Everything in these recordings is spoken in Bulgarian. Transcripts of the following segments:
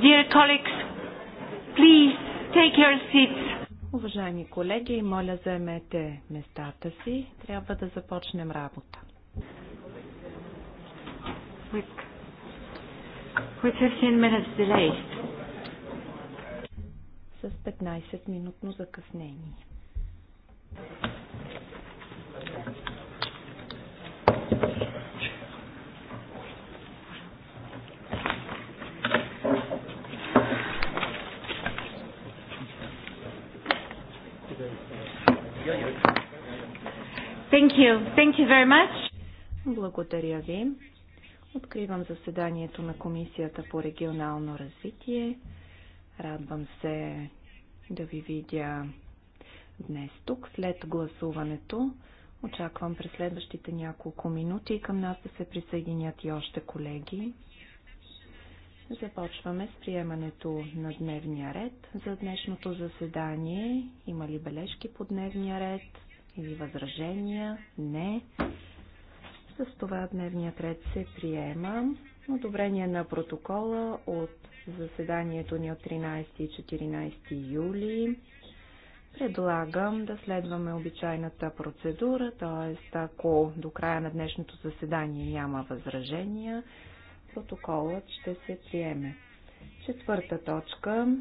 Dear colleagues, please take your seats. Уважаеми колеги, моля заемете местата си. Трябва да започнем работа. With, 15 minutes delay. С 15-минутно закъснение. Thank you. Thank you very much. Благодаря ви. Откривам заседанието на Комисията по регионално развитие. Радвам се да ви видя днес тук, след гласуването. Очаквам през следващите няколко минути към нас да се присъединят и още колеги. Започваме с приемането на дневния ред за днешното заседание. Има ли бележки по дневния ред? или възражения? Не. С това дневният ред се приема. Одобрение на протокола от заседанието ни от 13 и 14 юли. Предлагам да следваме обичайната процедура, т.е. ако до края на днешното заседание няма възражения, протоколът ще се приеме. Четвърта точка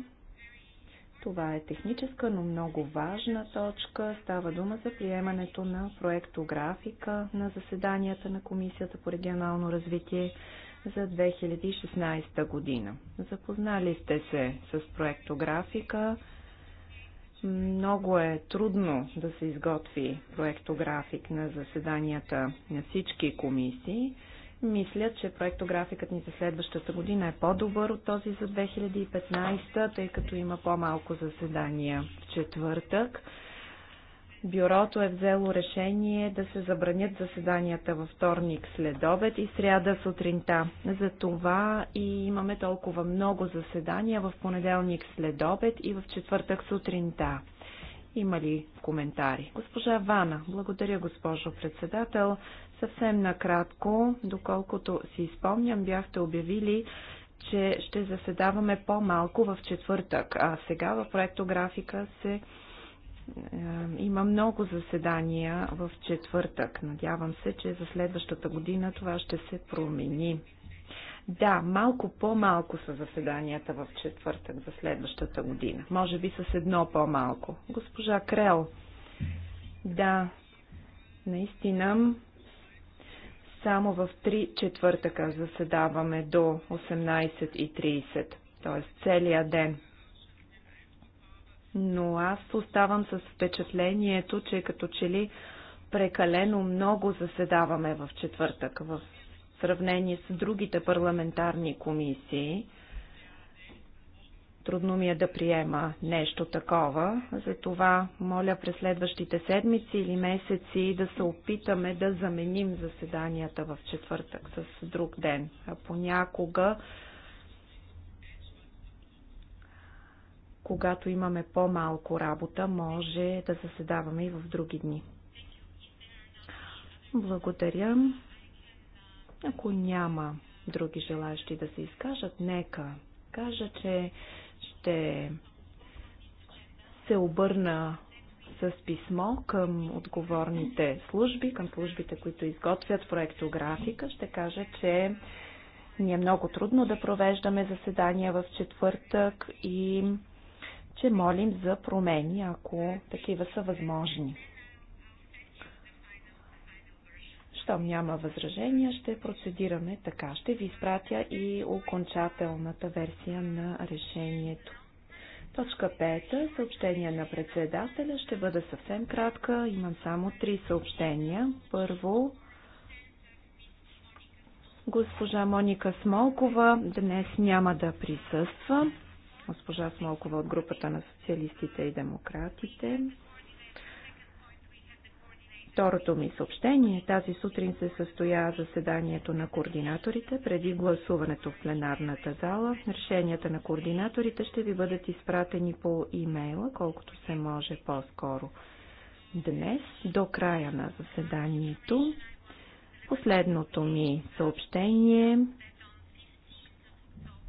това е техническа, но много важна точка. Става дума за приемането на проектографика на заседанията на Комисията по регионално развитие за 2016 година. Запознали сте се с проектографика. Много е трудно да се изготви проектографик на заседанията на всички комисии. Мисля, че проектографикът ни за следващата година е по-добър от този за 2015, тъй като има по-малко заседания в четвъртък. Бюрото е взело решение да се забранят заседанията във вторник след обед и сряда сутринта. За това и имаме толкова много заседания в понеделник след обед и в четвъртък сутринта. Има ли коментари? Госпожа Вана, благодаря госпожо председател. Съвсем накратко, доколкото си спомням, бяхте обявили, че ще заседаваме по-малко в четвъртък, а сега в проектографика се е, има много заседания в четвъртък. Надявам се, че за следващата година това ще се промени. Да, малко по-малко са заседанията в четвъртък за следващата година. Може би с едно по-малко. Госпожа Крел. Да, наистина само в 3 четвъртъка заседаваме до 18.30, т.е. целия ден. Но аз оставам с впечатлението, че като че ли прекалено много заседаваме в четвъртък в сравнение с другите парламентарни комисии Трудно ми е да приема нещо такова, затова моля през следващите седмици или месеци да се опитаме да заменим заседанията в четвъртък с друг ден. А понякога, когато имаме по-малко работа, може да заседаваме и в други дни. Благодаря. Ако няма други желащи да се изкажат, нека кажа, че ще се обърна с писмо към отговорните служби, към службите, които изготвят проектографика. Ще кажа, че ни е много трудно да провеждаме заседания в четвъртък и че молим за промени, ако такива са възможни. Щом няма възражения, ще процедираме така. Ще ви изпратя и окончателната версия на решението. Точка 5. Съобщение на председателя. Ще бъда съвсем кратка. Имам само три съобщения. Първо, госпожа Моника Смолкова днес няма да присъства. Госпожа Смолкова от групата на социалистите и демократите. Второто ми съобщение. Тази сутрин се състоя заседанието на координаторите преди гласуването в пленарната зала. Решенията на координаторите ще ви бъдат изпратени по имейла, колкото се може по-скоро. Днес, до края на заседанието, последното ми съобщение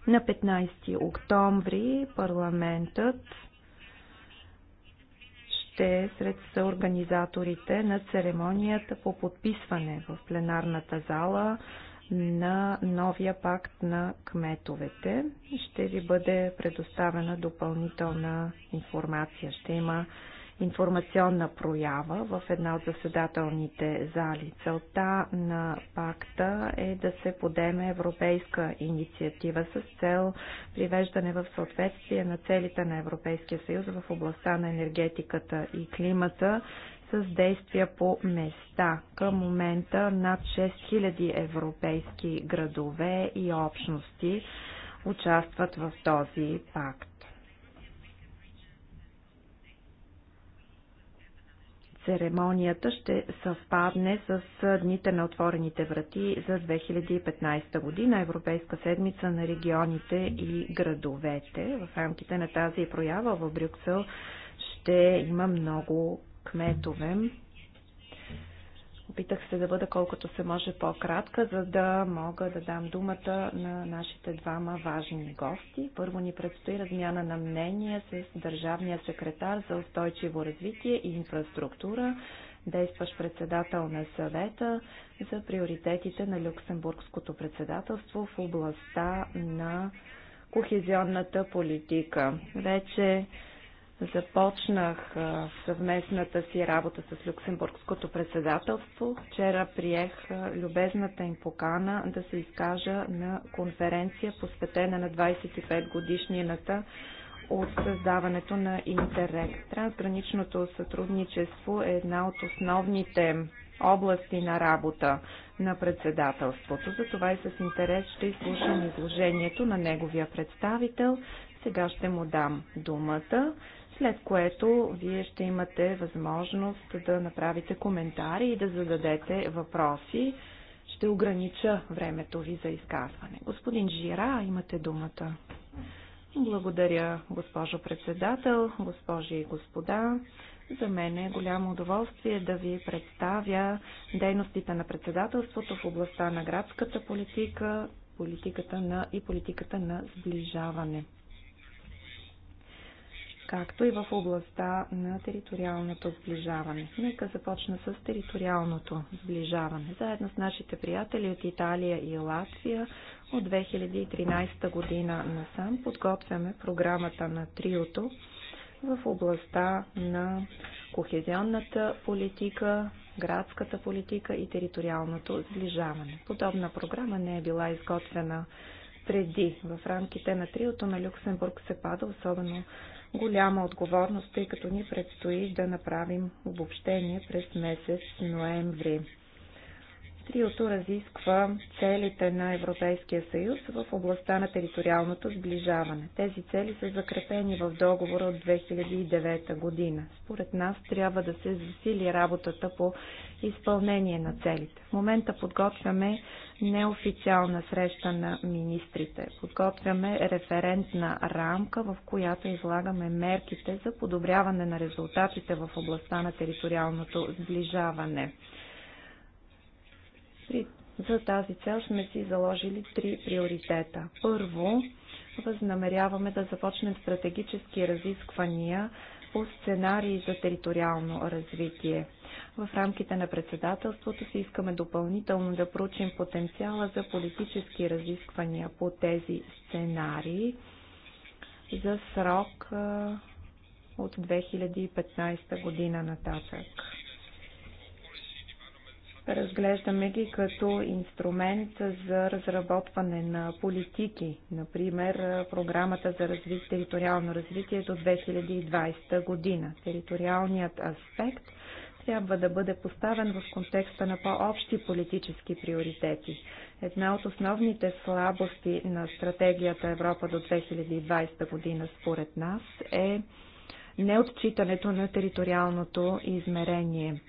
на 15 октомври парламентът сте сред съорганизаторите на церемонията по подписване в пленарната зала на новия пакт на кметовете. Ще ви бъде предоставена допълнителна информация. Ще има информационна проява в една от заседателните зали. Целта на пакта е да се подеме европейска инициатива с цел привеждане в съответствие на целите на Европейския съюз в областта на енергетиката и климата с действия по места. Към момента над 6000 европейски градове и общности участват в този пакт. Церемонията ще съвпадне с дните на отворените врати за 2015 година, Европейска седмица на регионите и градовете. В рамките на тази проява в Брюксел ще има много кметове, Опитах се да бъда колкото се може по-кратка, за да мога да дам думата на нашите двама важни гости. Първо ни предстои размяна на мнение с държавния секретар за устойчиво развитие и инфраструктура, действащ председател на съвета за приоритетите на Люксембургското председателство в областта на кохезионната политика. Вече Започнах съвместната си работа с Люксембургското председателство. Вчера приех любезната им покана да се изкажа на конференция, посветена на 25 годишнината от създаването на Интеррек. Трансграничното сътрудничество е една от основните области на работа на председателството. Затова и с интерес ще изслушам изложението на неговия представител. Сега ще му дам думата след което вие ще имате възможност да направите коментари и да зададете въпроси. Ще огранича времето ви за изказване. Господин Жира, имате думата. Благодаря, госпожо председател, госпожи и господа. За мен е голямо удоволствие да ви представя дейностите на председателството в областта на градската политика, политиката на и политиката на сближаване както и в областта на териториалното сближаване. Нека започна с териториалното сближаване. Заедно с нашите приятели от Италия и Латвия от 2013 година насам подготвяме програмата на Триото в областта на кохезионната политика, градската политика и териториалното сближаване. Подобна програма не е била изготвена преди. В рамките на триото на Люксембург се пада особено голяма отговорност, тъй като ни предстои да направим обобщение през месец ноември. Триото разисква целите на Европейския съюз в областта на териториалното сближаване. Тези цели са закрепени в договора от 2009 година. Според нас трябва да се засили работата по изпълнение на целите. В момента подготвяме неофициална среща на министрите. Подготвяме референтна рамка, в която излагаме мерките за подобряване на резултатите в областта на териториалното сближаване. За тази цел сме си заложили три приоритета. Първо, възнамеряваме да започнем стратегически разисквания по сценарии за териториално развитие. В рамките на председателството си искаме допълнително да проучим потенциала за политически разисквания по тези сценарии за срок от 2015 година нататък. Разглеждаме ги като инструмент за разработване на политики, например програмата за развитие, териториално развитие до 2020 година. Териториалният аспект – трябва да бъде поставен в контекста на по-общи политически приоритети. Една от основните слабости на стратегията Европа до 2020 година, според нас, е неотчитането на териториалното измерение.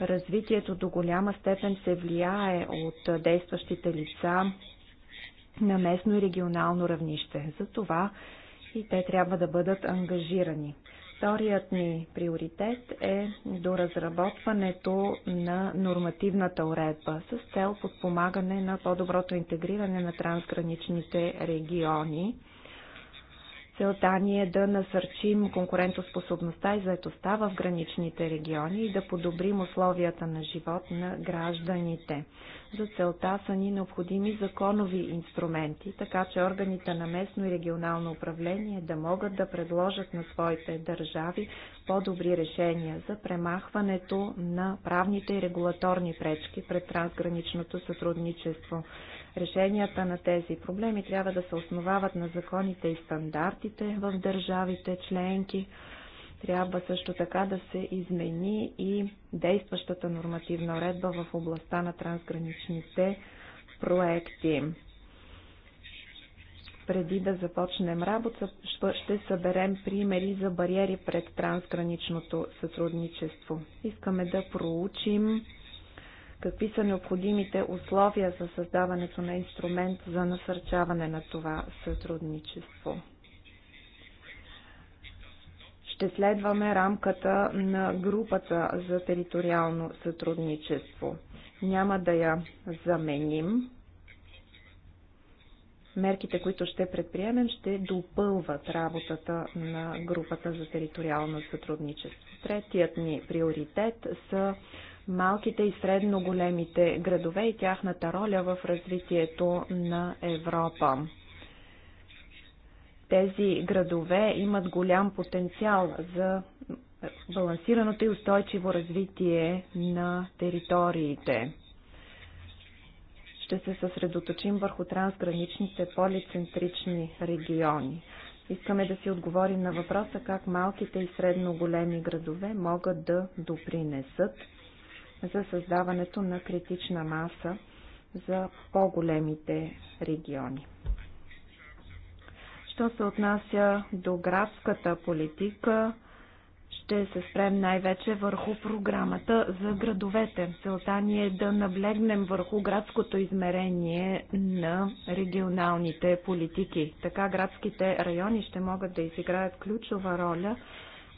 Развитието до голяма степен се влияе от действащите лица на местно и регионално равнище. За това и те трябва да бъдат ангажирани. Вторият ни приоритет е до разработването на нормативната уредба с цел подпомагане на по-доброто интегриране на трансграничните региони Целта ни е да насърчим конкурентоспособността и заетостта в граничните региони и да подобрим условията на живот на гражданите. За целта са ни необходими законови инструменти, така че органите на местно и регионално управление да могат да предложат на своите държави по-добри решения за премахването на правните и регулаторни пречки пред трансграничното сътрудничество. Решенията на тези проблеми трябва да се основават на законите и стандартите в държавите членки. Трябва също така да се измени и действащата нормативна уредба в областта на трансграничните проекти. Преди да започнем работа, ще съберем примери за бариери пред трансграничното сътрудничество. Искаме да проучим Какви са необходимите условия за създаването на инструмент за насърчаване на това сътрудничество? Ще следваме рамката на групата за териториално сътрудничество. Няма да я заменим. Мерките, които ще предприемем, ще допълват работата на групата за териториално сътрудничество. Третият ни приоритет са малките и средно големите градове и тяхната роля в развитието на Европа. Тези градове имат голям потенциал за балансираното и устойчиво развитие на териториите. Ще се съсредоточим върху трансграничните полицентрични региони. Искаме да си отговорим на въпроса как малките и средно големи градове могат да допринесат за създаването на критична маса за по-големите региони. Що се отнася до градската политика, ще се спрем най-вече върху програмата за градовете. Целта ни е да наблегнем върху градското измерение на регионалните политики. Така градските райони ще могат да изиграят ключова роля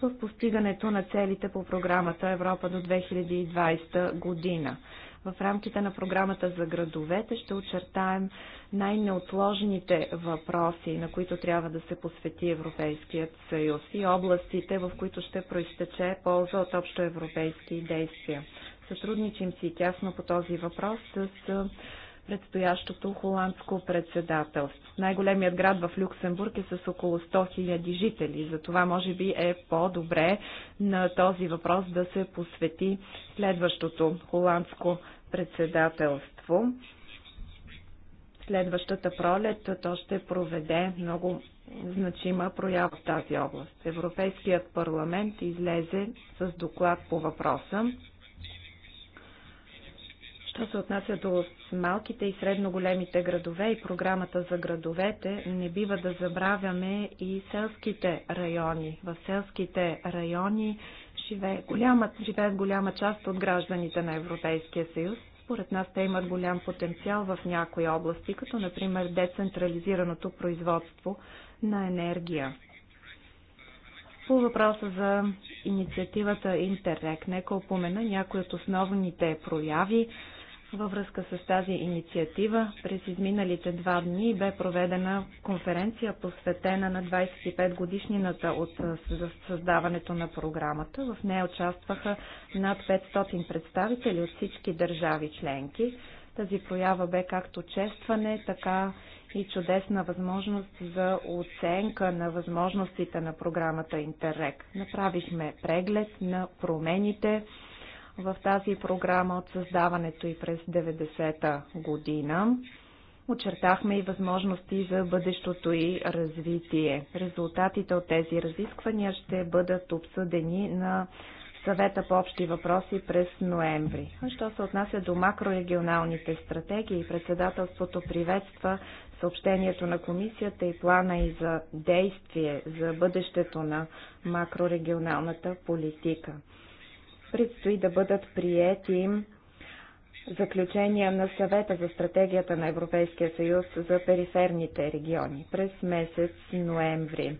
в постигането на целите по програмата Европа до 2020 година. В рамките на програмата за градовете ще очертаем най-неотложните въпроси, на които трябва да се посвети Европейският съюз и областите, в които ще проистече полза от общоевропейски действия. Сътрудничим си тясно по този въпрос с предстоящото холандско председателство. Най-големият град в Люксембург е с около 100 000 жители, затова може би е по-добре на този въпрос да се посвети следващото холандско председателство. Следващата пролет то ще проведе много значима проява в тази област. Европейският парламент излезе с доклад по въпроса. Що се отнася до малките и средно големите градове и програмата за градовете, не бива да забравяме и селските райони. В селските райони живеят голяма, живеят голяма част от гражданите на Европейския съюз. Според нас те имат голям потенциал в някои области, като например децентрализираното производство на енергия. По въпроса за инициативата Интеррек, нека опомена някои от основните прояви, във връзка с тази инициатива, през изминалите два дни бе проведена конференция, посветена на 25 годишнината от създаването на програмата. В нея участваха над 500 представители от всички държави членки. Тази проява бе както честване, така и чудесна възможност за оценка на възможностите на програмата Интеррек. Направихме преглед на промените, в тази програма от създаването и през 90-та година. Очертахме и възможности за бъдещото и развитие. Резултатите от тези разисквания ще бъдат обсъдени на съвета по общи въпроси през ноември. Що се отнася до макрорегионалните стратегии, председателството приветства съобщението на комисията и плана и за действие за бъдещето на макрорегионалната политика предстои да бъдат приети заключения на съвета за стратегията на Европейския съюз за периферните региони през месец ноември.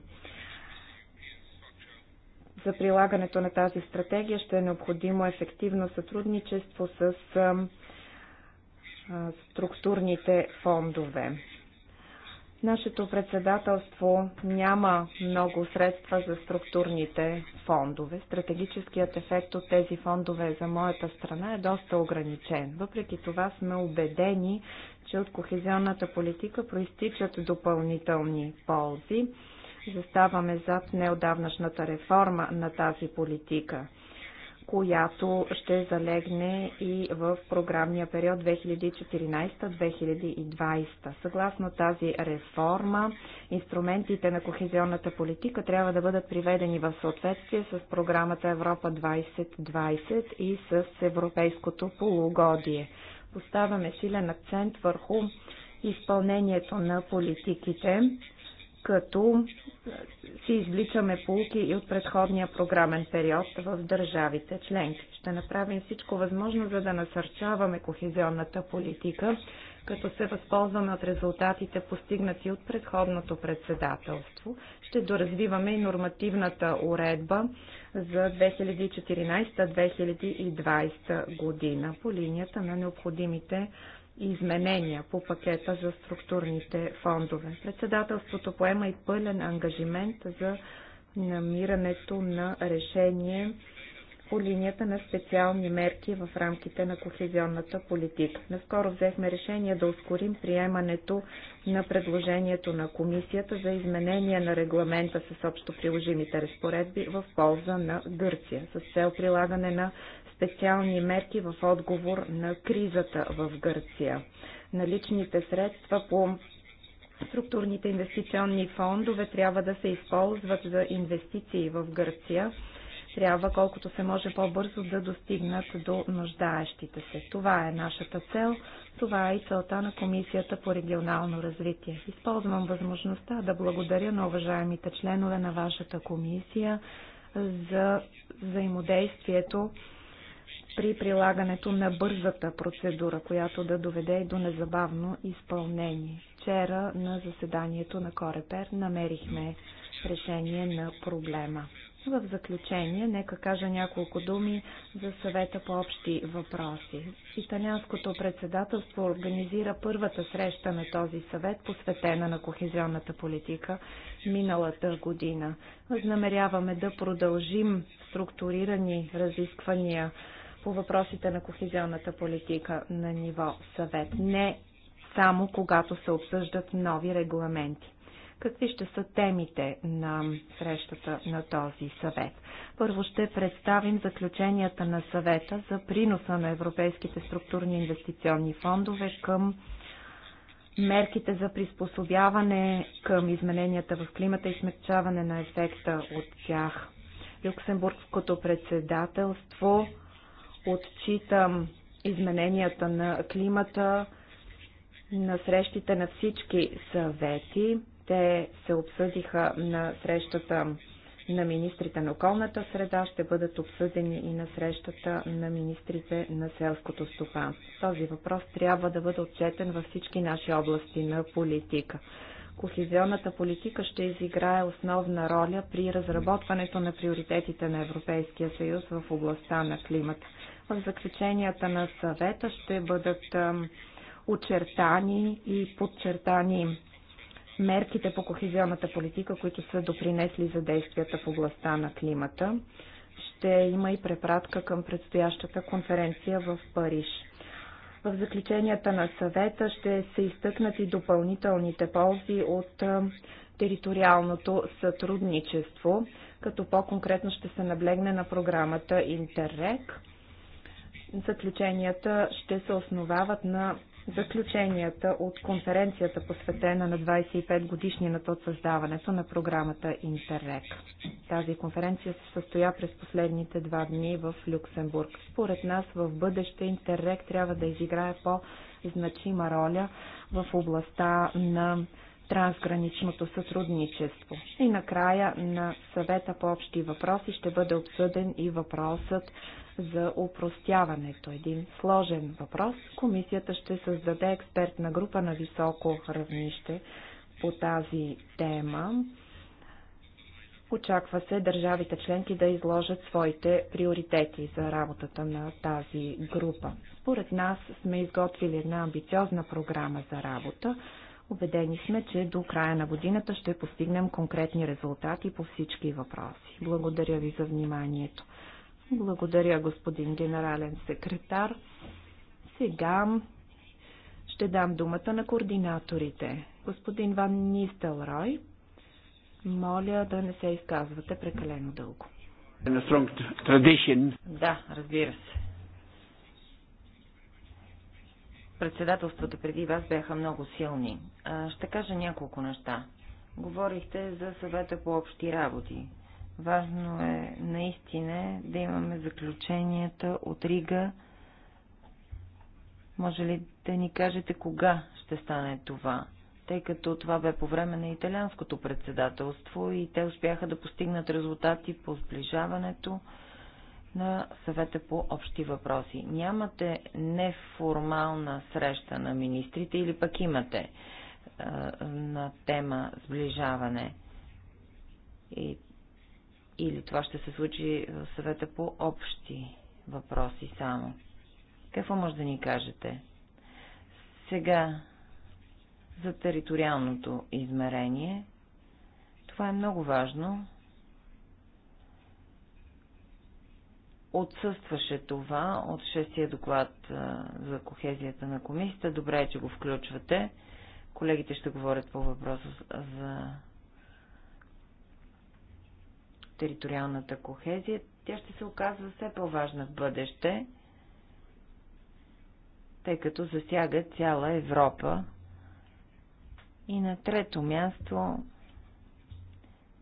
За прилагането на тази стратегия ще е необходимо ефективно сътрудничество с структурните фондове. Нашето председателство няма много средства за структурните фондове. Стратегическият ефект от тези фондове за моята страна е доста ограничен. Въпреки това сме убедени, че от кохезионната политика проистичат допълнителни ползи. Заставаме зад неодавнашната реформа на тази политика – която ще залегне и в програмния период 2014-2020. Съгласно тази реформа, инструментите на кохезионната политика трябва да бъдат приведени в съответствие с програмата Европа 2020 и с европейското полугодие. Поставяме силен акцент върху изпълнението на политиките, като си извличаме полки и от предходния програмен период в държавите членки. Ще направим всичко възможно, за да насърчаваме кохезионната политика, като се възползваме от резултатите постигнати от предходното председателство. Ще доразвиваме и нормативната уредба за 2014-2020 година по линията на необходимите изменения по пакета за структурните фондове. Председателството поема и пълен ангажимент за намирането на решение по линията на специални мерки в рамките на кохезионната политика. Наскоро взехме решение да ускорим приемането на предложението на комисията за изменение на регламента с общо приложимите разпоредби в полза на Гърция с цел прилагане на специални мерки в отговор на кризата в Гърция. Наличните средства по структурните инвестиционни фондове трябва да се използват за инвестиции в Гърция. Трябва колкото се може по-бързо да достигнат до нуждаещите се. Това е нашата цел. Това е и целта на Комисията по регионално развитие. Използвам възможността да благодаря на уважаемите членове на вашата комисия за взаимодействието при прилагането на бързата процедура, която да доведе и до незабавно изпълнение. Вчера на заседанието на Корепер намерихме решение на проблема. В заключение, нека кажа няколко думи за съвета по общи въпроси. Италианското председателство организира първата среща на този съвет, посветена на кохезионната политика миналата година. Възнамеряваме да продължим структурирани разисквания по въпросите на кохезионната политика на ниво съвет, не само когато се обсъждат нови регламенти. Какви ще са темите на срещата на този съвет? Първо ще представим заключенията на съвета за приноса на европейските структурни инвестиционни фондове към мерките за приспособяване към измененията в климата и смягчаване на ефекта от тях. Люксембургското председателство отчита измененията на климата на срещите на всички съвети. Те се обсъдиха на срещата на министрите на околната среда, ще бъдат обсъдени и на срещата на министрите на селското стопанство. Този въпрос трябва да бъде отчетен във всички наши области на политика. Кохезионната политика ще изиграе основна роля при разработването на приоритетите на Европейския съюз в областта на климата. В заключенията на съвета ще бъдат очертани и подчертани мерките по кохезионната политика, които са допринесли за действията в областта на климата. Ще има и препратка към предстоящата конференция в Париж. В заключенията на съвета ще се изтъкнат и допълнителните ползи от териториалното сътрудничество, като по-конкретно ще се наблегне на програмата Интеррек заключенията ще се основават на заключенията от конференцията посветена на 25 годишнината от създаването на програмата Интеррек. Тази конференция се състоя през последните два дни в Люксембург. Според нас в бъдеще Интеррек трябва да изиграе по-значима роля в областта на трансграничното сътрудничество. И накрая на съвета по общи въпроси ще бъде обсъден и въпросът за упростяването. Един сложен въпрос. Комисията ще създаде експертна група на високо равнище по тази тема. Очаква се държавите членки да изложат своите приоритети за работата на тази група. Според нас сме изготвили една амбициозна програма за работа. Обедени сме, че до края на годината ще постигнем конкретни резултати по всички въпроси. Благодаря ви за вниманието. Благодаря, господин генерален секретар. Сега ще дам думата на координаторите. Господин Ван Нистелрой, моля да не се изказвате прекалено дълго. Да, разбира се. Председателствата преди вас бяха много силни. Ще кажа няколко неща. Говорихте за съвета по общи работи. Важно е наистина да имаме заключенията от Рига. Може ли да ни кажете кога ще стане това? Тъй като това бе по време на италианското председателство и те успяха да постигнат резултати по сближаването на съвета по общи въпроси. Нямате неформална среща на министрите или пък имате на тема сближаване. И или това ще се случи в съвета по общи въпроси само. Какво може да ни кажете? Сега, за териториалното измерение, това е много важно. Отсъстваше това от шестия доклад за кохезията на комисията. Добре е, че го включвате. Колегите ще говорят по въпроса за териториалната кохезия, тя ще се оказва все по-важна в бъдеще, тъй като засяга цяла Европа. И на трето място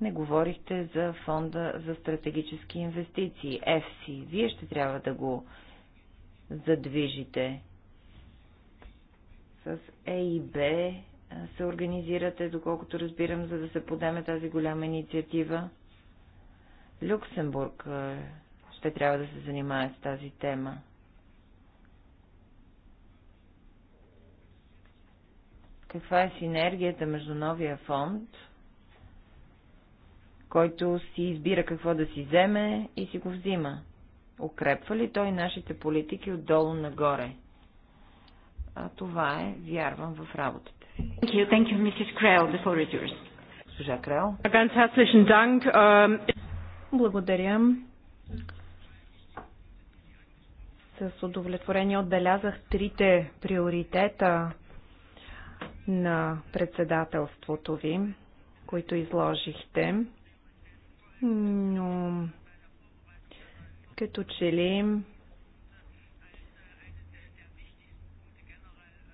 не говорихте за фонда за стратегически инвестиции, ЕФСИ. Вие ще трябва да го задвижите. С Е и Б се организирате, доколкото разбирам, за да се подеме тази голяма инициатива. Люксембург е, ще трябва да се занимае с тази тема. Каква е синергията между новия фонд, който си избира какво да си вземе и си го взима? Укрепва ли той нашите политики отдолу нагоре? А това е, вярвам, в работата си. Thank you, thank you, Mrs. Krell. The Госпожа Крел. Dank. Ähm, благодаря. С удовлетворение отбелязах трите приоритета на председателството ви, които изложихте. Но като че ли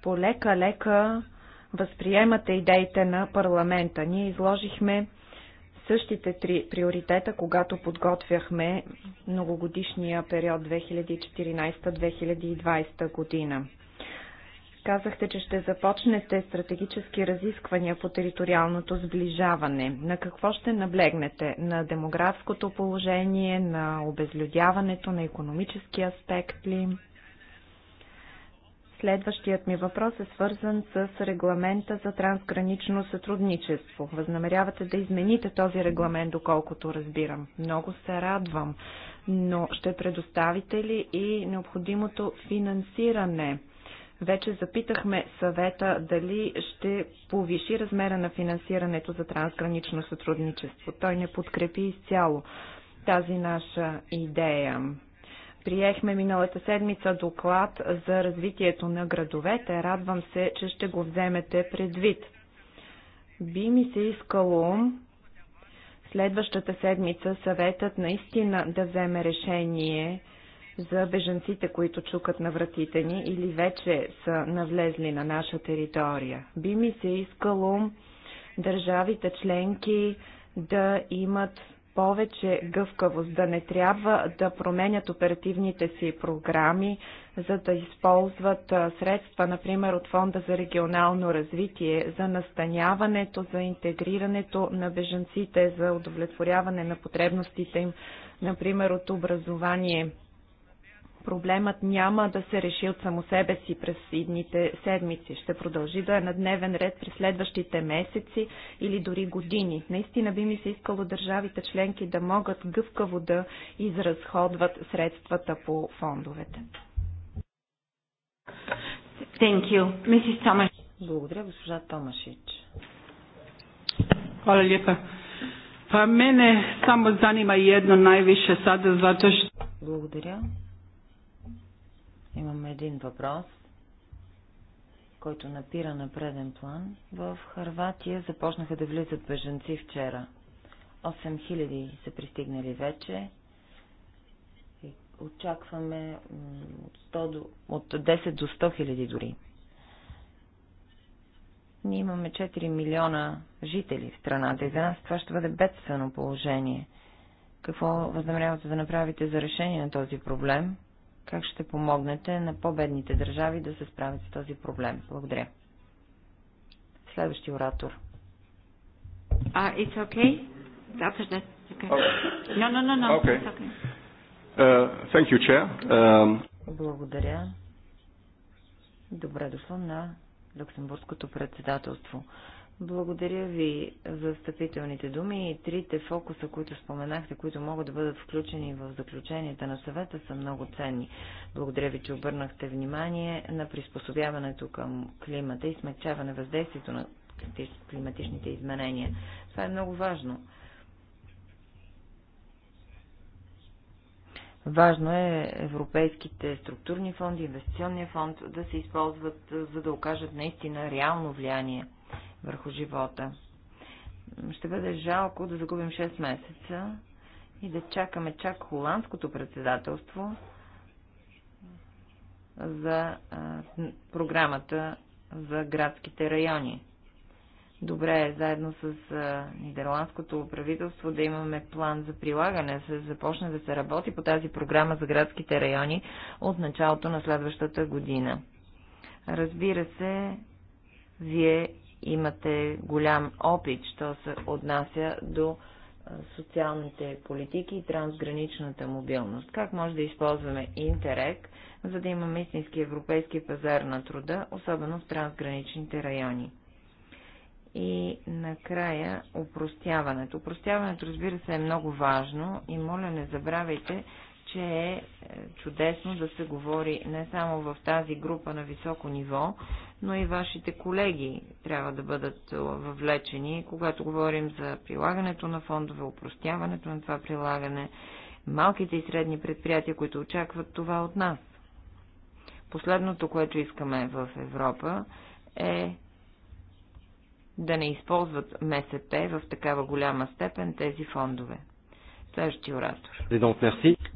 полека-лека възприемате идеите на парламента. Ние изложихме същите три приоритета, когато подготвяхме многогодишния период 2014-2020 година. Казахте, че ще започнете стратегически разисквания по териториалното сближаване. На какво ще наблегнете? На демографското положение, на обезлюдяването, на економически аспект ли? Следващият ми въпрос е свързан с регламента за трансгранично сътрудничество. Възнамерявате да измените този регламент, доколкото разбирам. Много се радвам, но ще предоставите ли и необходимото финансиране? Вече запитахме съвета дали ще повиши размера на финансирането за трансгранично сътрудничество. Той не подкрепи изцяло тази наша идея. Приехме миналата седмица доклад за развитието на градовете. Радвам се, че ще го вземете предвид. Би ми се искало следващата седмица съветът наистина да вземе решение за бежанците, които чукат на вратите ни или вече са навлезли на наша територия. Би ми се искало държавите членки да имат повече гъвкавост, да не трябва да променят оперативните си програми, за да използват средства, например от Фонда за регионално развитие, за настаняването, за интегрирането на бежанците, за удовлетворяване на потребностите им, например от образование проблемът няма да се реши от само себе си през идните седмици. Ще продължи да е на дневен ред през следващите месеци или дори години. Наистина би ми се искало държавите членки да могат гъвкаво да изразходват средствата по фондовете. Thank you. Mrs. Благодаря, госпожа Томашич. Hvala lijepa. Pa mene samo zanima jedno najviše sada zato što... Благодаря. Имаме един въпрос, който напира на преден план. В Харватия започнаха да влизат беженци вчера. 8000 са пристигнали вече. Очакваме от, до, от 10 до 100 хиляди дори. Ние имаме 4 милиона жители в страната и за нас това ще бъде бедствено положение. Какво възнамерявате да направите за решение на този проблем? Как ще помогнете на по-бедните държави да се справят с този проблем? Благодаря. Следващи оратор. А, uh, it's okay? Okay. okay. No, no, no, no. Okay. okay. Uh, thank you, Chair. Um... Благодаря. Добре дошло на Люксембургското председателство. Благодаря ви за встъпителните думи и трите фокуса, които споменахте, които могат да бъдат включени в заключенията на съвета, са много ценни. Благодаря ви, че обърнахте внимание на приспособяването към климата и смягчаване въздействието на климатичните изменения. Това е много важно. Важно е европейските структурни фонди, инвестиционния фонд да се използват, за да окажат наистина реално влияние – върху живота. Ще бъде жалко да загубим 6 месеца и да чакаме чак холандското председателство за а, програмата за градските райони. Добре е заедно с а, нидерландското правителство да имаме план за прилагане, се започне да се работи по тази програма за градските райони от началото на следващата година. Разбира се, вие Имате голям опит, що се отнася до социалните политики и трансграничната мобилност. Как може да използваме Интерек, за да имаме истински европейски пазар на труда, особено в трансграничните райони? И накрая упростяването. Упростяването, разбира се, е много важно и моля не забравяйте, че е, е чудесно да се говори не само в тази група на високо ниво, но и вашите колеги трябва да бъдат въвлечени, когато говорим за прилагането на фондове, упростяването на това прилагане, малките и средни предприятия, които очакват това от нас. Последното, което искаме в Европа е да не използват МСП в такава голяма степен тези фондове. Следващи оратор.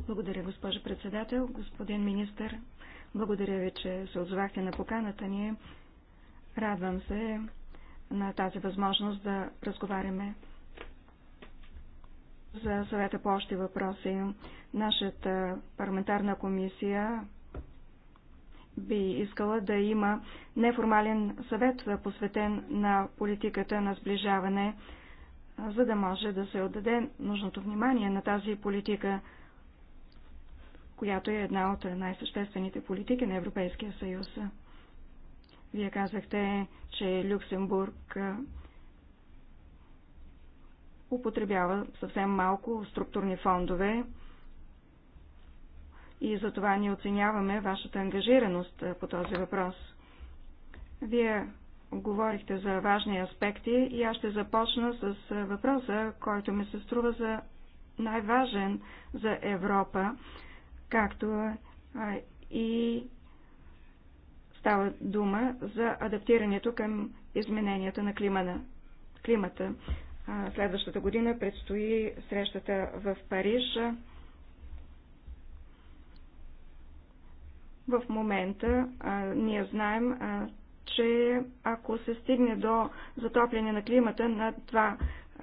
Благодаря, госпожо председател. Господин министър, благодаря ви, че се отзвахте на поканата ни. Радвам се на тази възможност да разговаряме за съвета по още въпроси. Нашата парламентарна комисия би искала да има неформален съвет, посветен на политиката на сближаване, за да може да се отдаде нужното внимание на тази политика която е една от най-съществените политики на Европейския съюз. Вие казахте, че Люксембург употребява съвсем малко структурни фондове и затова ни оценяваме вашата ангажираност по този въпрос. Вие говорихте за важни аспекти и аз ще започна с въпроса, който ми се струва за най-важен за Европа както и става дума за адаптирането към измененията на климата. Следващата година предстои срещата в Париж. В момента а, ние знаем, а, че ако се стигне до затопляне на климата на 2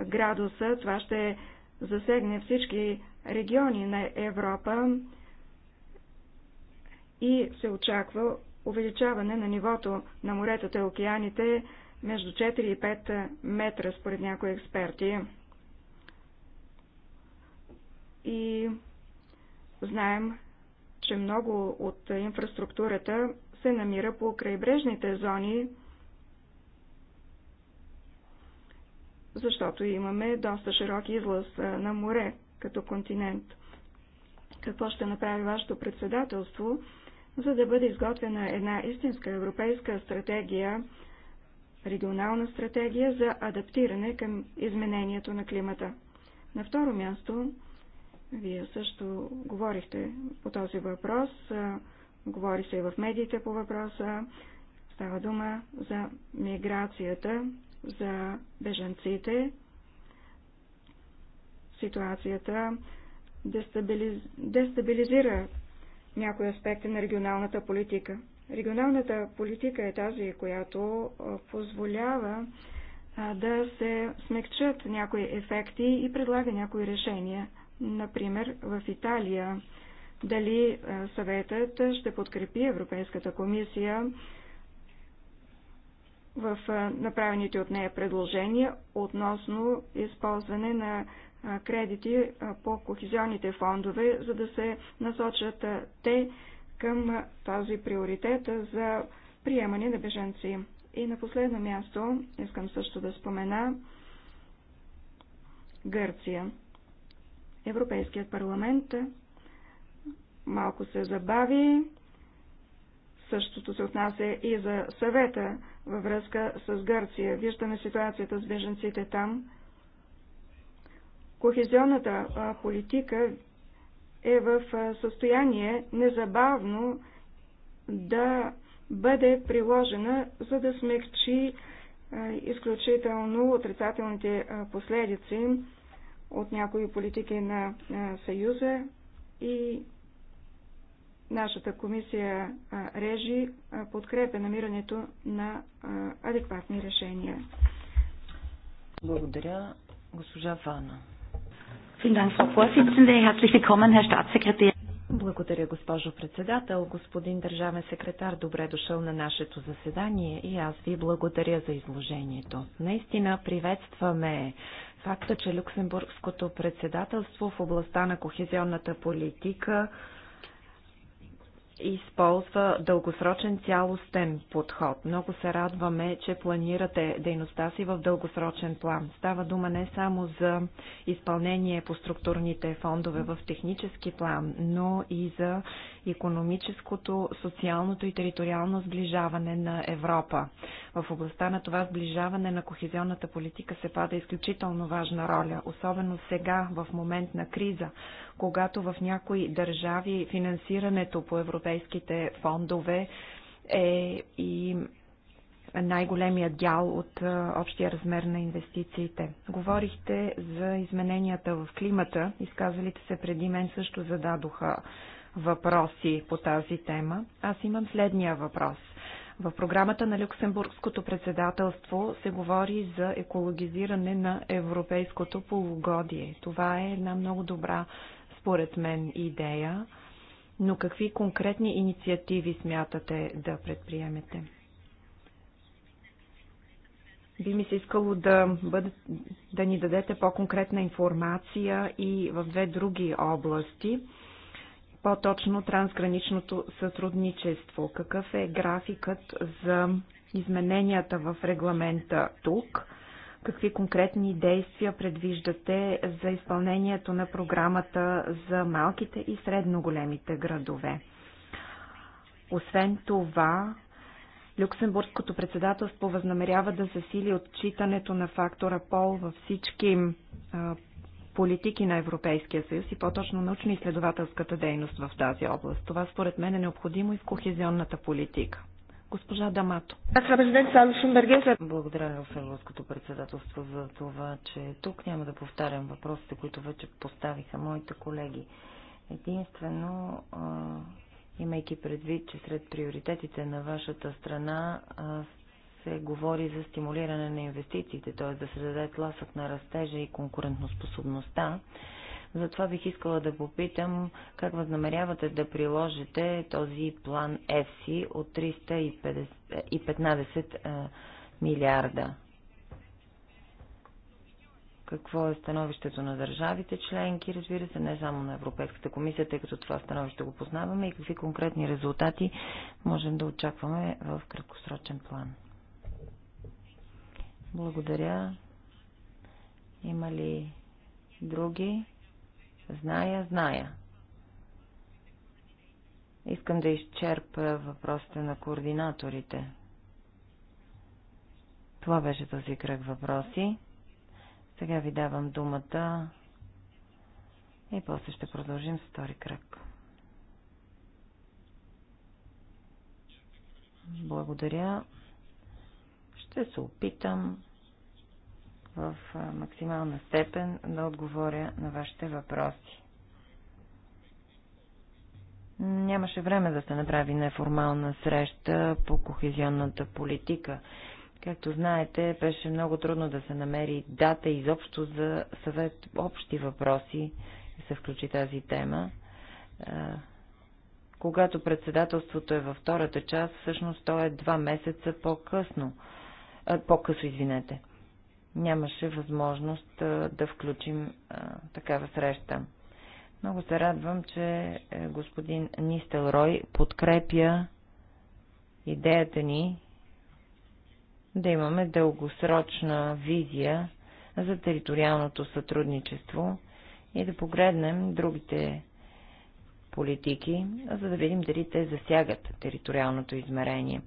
градуса, това ще засегне всички региони на Европа и се очаква увеличаване на нивото на моретата и океаните между 4 и 5 метра, според някои експерти. И знаем, че много от инфраструктурата се намира по крайбрежните зони, защото имаме доста широк излъз на море като континент. Какво ще направи вашето председателство? за да бъде изготвена една истинска европейска стратегия, регионална стратегия за адаптиране към изменението на климата. На второ място, вие също говорихте по този въпрос, говори се и в медиите по въпроса, става дума за миграцията, за бежанците, ситуацията дестабилиз... дестабилизира някои аспекти на регионалната политика. Регионалната политика е тази, която позволява да се смекчат някои ефекти и предлага някои решения. Например, в Италия дали съветът ще подкрепи Европейската комисия в направените от нея предложения относно използване на кредити по кохизионните фондове, за да се насочат те към този приоритет за приемане на беженци. И на последно място искам също да спомена Гърция. Европейският парламент малко се забави. Същото се отнася и за съвета във връзка с Гърция. Виждаме ситуацията с беженците там. Кохезионната политика е в състояние незабавно да бъде приложена, за да смекчи изключително отрицателните последици от някои политики на Съюза и нашата комисия Режи подкрепя намирането на адекватни решения. Благодаря, госпожа Вана. Благодаря, госпожо председател. Господин държавен секретар, добре дошъл на нашето заседание и аз ви благодаря за изложението. Наистина приветстваме факта, че Люксембургското председателство в областта на кохезионната политика използва дългосрочен цялостен подход. Много се радваме, че планирате дейността си в дългосрочен план. Става дума не само за изпълнение по структурните фондове в технически план, но и за економическото, социалното и териториално сближаване на Европа. В областта на това сближаване на кохезионната политика се пада изключително важна роля, особено сега, в момент на криза, когато в някои държави финансирането по европейските фондове е и най-големия дял от общия размер на инвестициите. Говорихте за измененията в климата. Изказалите се преди мен също зададоха въпроси по тази тема. Аз имам следния въпрос. В програмата на Люксембургското председателство се говори за екологизиране на европейското полугодие. Това е една много добра, според мен, идея. Но какви конкретни инициативи смятате да предприемете? би ми се искало да, бъде, да ни дадете по-конкретна информация и в две други области по-точно трансграничното сътрудничество. Какъв е графикът за измененията в регламента тук? Какви конкретни действия предвиждате за изпълнението на програмата за малките и средно големите градове? Освен това, Люксембургското председателство възнамерява да засили отчитането на фактора пол във всички политики на Европейския съюз и по-точно научно-изследователската дейност в тази област. Това според мен е необходимо и в кохезионната политика. Госпожа Дамато. Благодаря в Финландското председателство за това, че е тук няма да повтарям въпросите, които вече поставиха моите колеги. Единствено, имайки предвид, че сред приоритетите на вашата страна се говори за стимулиране на инвестициите, т.е. да се даде тласък на растежа и конкурентоспособността. Затова бих искала да попитам как възнамерявате да приложите този план ЕФСИ от 315 милиарда. Какво е становището на държавите членки, разбира се, не само на Европейската комисия, тъй като това становище го познаваме и какви конкретни резултати можем да очакваме в краткосрочен план. Благодаря. Има ли други? Зная, зная. Искам да изчерпя въпросите на координаторите. Това беше този кръг въпроси. Сега ви давам думата и после ще продължим с втори кръг. Благодаря. Ще се опитам в максимална степен да отговоря на вашите въпроси. Нямаше време да се направи неформална среща по кохезионната политика. Както знаете, беше много трудно да се намери дата изобщо за съвет общи въпроси да се включи тази тема. Когато председателството е във втората част, всъщност то е два месеца по-късно по-късо, извинете. Нямаше възможност да включим такава среща. Много се радвам, че е, господин Нистелрой подкрепя идеята ни да имаме дългосрочна визия за териториалното сътрудничество и да погледнем другите политики, за да видим дали те засягат териториалното измерение.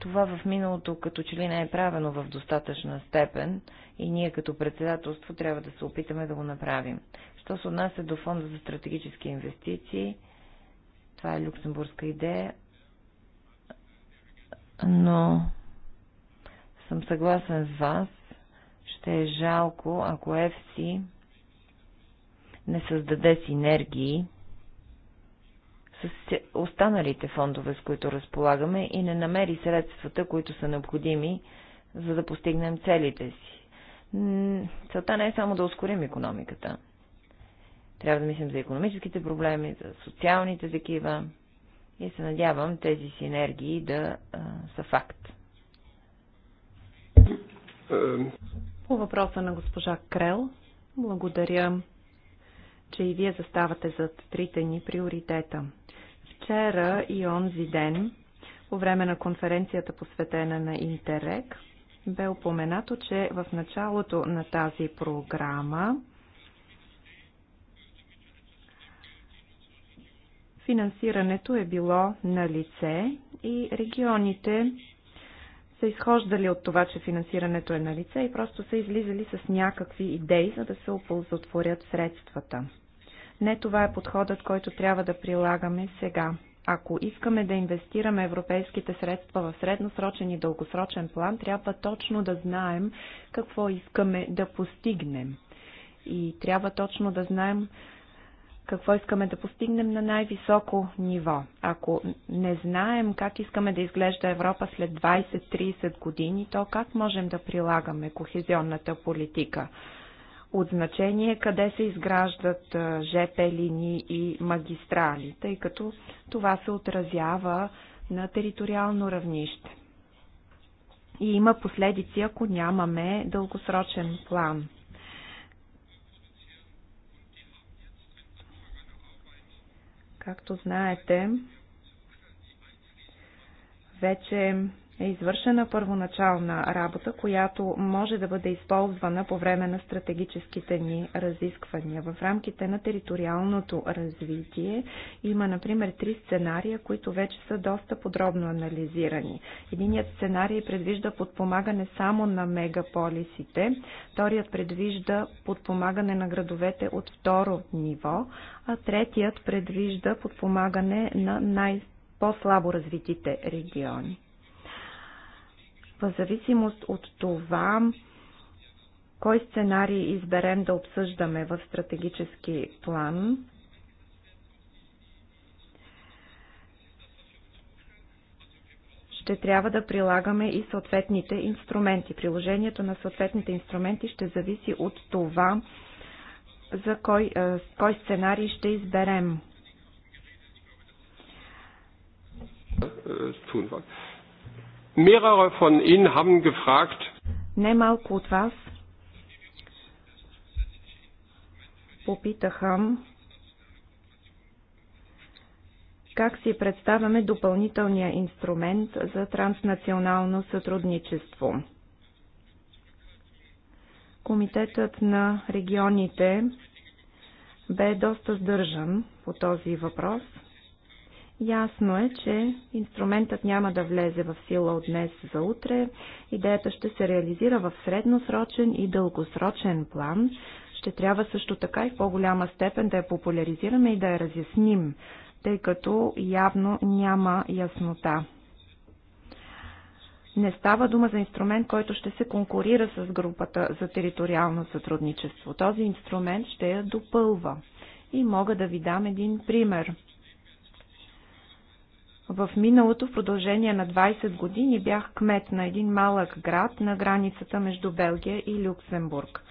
Това в миналото като че ли не е правено в достатъчна степен и ние като председателство трябва да се опитаме да го направим. Що се отнася до фонда за стратегически инвестиции, това е люксембургска идея, но съм съгласен с вас, ще е жалко, ако ЕФСИ не създаде синергии с останалите фондове, с които разполагаме и не намери средствата, които са необходими, за да постигнем целите си. Целта не е само да ускорим економиката. Трябва да мислим за економическите проблеми, за социалните такива и се надявам тези синергии да а, са факт. По въпроса на госпожа Крел, благодаря, че и вие заставате зад трите ни приоритета. Вчера и онзи ден, по време на конференцията посветена на Интерек, бе упоменато, че в началото на тази програма финансирането е било на лице и регионите са изхождали от това, че финансирането е на лице и просто са излизали с някакви идеи, за да се оползотворят средствата. Не това е подходът, който трябва да прилагаме сега. Ако искаме да инвестираме европейските средства в средносрочен и дългосрочен план, трябва точно да знаем какво искаме да постигнем. И трябва точно да знаем какво искаме да постигнем на най-високо ниво. Ако не знаем как искаме да изглежда Европа след 20-30 години, то как можем да прилагаме кохезионната политика? От значение къде се изграждат ЖП линии и магистрали, тъй като това се отразява на териториално равнище. И има последици, ако нямаме дългосрочен план. Както знаете, вече е извършена първоначална работа, която може да бъде използвана по време на стратегическите ни разисквания. В рамките на териториалното развитие има, например, три сценария, които вече са доста подробно анализирани. Единият сценарий предвижда подпомагане само на мегаполисите, вторият предвижда подпомагане на градовете от второ ниво, а третият предвижда подпомагане на най- по-слабо развитите региони в зависимост от това, кой сценарий изберем да обсъждаме в стратегически план, ще трябва да прилагаме и съответните инструменти. Приложението на съответните инструменти ще зависи от това, за кой, е, кой сценарий ще изберем. Е, е, Mehrere von Ihnen haben gefragt. Немалко от вас попитаха как си представяме допълнителния инструмент за транснационално сътрудничество. Комитетът на регионите бе доста сдържан по този въпрос – Ясно е, че инструментът няма да влезе в сила от днес за утре. Идеята ще се реализира в средносрочен и дългосрочен план. Ще трябва също така и в по-голяма степен да я популяризираме и да я разясним, тъй като явно няма яснота. Не става дума за инструмент, който ще се конкурира с групата за териториално сътрудничество. Този инструмент ще я допълва. И мога да ви дам един пример – в миналото, в продължение на 20 години, бях кмет на един малък град на границата между Белгия и Люксембург.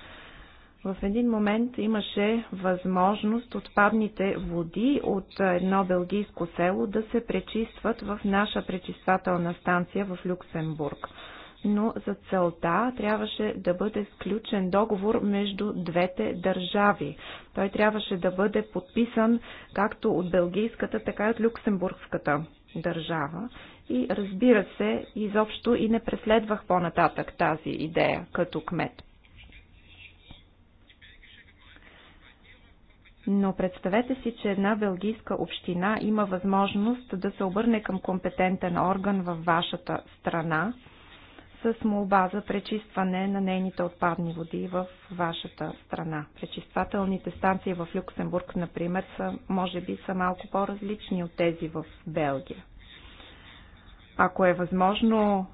В един момент имаше възможност отпадните води от едно белгийско село да се пречистват в наша пречиствателна станция в Люксембург. Но за целта трябваше да бъде сключен договор между двете държави. Той трябваше да бъде подписан както от белгийската, така и от люксембургската държава. И разбира се, изобщо и не преследвах по-нататък тази идея като кмет. Но представете си, че една белгийска община има възможност да се обърне към компетентен орган във вашата страна с молба за пречистване на нейните отпадни води в вашата страна. Пречиствателните станции в Люксембург, например, са, може би са малко по-различни от тези в Белгия. Ако е възможно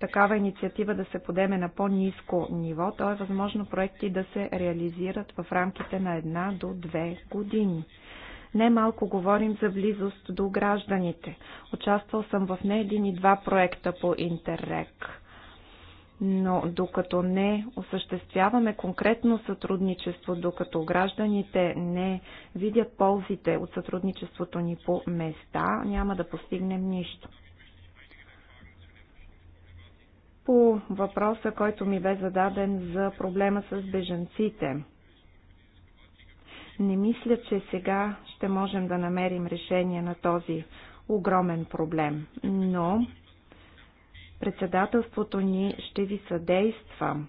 такава инициатива да се подеме на по-низко ниво, то е възможно проекти да се реализират в рамките на една до две години. Не малко говорим за близост до гражданите. Участвал съм в не един и два проекта по Интеррек но докато не осъществяваме конкретно сътрудничество, докато гражданите не видят ползите от сътрудничеството ни по места, няма да постигнем нищо. По въпроса, който ми бе зададен за проблема с бежанците. Не мисля, че сега ще можем да намерим решение на този огромен проблем, но Председателството ни ще ви съдейства.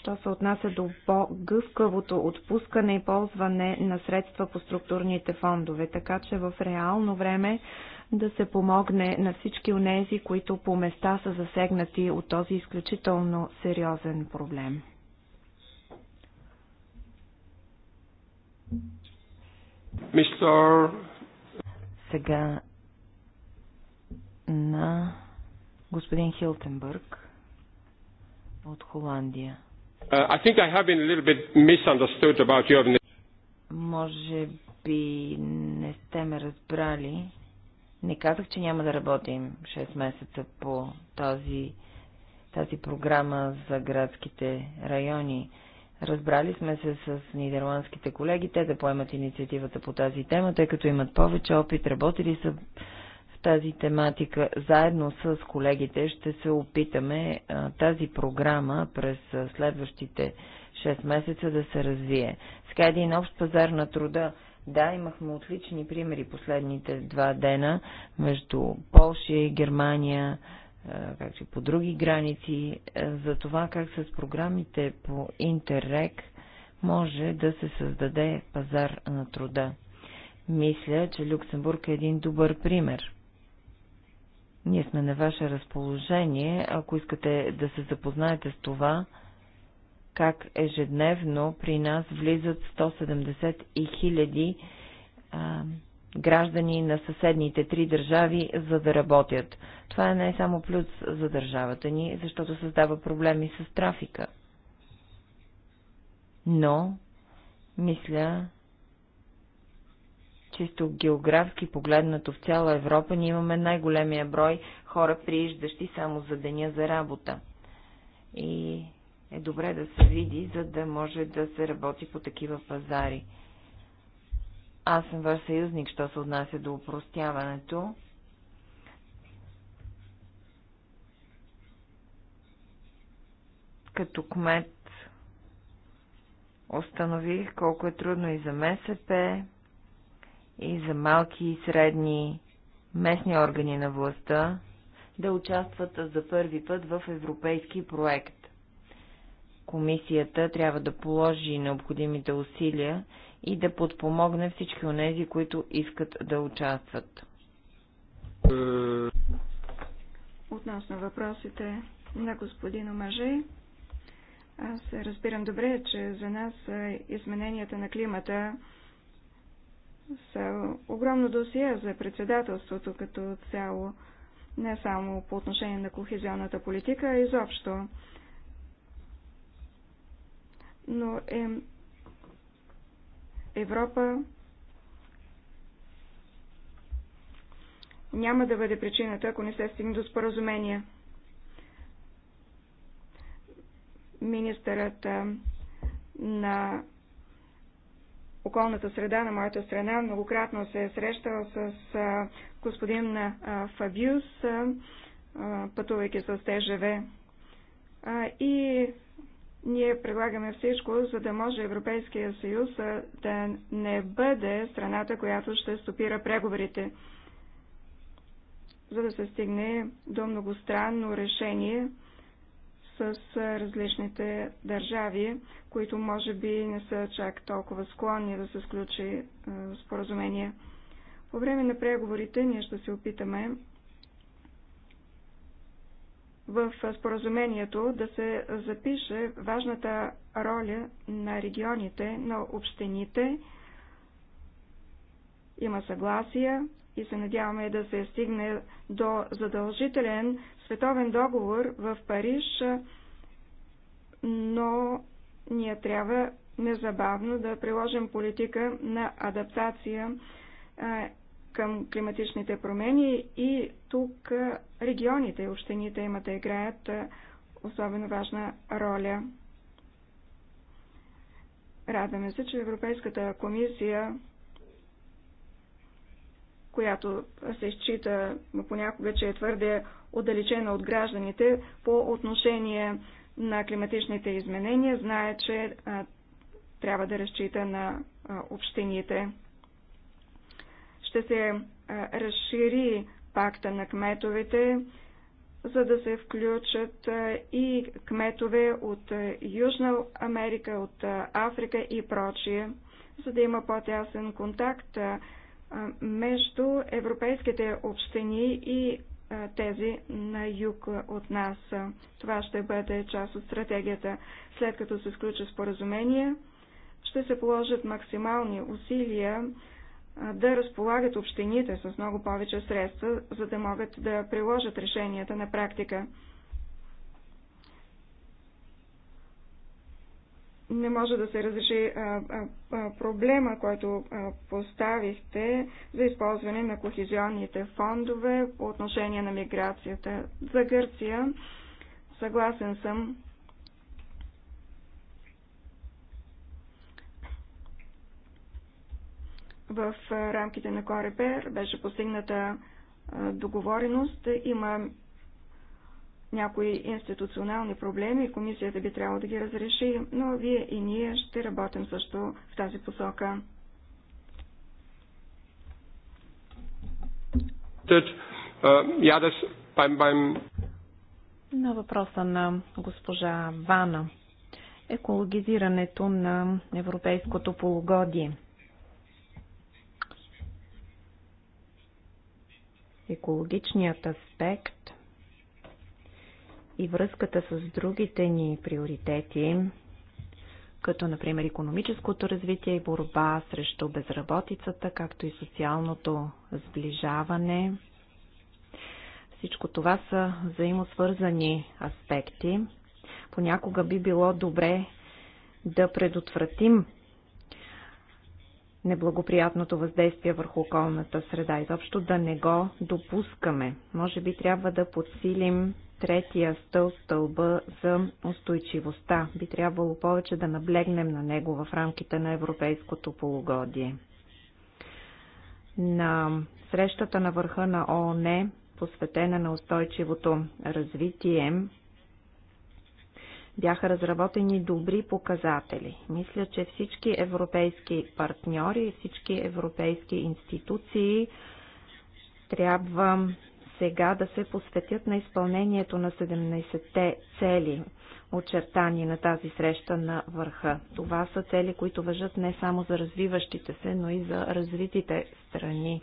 Що се отнася до по-гъвкавото отпускане и ползване на средства по структурните фондове, така че в реално време да се помогне на всички онези, които по места са засегнати от този изключително сериозен проблем. Мистер... Сега господин Хилтенбърг от Холандия. Uh, I think I have been a little bit misunderstood about your... Може би не сте ме разбрали. Не казах, че няма да работим 6 месеца по тази, тази програма за градските райони. Разбрали сме се с нидерландските колеги, те да поемат инициативата по тази тема, тъй като имат повече опит, работили са тази тематика заедно с колегите. Ще се опитаме тази програма през следващите 6 месеца да се развие. Сега един общ пазар на труда. Да, имахме отлични примери последните два дена между Полша и Германия, както и по други граници, е, за това как с програмите по Интеррек може да се създаде пазар на труда. Мисля, че Люксембург е един добър пример. Ние сме на ваше разположение, ако искате да се запознаете с това, как ежедневно при нас влизат 170 и хиляди граждани на съседните три държави, за да работят. Това е не само плюс за държавата ни, защото създава проблеми с трафика. Но, мисля, чисто географски погледнато в цяла Европа, ние имаме най-големия брой хора, прииждащи само за деня за работа. И е добре да се види, за да може да се работи по такива пазари. Аз съм ваш съюзник, що се отнася до упростяването. Като кмет установих колко е трудно и за МСП, и за малки и средни местни органи на властта да участват за първи път в европейски проект. Комисията трябва да положи необходимите усилия и да подпомогне всички тези, които искат да участват. Относно въпросите на господин Омаже, аз разбирам добре, че за нас измененията на климата са огромно досие за председателството като цяло, не само по отношение на кохезионната политика, а изобщо. Но е, Европа няма да бъде причината, ако не се стигне до споразумение. Министърът на околната среда на моята страна. Многократно се е срещал с господин Фабиус, пътувайки с ТЖВ. И ние предлагаме всичко, за да може Европейския съюз да не бъде страната, която ще стопира преговорите, за да се стигне до многостранно решение с различните държави, които може би не са чак толкова склонни да се сключи споразумение. По време на преговорите ние ще се опитаме в споразумението да се запише важната роля на регионите, на общините. Има съгласие и се надяваме да се стигне до задължителен световен договор в Париж, но ние трябва незабавно да приложим политика на адаптация към климатичните промени и тук регионите и общините имат да играят особено важна роля. Радваме се, че Европейската комисия, която се счита понякога, че е твърде отдалечена от гражданите по отношение на климатичните изменения, знае, че а, трябва да разчита на а, общините. Ще се а, разшири пакта на кметовете, за да се включат а, и кметове от а, Южна Америка, от а, Африка и прочие, за да има по-тясен контакт а, между европейските общини и тези на юг от нас. Това ще бъде част от стратегията. След като се сключи споразумение, ще се положат максимални усилия да разполагат общините с много повече средства, за да могат да приложат решенията на практика. не може да се разреши проблема, който поставихте за използване на кохезионните фондове по отношение на миграцията. За Гърция съгласен съм. В рамките на Корепер беше постигната договореност. Има някои институционални проблеми и комисията би трябвало да ги разреши, но вие и ние ще работим също в тази посока. На въпроса на госпожа Вана. Екологизирането на европейското полугодие. Екологичният аспект – и връзката с другите ни приоритети, като например економическото развитие и борба срещу безработицата, както и социалното сближаване. Всичко това са взаимосвързани аспекти. Понякога би било добре да предотвратим неблагоприятното въздействие върху околната среда. Изобщо да не го допускаме. Може би трябва да подсилим третия стълб, стълба за устойчивостта. Би трябвало повече да наблегнем на него в рамките на европейското полугодие. На срещата на върха на ООН, посветена на устойчивото развитие, бяха разработени добри показатели. Мисля, че всички европейски партньори, всички европейски институции трябва сега да се посветят на изпълнението на 17-те цели, очертани на тази среща на върха. Това са цели, които въжат не само за развиващите се, но и за развитите страни.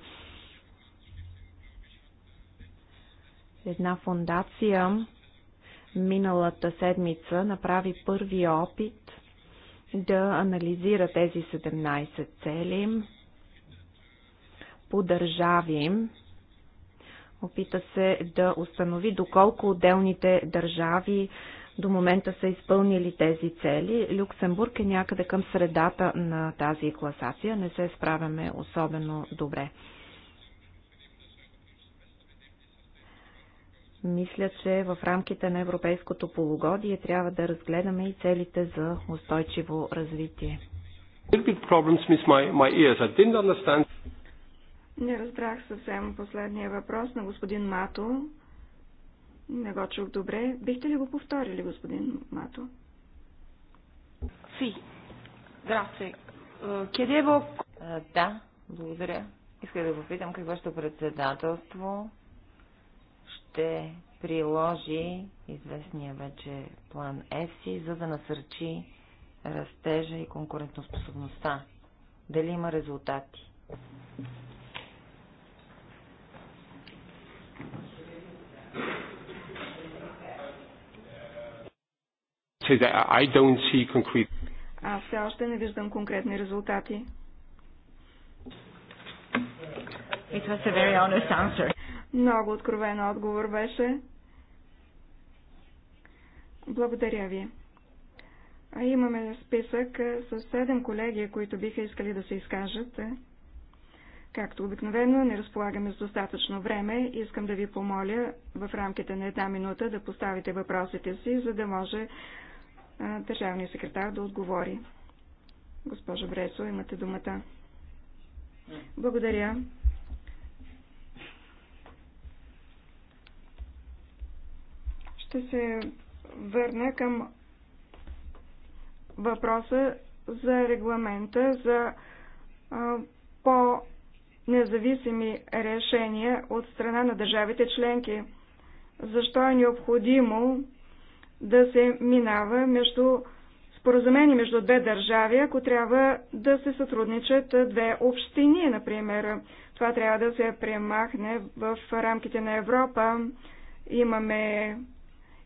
Една фундация миналата седмица направи първи опит да анализира тези 17 цели по държави, Опита се да установи доколко отделните държави до момента са изпълнили тези цели. Люксембург е някъде към средата на тази класация. Не се справяме особено добре. Мисля, че в рамките на европейското полугодие трябва да разгледаме и целите за устойчиво развитие. Не разбрах съвсем последния въпрос на господин Мато. Не го чух добре. Бихте ли го повторили, господин Мато? Си. Здравствуй. Е, кедево... Е, да, благодаря. Исках да попитам какво ще председателство ще приложи известния вече план ЕСИ, за да насърчи растежа и конкурентоспособността. Дали има резултати? I don't see concrete... Аз все още не виждам конкретни резултати. It was a very honest answer. Много откровен отговор беше. Благодаря ви. А имаме списък с седем колеги, които биха искали да се изкажат. Както обикновено, не разполагаме с достатъчно време. Искам да ви помоля в рамките на една минута да поставите въпросите си, за да може държавният секретар да отговори. Госпожо Бресо, имате думата. Благодаря. Ще се върна към въпроса за регламента за по независими решения от страна на държавите членки. Защо е необходимо да се минава между споразумение между две държави, ако трябва да се сътрудничат две общини, например. Това трябва да се премахне в рамките на Европа. Имаме,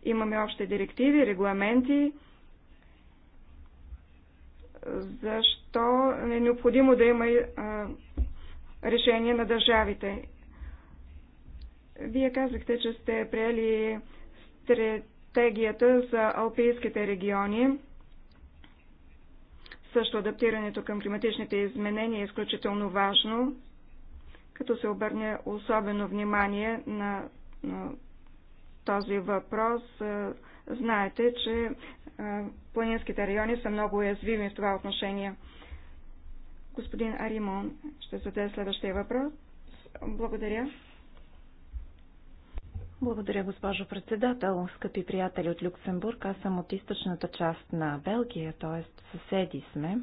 имаме общи директиви, регламенти. Защо е необходимо да има решение на държавите. Вие казахте, че сте приели стратегията за алпийските региони. Също адаптирането към климатичните изменения е изключително важно, като се обърне особено внимание на, на този въпрос. Знаете, че планинските райони са много уязвими в това отношение. Господин Аримон ще зададе следващия въпрос. Благодаря. Благодаря, госпожо председател. Скъпи приятели от Люксембург, аз съм от източната част на Белгия, т.е. съседи сме.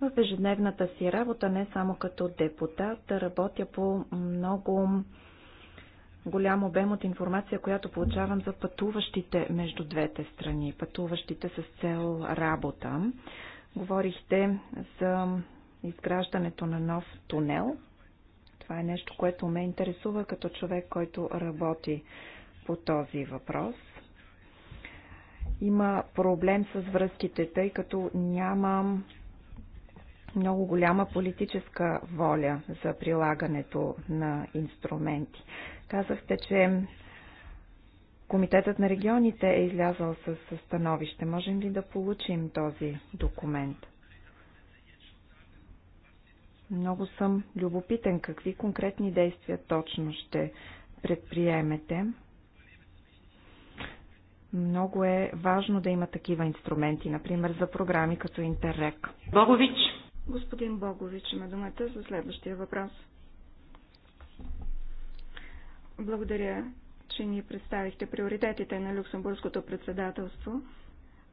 В ежедневната си работа, не само като депутат, работя по много голям обем от информация, която получавам за пътуващите между двете страни, пътуващите с цел работа. Говорихте за изграждането на нов тунел. Това е нещо, което ме интересува като човек, който работи по този въпрос. Има проблем с връзките, тъй като няма много голяма политическа воля за прилагането на инструменти. Казахте, че Комитетът на регионите е излязъл с становище. Можем ли да получим този документ? Много съм любопитен какви конкретни действия точно ще предприемете. Много е важно да има такива инструменти, например за програми като Интеррек. Богович. Господин Богович, има думата за следващия въпрос. Благодаря, че ни представихте приоритетите на Люксембургското председателство.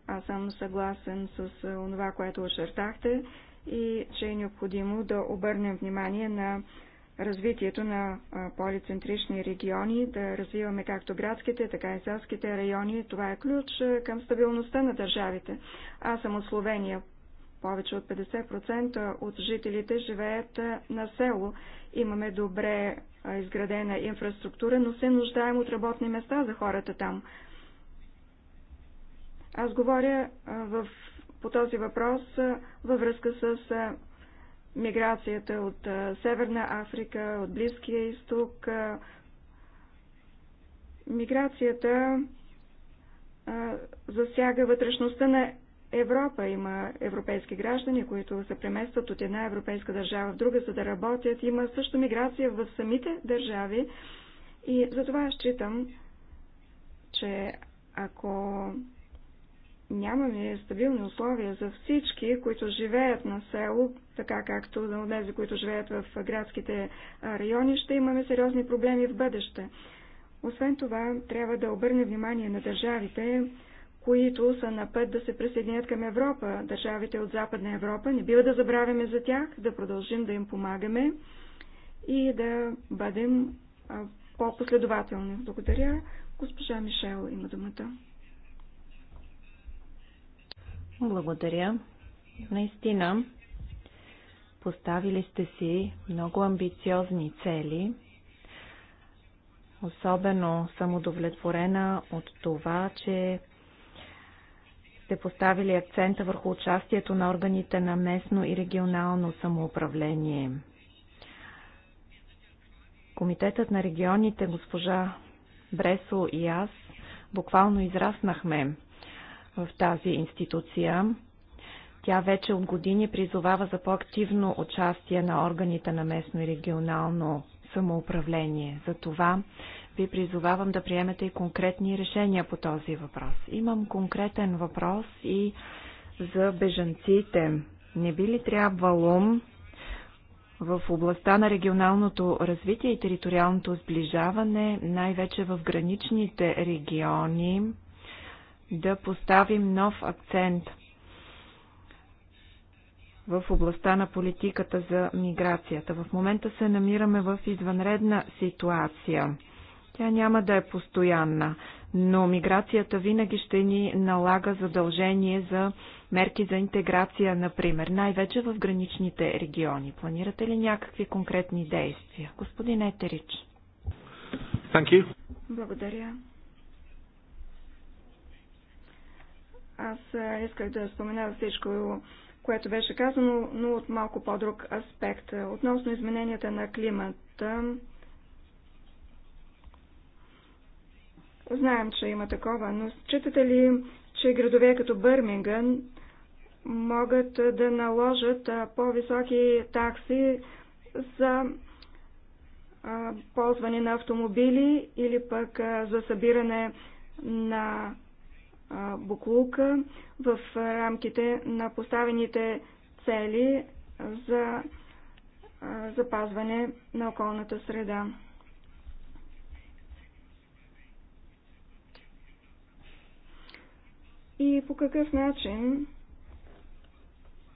Аз съм съгласен с това, което очертахте и че е необходимо да обърнем внимание на развитието на полицентрични региони, да развиваме както градските, така и селските райони. Това е ключ към стабилността на държавите. Аз съм от Словения повече от 50% от жителите живеят на село. Имаме добре изградена инфраструктура, но се нуждаем от работни места за хората там. Аз говоря в, по този въпрос във връзка с миграцията от Северна Африка, от Близкия изток. Миграцията засяга вътрешността на Европа. Има европейски граждани, които се преместват от една европейска държава в друга, за да работят. Има също миграция в самите държави. И затова считам, че ако нямаме стабилни условия за всички, които живеят на село, така както за тези, които живеят в градските райони, ще имаме сериозни проблеми в бъдеще. Освен това, трябва да обърне внимание на държавите, които са на път да се присъединят към Европа, държавите от Западна Европа. Не бива да забравяме за тях, да продължим да им помагаме и да бъдем по-последователни. Благодаря. Госпожа Мишел има думата. Благодаря. Наистина, поставили сте си много амбициозни цели. Особено съм удовлетворена от това, че сте поставили акцента върху участието на органите на местно и регионално самоуправление. Комитетът на регионите, госпожа Бресо и аз, буквално израснахме в тази институция. Тя вече от години призовава за по-активно участие на органите на местно и регионално самоуправление. Затова ви призовавам да приемете и конкретни решения по този въпрос. Имам конкретен въпрос и за бежанците. Не би ли трябвало в областта на регионалното развитие и териториалното сближаване, най-вече в граничните региони, да поставим нов акцент в областта на политиката за миграцията. В момента се намираме в извънредна ситуация. Тя няма да е постоянна, но миграцията винаги ще ни налага задължение за мерки за интеграция, например, най-вече в граничните региони. Планирате ли някакви конкретни действия? Господин Етерич. Thank you. Благодаря. Аз исках да спомена всичко, което беше казано, но от малко по-друг аспект. Относно измененията на климата, Знаем, че има такова, но считате ли, че градове като Бърмингън могат да наложат по-високи такси за ползване на автомобили или пък за събиране на буклука в рамките на поставените цели за запазване на околната среда. и по какъв начин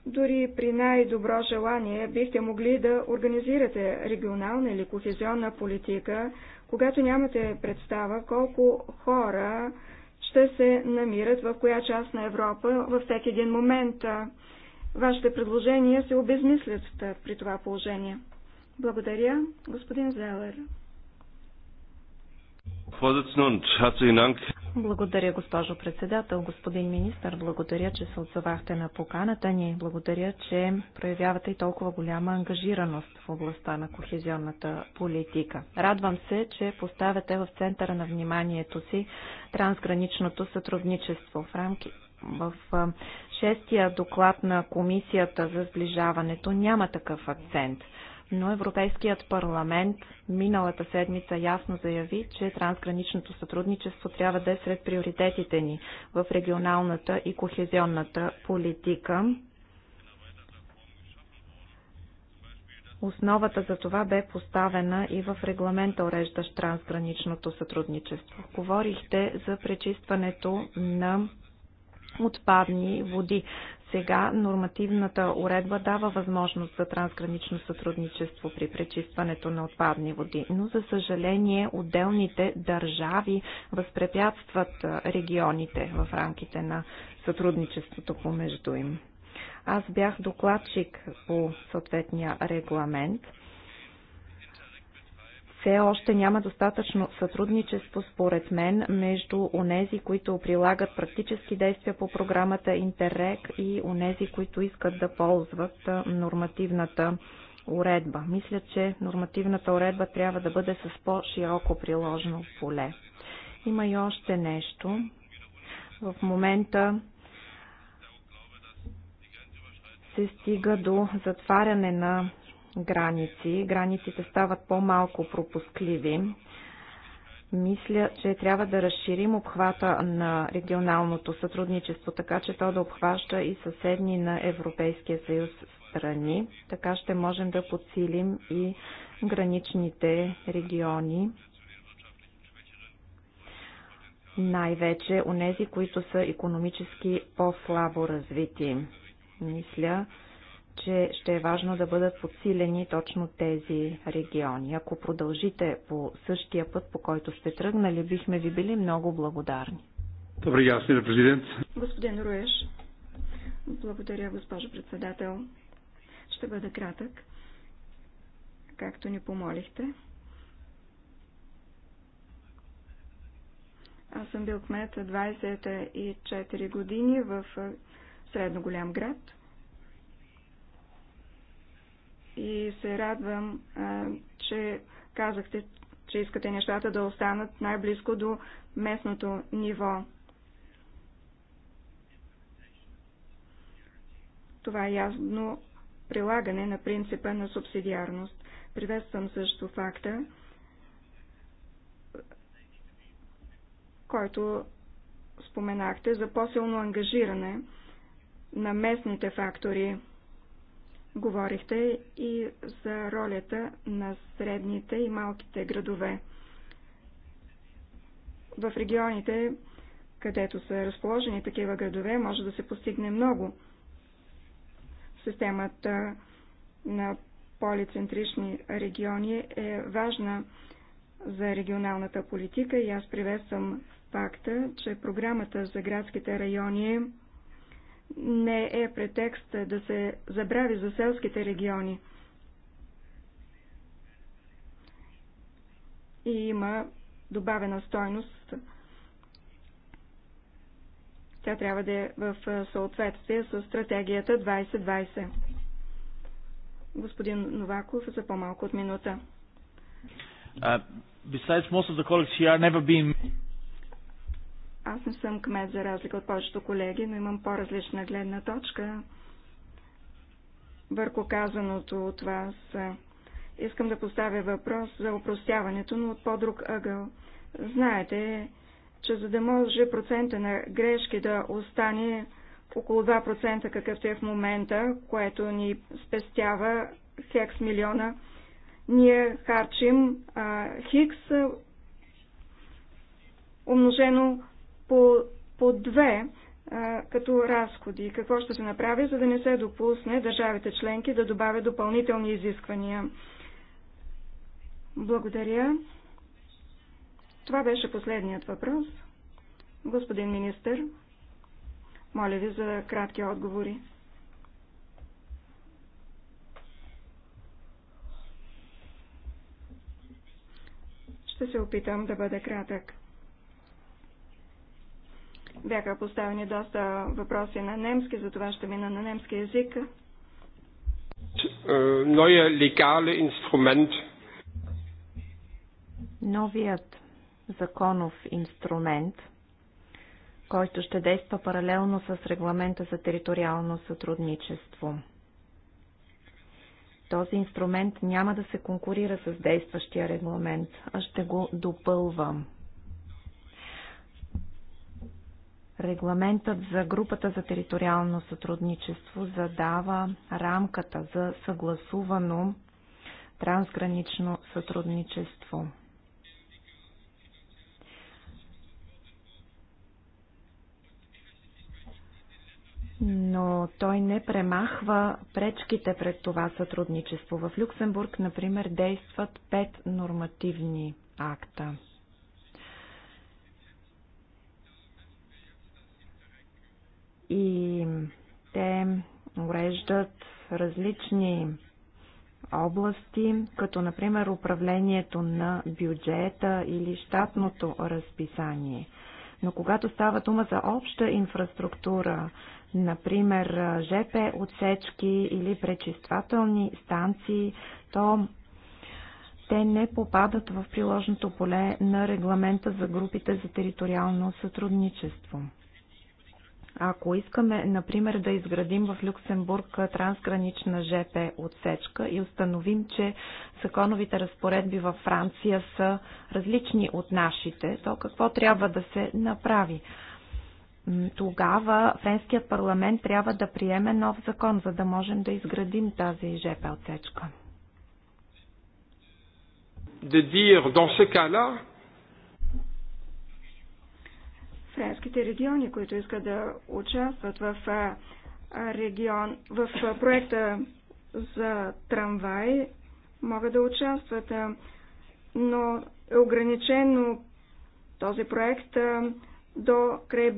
дори при най-добро желание бихте могли да организирате регионална или кохезионна политика, когато нямате представа колко хора ще се намират в коя част на Европа във всеки един момент. Вашите предложения се обезмислят при това положение. Благодаря, господин Зелер. Благодаря, госпожо председател. Господин министр, благодаря, че се отзовахте на поканата ни. Благодаря, че проявявате и толкова голяма ангажираност в областта на кохезионната политика. Радвам се, че поставяте в центъра на вниманието си трансграничното сътрудничество в рамки в шестия доклад на Комисията за сближаването няма такъв акцент но Европейският парламент миналата седмица ясно заяви, че трансграничното сътрудничество трябва да е сред приоритетите ни в регионалната и кохезионната политика. Основата за това бе поставена и в регламента, уреждащ трансграничното сътрудничество. Говорихте за пречистването на отпадни води. Сега нормативната уредба дава възможност за трансгранично сътрудничество при пречистването на отпадни води, но за съжаление отделните държави възпрепятстват регионите в рамките на сътрудничеството помежду им. Аз бях докладчик по съответния регламент – все още няма достатъчно сътрудничество, според мен, между онези, които прилагат практически действия по програмата Интеррек и онези, които искат да ползват нормативната уредба. Мисля, че нормативната уредба трябва да бъде с по-широко приложено поле. Има и още нещо. В момента се стига до затваряне на граници. Границите стават по-малко пропускливи. Мисля, че трябва да разширим обхвата на регионалното сътрудничество, така че то да обхваща и съседни на Европейския съюз страни. Така ще можем да подсилим и граничните региони, най-вече у нези, които са економически по-слабо развити. Мисля, че ще е важно да бъдат подсилени точно тези региони. Ако продължите по същия път, по който сте тръгнали, бихме ви били много благодарни. Добре, ясен президент. Господин Руеш, благодаря, госпожо председател. Ще бъда кратък, както ни помолихте. Аз съм бил кмет 24 години в средно голям град – и се радвам, че казахте, че искате нещата да останат най-близко до местното ниво. Това е ясно прилагане на принципа на субсидиарност. Приветствам също факта, който споменахте за по-силно ангажиране на местните фактори Говорихте и за ролята на средните и малките градове. В регионите, където са разположени такива градове, може да се постигне много. Системата на полицентрични региони е важна за регионалната политика и аз приветствам факта, че програмата за градските райони е не е претекст да се забрави за селските региони. И има добавена стойност. Тя трябва да е в съответствие с стратегията 2020. Господин Новаков за по-малко от минута. Uh, besides most of the colleagues here never been аз не съм кмет, за разлика от повечето колеги, но имам по-различна гледна точка върху казаното от вас. Искам да поставя въпрос за упростяването, но от по-друг ъгъл. Знаете, че за да може процента на грешки да остане около 2% какъвто е в момента, което ни спестява хекс милиона, ние харчим а, хикс умножено по, по две а, като разходи. Какво ще се направи, за да не се допусне държавите членки да добавят допълнителни изисквания? Благодаря. Това беше последният въпрос. Господин министър, моля ви за кратки отговори. Ще се опитам да бъда кратък. Бяха поставени доста въпроси на немски, затова ще мина на немски язик. Е, новия легален инструмент. Новият законов инструмент, който ще действа паралелно с регламента за териториално сътрудничество. Този инструмент няма да се конкурира с действащия регламент, а ще го допълвам. Регламентът за групата за териториално сътрудничество задава рамката за съгласувано трансгранично сътрудничество. но той не премахва пречките пред това сътрудничество. В Люксембург, например, действат пет нормативни акта. и те уреждат различни области, като например управлението на бюджета или щатното разписание. Но когато става дума за обща инфраструктура, например ЖП отсечки или пречиствателни станции, то те не попадат в приложното поле на регламента за групите за териториално сътрудничество. Ако искаме, например, да изградим в Люксембург трансгранична ЖП отсечка и установим, че законовите разпоредби във Франция са различни от нашите, то какво трябва да се направи? Тогава Френският парламент трябва да приеме нов закон, за да можем да изградим тази ЖП отсечка. De dire dans ce cas-là, френските региони, които искат да участват в, регион, в проекта за трамвай, могат да участват, но е ограничено този проект до край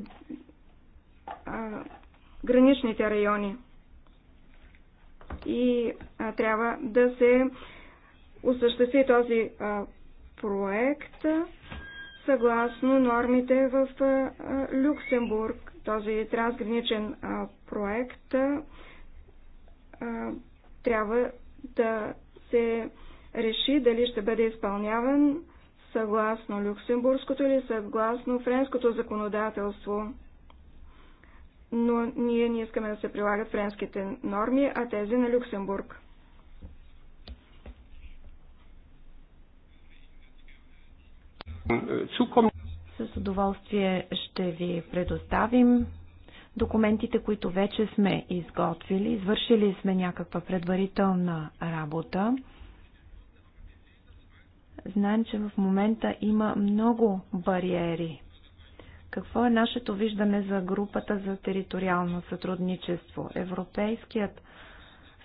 граничните райони. И а, трябва да се осъществи този а, проект съгласно нормите в Люксембург. Този трансграничен проект трябва да се реши дали ще бъде изпълняван съгласно люксембургското или съгласно френското законодателство. Но ние не искаме да се прилагат френските норми, а тези на Люксембург. С удоволствие ще ви предоставим документите, които вече сме изготвили. Извършили сме някаква предварителна работа. Знаем, че в момента има много бариери. Какво е нашето виждане за групата за териториално сътрудничество? Европейският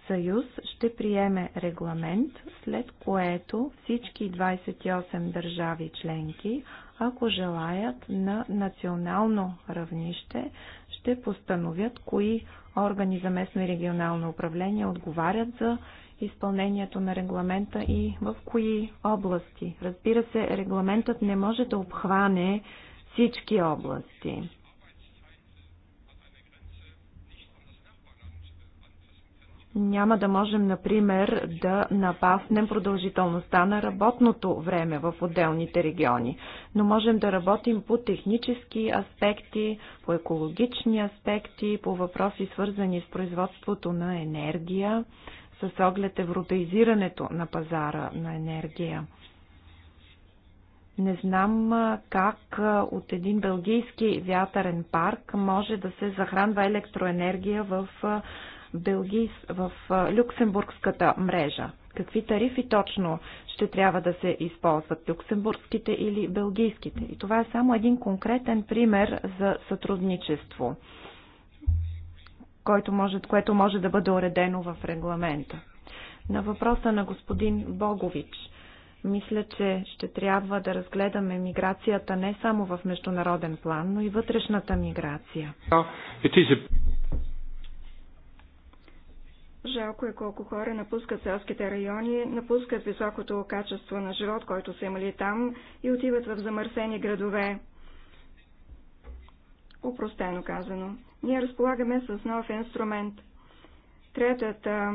съюз ще приеме регламент, след което всички 28 държави членки, ако желаят на национално равнище, ще постановят кои органи за местно и регионално управление отговарят за изпълнението на регламента и в кои области. Разбира се, регламентът не може да обхване всички области. няма да можем, например, да напаснем продължителността на работното време в отделните региони, но можем да работим по технически аспекти, по екологични аспекти, по въпроси свързани с производството на енергия, с оглед европеизирането на пазара на енергия. Не знам как от един белгийски вятърен парк може да се захранва електроенергия в Белгийс, в люксембургската мрежа? Какви тарифи точно ще трябва да се използват, люксембургските или белгийските? И това е само един конкретен пример за сътрудничество, което може, което може да бъде уредено в регламента. На въпроса на господин Богович – мисля, че ще трябва да разгледаме миграцията не само в международен план, но и вътрешната миграция. Жалко е колко хора напускат селските райони, напускат високото качество на живот, който са имали там и отиват в замърсени градове. Упростено казано, ние разполагаме с нов инструмент. Третата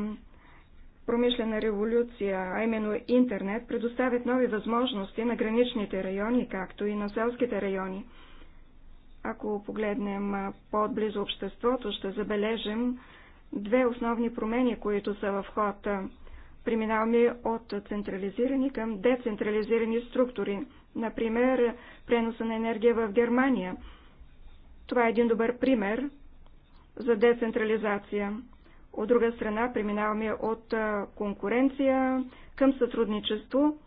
промишлена революция, а именно интернет, предоставят нови възможности на граничните райони, както и на селските райони. Ако погледнем по близо обществото, ще забележим, две основни промени, които са в ход. Преминаваме от централизирани към децентрализирани структури. Например, преноса на енергия в Германия. Това е един добър пример за децентрализация. От друга страна, преминаваме от конкуренция към сътрудничество.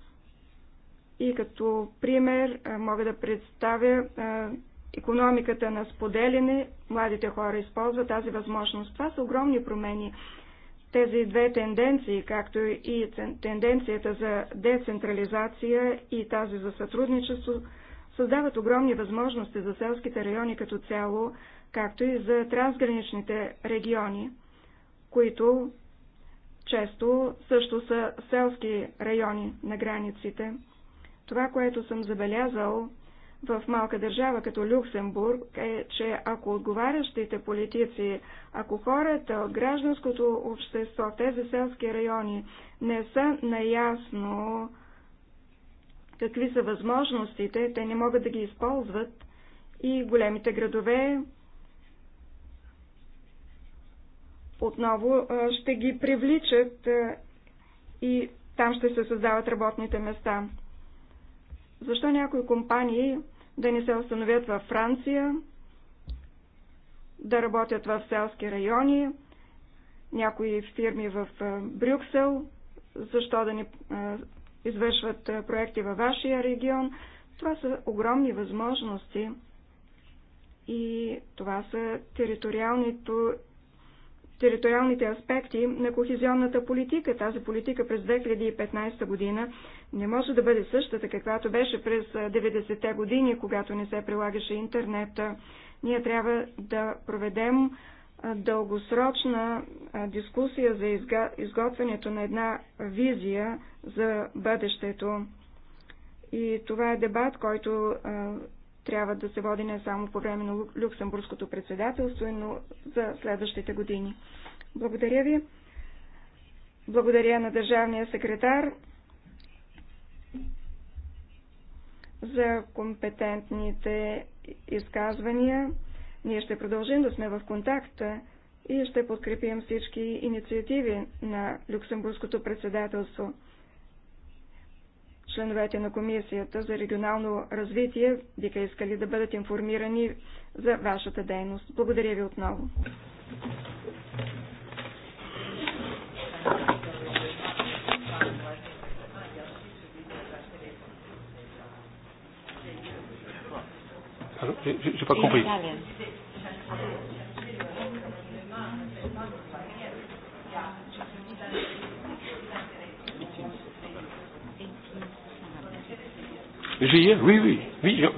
И като пример мога да представя економиката на споделяне, младите хора използват тази възможност. Това са огромни промени. Тези две тенденции, както и тенденцията за децентрализация и тази за сътрудничество, създават огромни възможности за селските райони като цяло, както и за трансграничните региони, които често също са селски райони на границите. Това, което съм забелязал, в малка държава като Люксембург е, че ако отговарящите политици, ако хората от гражданското общество в тези селски райони не са наясно какви са възможностите, те не могат да ги използват и големите градове отново ще ги привличат и там ще се създават работните места. Защо някои компании да не се установят във Франция, да работят в селски райони, някои фирми в Брюксел, защо да не извършват проекти във вашия регион. Това са огромни възможности и това са териториалните аспекти на кохезионната политика. Тази политика през 2015 година не може да бъде същата, каквато беше през 90-те години, когато не се прилагаше интернета. Ние трябва да проведем дългосрочна дискусия за изготвянето на една визия за бъдещето. И това е дебат, който трябва да се води не само по време на Люксембургското председателство, но за следващите години. Благодаря ви. Благодаря на държавния секретар за компетентните изказвания. Ние ще продължим да сме в контакта и ще подкрепим всички инициативи на Люксембургското председателство. Членовете на Комисията за регионално развитие биха искали да бъдат информирани за вашата дейност. Благодаря ви отново. Je n'ai pas compris. Oui, oui, oui, oui.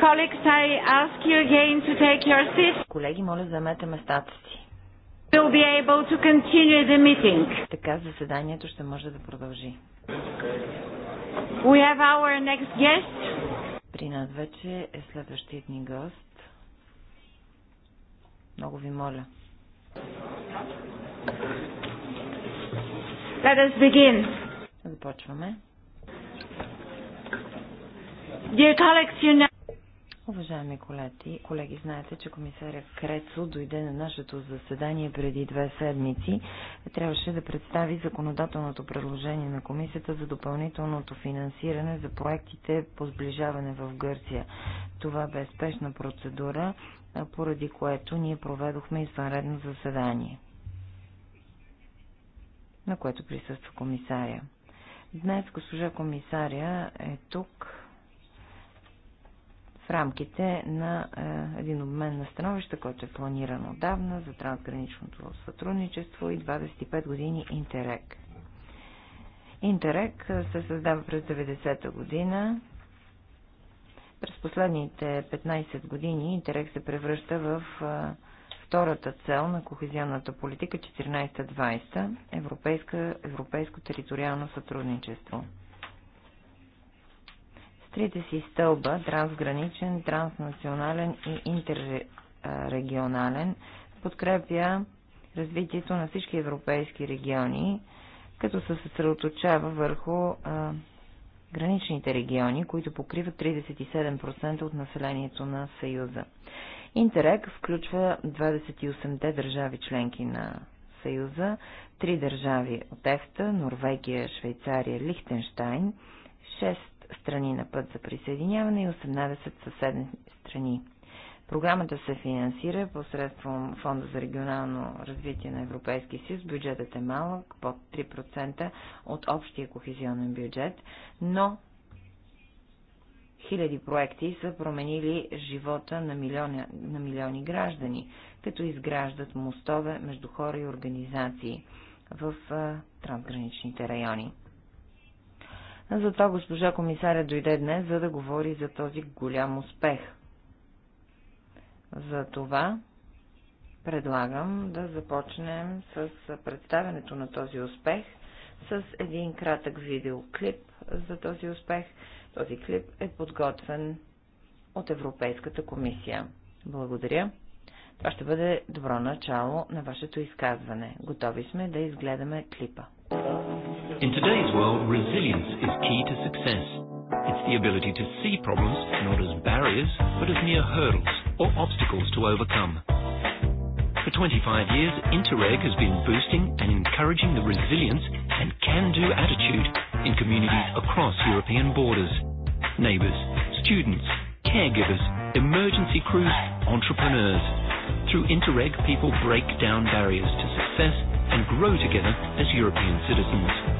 Colleagues, I ask you again to take your seats. Колеги, моля, заемете местата си. We'll be able to continue the meeting. Така заседанието ще може да продължи. We have our next guest. При нас вече е следващият ни гост. Много ви моля. Let us begin. Започваме. Dear colleagues, you know... Уважаеми колеги, колеги, знаете, че комисаря Крецо дойде на нашето заседание преди две седмици. Трябваше да представи законодателното предложение на комисията за допълнителното финансиране за проектите по сближаване в Гърция. Това бе спешна процедура, поради което ние проведохме извънредно заседание, на което присъства комисаря. Днес госпожа комисаря е тук в рамките на е, един обмен на становища, който е планиран отдавна за трансграничното сътрудничество и 25 години Интерек. Интерек е, се създава през 90-та година. През последните 15 години Интерек се превръща в е, втората цел на кохезионната политика 14-20 европейско териториално сътрудничество трите си стълба, трансграничен, транснационален и интеррегионален, подкрепя развитието на всички европейски региони, като се съсредоточава върху а, граничните региони, които покриват 37% от населението на Съюза. Интерек включва 28-те държави членки на Съюза, три държави от ЕФТА, Норвегия, Швейцария, Лихтенштайн, 6 страни на път за присъединяване и 18 съседни страни. Програмата се финансира посредством Фонда за регионално развитие на Европейския съюз. Бюджетът е малък, под 3% от общия кохезионен бюджет, но хиляди проекти са променили живота на милиони, на милиони граждани, като изграждат мостове между хора и организации в трансграничните райони. Затова госпожа комисаря дойде днес, за да говори за този голям успех. За това предлагам да започнем с представянето на този успех с един кратък видеоклип за този успех. Този клип е подготвен от Европейската комисия. Благодаря. Това ще бъде добро начало на вашето изказване. Готови сме да изгледаме клипа. In today's world, resilience is key to success. It's the ability to see problems not as barriers, but as mere hurdles or obstacles to overcome. For 25 years, Interreg has been boosting and encouraging the resilience and can-do attitude in communities across European borders. Neighbours, students, caregivers, emergency crews, entrepreneurs. Through Interreg, people break down barriers to success and grow together as European citizens.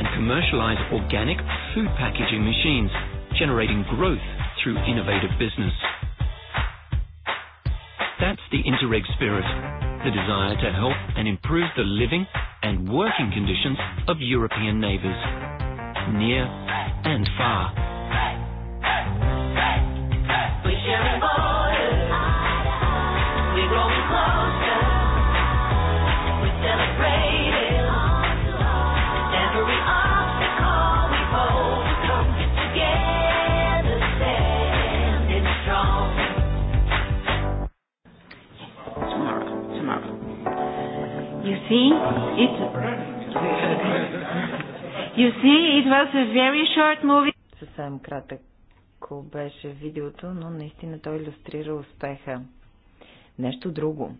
and commercialize organic food packaging machines, generating growth through innovative business. That's the Interreg spirit, the desire to help and improve the living and working conditions of European neighbors, near and far. We share You see, it, you see, it was a very short movie. Съвсем кратък беше видеото, но наистина той иллюстрира успеха. Нещо друго.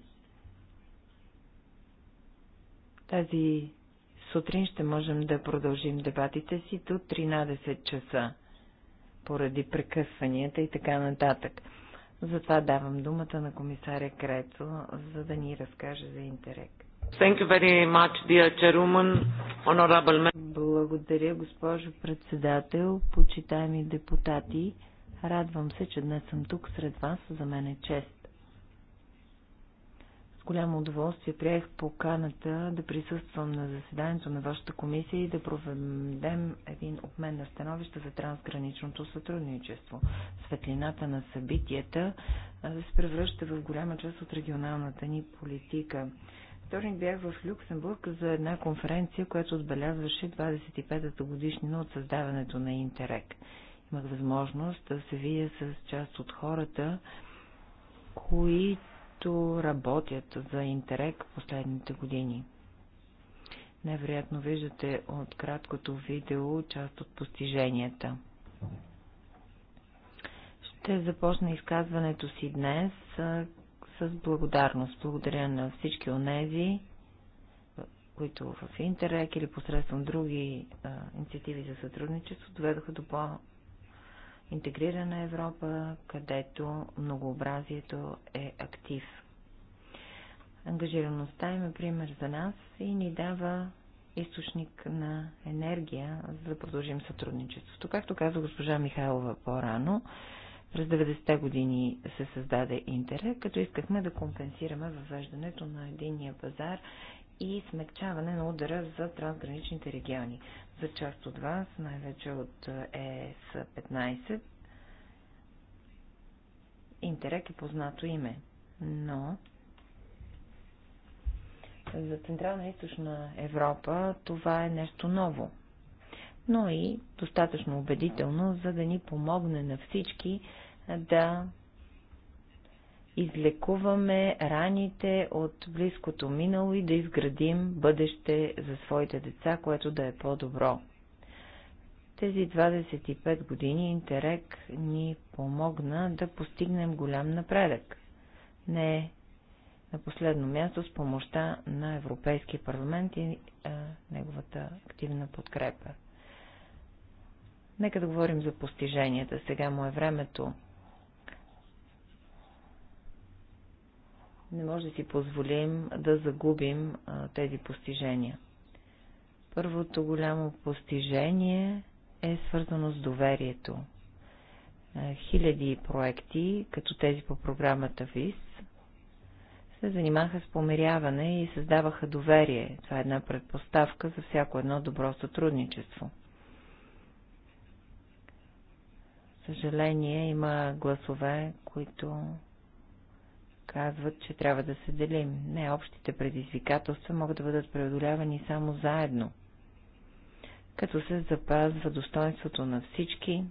Тази сутрин ще можем да продължим дебатите си до 13 часа, поради прекъсванията и така нататък. Затова давам думата на комисаря Крецо, за да ни разкаже за Интерект. Thank you very much, dear chairwoman, honorable Благодаря, госпожо председател, почитаеми депутати. Радвам се, че днес съм тук сред вас. За мен е чест. С голямо удоволствие приех поканата да присъствам на заседанието на вашата комисия и да проведем един обмен на становища за трансграничното сътрудничество. Светлината на събитията се превръща в голяма част от регионалната ни политика вторник бях в Люксембург за една конференция, която отбелязваше 25-та годишнина от създаването на Интерек. Имах възможност да се видя с част от хората, които работят за Интерек последните години. Невероятно виждате от краткото видео част от постиженията. Ще започна изказването си днес, с благодарност. Благодаря на всички онези, които в Интерек или посредством други а, инициативи за сътрудничество доведоха до по-интегрирана Европа, където многообразието е актив. Ангажираността им е пример за нас и ни дава източник на енергия, за да продължим сътрудничеството. Както каза госпожа Михайлова по-рано, през 90-те години се създаде Интерек, като искахме да компенсираме въвеждането на единния пазар и смягчаване на удара за трансграничните региони. За част от вас, най-вече от ЕС-15, Интерек е познато име, но за Централна и Източна Европа това е нещо ново но и достатъчно убедително, за да ни помогне на всички да излекуваме раните от близкото минало и да изградим бъдеще за своите деца, което да е по-добро. Тези 25 години Интерек ни помогна да постигнем голям напредък. Не на последно място с помощта на Европейския парламент и е, неговата активна подкрепа. Нека да говорим за постиженията. Сега му е времето. Не може да си позволим да загубим а, тези постижения. Първото голямо постижение е свързано с доверието. Хиляди проекти, като тези по програмата ВИС, се занимаха с помиряване и създаваха доверие. Това е една предпоставка за всяко едно добро сътрудничество. съжаление има гласове, които казват, че трябва да се делим. Не, общите предизвикателства могат да бъдат преодолявани само заедно, като се запазва достоинството на всички,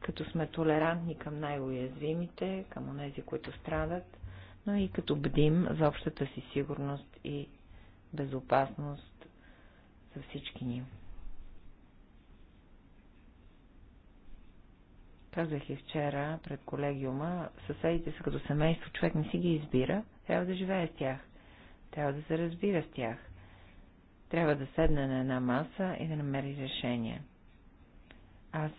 като сме толерантни към най-уязвимите, към онези, които страдат, но и като бдим за общата си сигурност и безопасност за всички ни. Казах и вчера пред колегиума, съседите са като семейство, човек не си ги избира, трябва да живее с тях, трябва да се разбира с тях, трябва да седне на една маса и да намери решение. Аз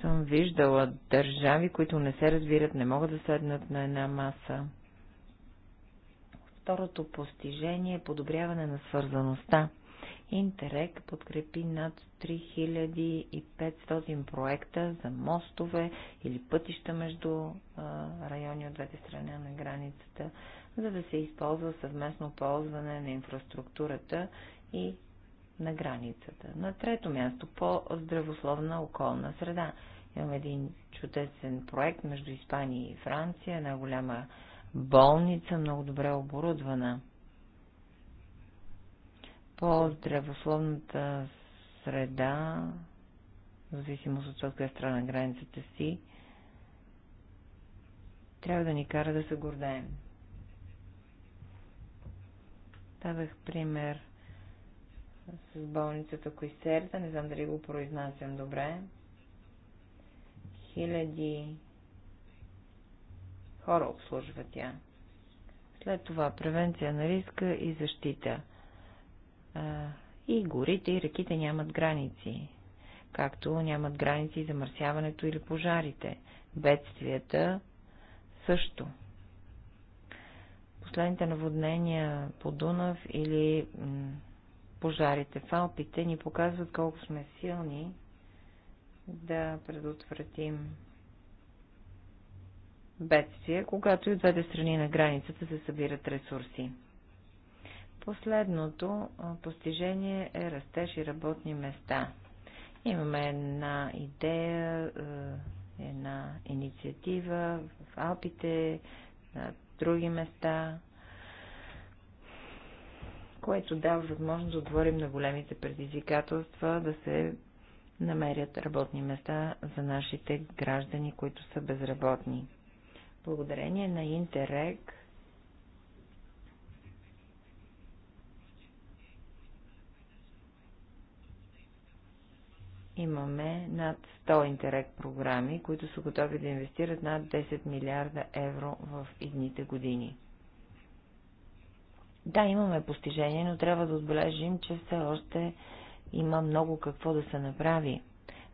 съм виждала държави, които не се разбират, не могат да седнат на една маса. Второто постижение е подобряване на свързаността. Интерек подкрепи над 3500 проекта за мостове или пътища между райони от двете страни на границата, за да се използва съвместно ползване на инфраструктурата и на границата. На трето място по-здравословна околна среда. Имам един чудесен проект между Испания и Франция, една голяма болница, много добре оборудвана. По-здравословната среда, в зависимост от това, коя страна на границата си, трябва да ни кара да се гордеем. Давах пример с болницата Койсерта, не знам дали го произнасям добре. Хиляди хора обслужва тя. След това превенция на риска и защита. И горите и реките нямат граници, както нямат граници и замърсяването или пожарите. Бедствията също. Последните наводнения по Дунав или пожарите в Алпите ни показват колко сме силни да предотвратим бедствие, когато и от двете страни на границата се събират ресурси. Последното постижение е растеж и работни места. Имаме една идея, една инициатива в Алпите, на други места, което дава възможност да отворим на големите предизвикателства, да се намерят работни места за нашите граждани, които са безработни. Благодарение на Интерег имаме над 100 интерект програми, които са готови да инвестират над 10 милиарда евро в едните години. Да, имаме постижение, но трябва да отбележим, че все още има много какво да се направи.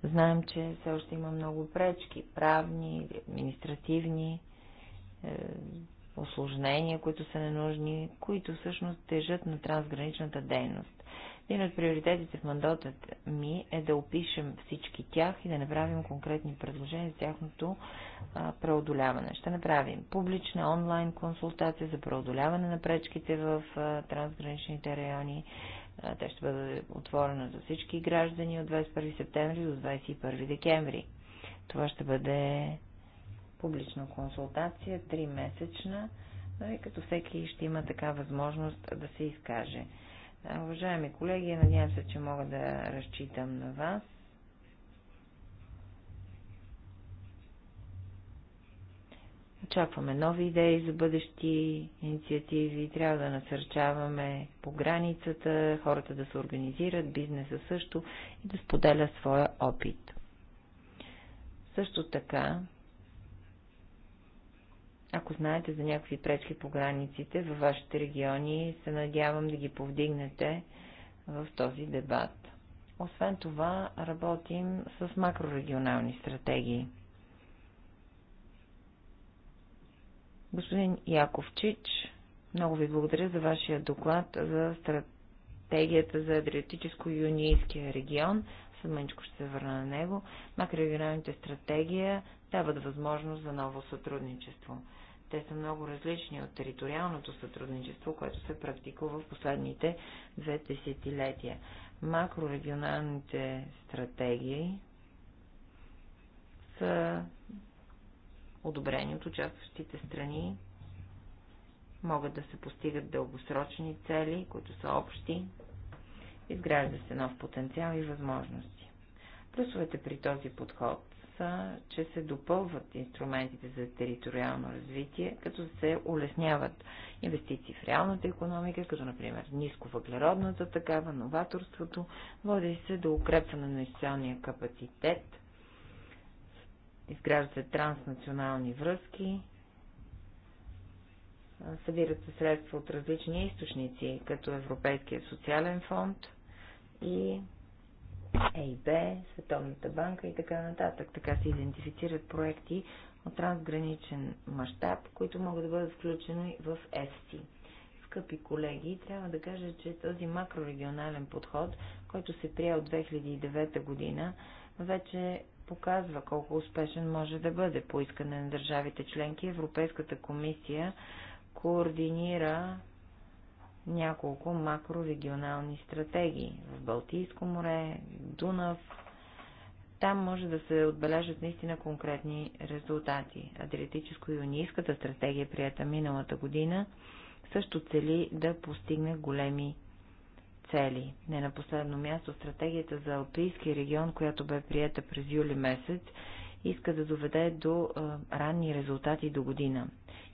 Знаем, че все още има много пречки, правни, административни. Е, осложнения, които са ненужни, които всъщност тежат на трансграничната дейност. Един от приоритетите в мандатът ми е да опишем всички тях и да направим конкретни предложения за тяхното а, преодоляване. Ще направим публична онлайн консултация за преодоляване на пречките в а, трансграничните райони. А, те ще бъде отворена за всички граждани от 21 септември до 21 декември. Това ще бъде публична консултация, три месечна, и нали, като всеки ще има така възможност да се изкаже. Уважаеми колеги, надявам се, че мога да разчитам на вас. Очакваме нови идеи за бъдещи инициативи, трябва да насърчаваме по границата, хората да се организират, бизнеса също и да споделя своя опит. Също така ако знаете за някакви пречки по границите във вашите региони, се надявам да ги повдигнете в този дебат. Освен това, работим с макрорегионални стратегии. Господин Яковчич, много ви благодаря за вашия доклад за стратегията за Адриатическо-Юнийския регион мъничко ще се върна на него. Макрорегионалните стратегия дават възможност за ново сътрудничество. Те са много различни от териториалното сътрудничество, което се практикува в последните две десетилетия. Макрорегионалните стратегии са одобрени от участващите страни, могат да се постигат дългосрочни цели, които са общи Изгражда се нов потенциал и възможности. Плюсовете при този подход са, че се допълват инструментите за териториално развитие, като се улесняват инвестиции в реалната економика, като например нисковъглеродната такава, новаторството, води се до укрепване на инвестиционния капацитет, изграждат се транснационални връзки, събират се средства от различни източници, като Европейския социален фонд – и ЕИБ, Световната банка и така нататък. Така се идентифицират проекти от трансграничен мащаб, които могат да бъдат включени в ЕСТИ. Скъпи колеги, трябва да кажа, че този макрорегионален подход, който се прие от 2009 година, вече показва колко успешен може да бъде. По искане на държавите членки Европейската комисия координира няколко макрорегионални стратегии в Балтийско море, Дунав. Там може да се отбележат наистина конкретни резултати. Адриатическо-юнийската стратегия, прията миналата година, също цели да постигне големи цели. Не на последно място стратегията за Алпийския регион, която бе прията през юли месец иска да доведе до а, ранни резултати до година.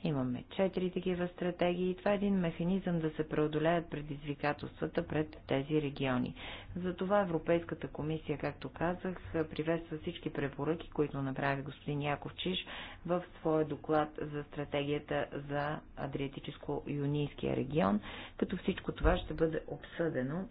Имаме четири такива стратегии и това е един механизъм да се преодолеят предизвикателствата пред тези региони. Затова Европейската комисия, както казах, приветства всички препоръки, които направи господин Яков Чиш в своя доклад за стратегията за Адриатическо-Юнийския регион, като всичко това ще бъде обсъдено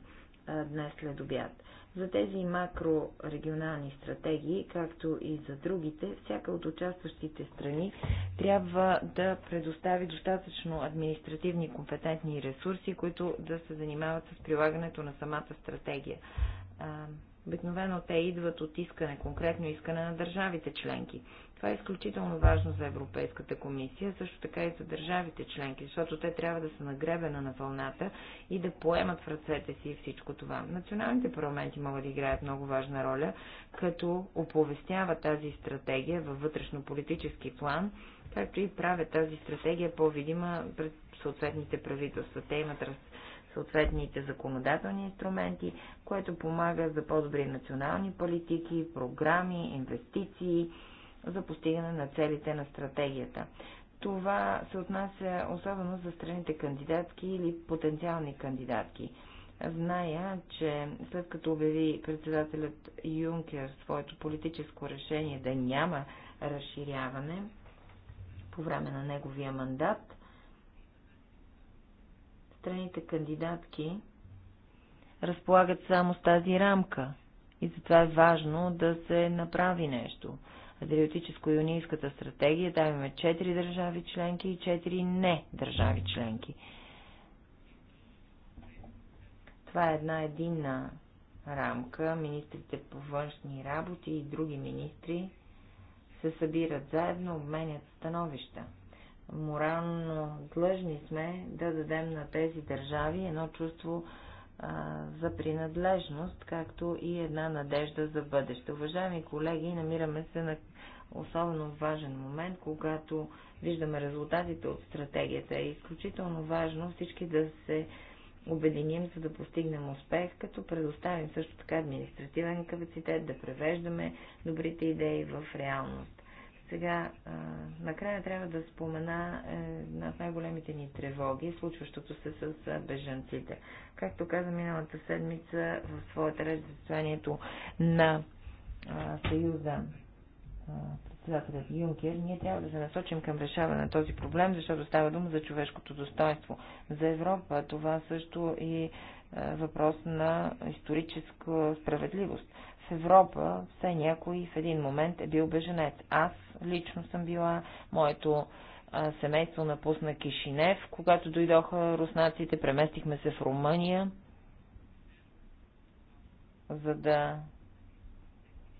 днес след обяд. За тези макрорегионални стратегии, както и за другите, всяка от участващите страни трябва да предостави достатъчно административни компетентни ресурси, които да се занимават с прилагането на самата стратегия. Обикновено те идват от искане, конкретно искане на държавите членки. Това е изключително важно за Европейската комисия, също така и за държавите членки, защото те трябва да са нагребена на вълната и да поемат в ръцете си всичко това. Националните парламенти могат да играят много важна роля, като оповестяват тази стратегия във вътрешно-политически план, както и правят тази стратегия по-видима пред съответните правителства. Те имат раз съответните законодателни инструменти, което помага за по-добри национални политики, програми, инвестиции за постигане на целите на стратегията. Това се отнася особено за страните кандидатки или потенциални кандидатки. Зная, че след като обяви председателят Юнкер своето политическо решение да няма разширяване по време на неговия мандат, страните кандидатки разполагат само с тази рамка и затова е важно да се направи нещо. Адриотическо-юнийската стратегия, там имаме 4 държави членки и 4 не държави членки. Това е една единна рамка. Министрите по външни работи и други министри се събират заедно, обменят становища морално длъжни сме да дадем на тези държави едно чувство а, за принадлежност, както и една надежда за бъдеще. Уважаеми колеги, намираме се на особено важен момент, когато виждаме резултатите от стратегията. Е изключително важно всички да се обединим, за да постигнем успех, като предоставим също така административен капацитет, да превеждаме добрите идеи в реалност. Сега, а, накрая трябва да спомена е, една от най-големите ни тревоги, случващото се с бежанците. Както каза миналата седмица в своята реч на Съюза председателят Юнкер, ние трябва да се насочим към решаване на този проблем, защото става дума за човешкото достоинство. За Европа това също е, е въпрос на историческа справедливост. В Европа все някой в един момент е бил беженец. Аз лично съм била, моето семейство напусна Кишинев, когато дойдоха руснаците, преместихме се в Румъния, за да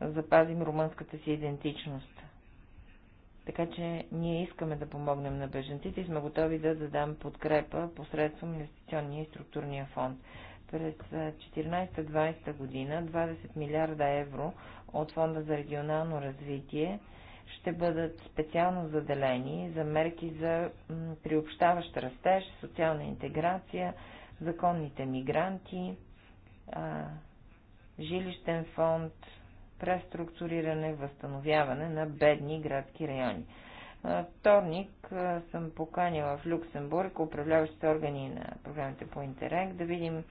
запазим румънската си идентичност. Така че ние искаме да помогнем на беженците и сме готови да дадам подкрепа посредством инвестиционния и структурния фонд. През 2014-2020 година 20 милиарда евро от Фонда за регионално развитие ще бъдат специално заделени за мерки за приобщаващ растеж, социална интеграция, законните мигранти, жилищен фонд, преструктуриране, възстановяване на бедни градски райони. Вторник съм поканила в Люксембург управляващите органи на програмите по Интерег да видим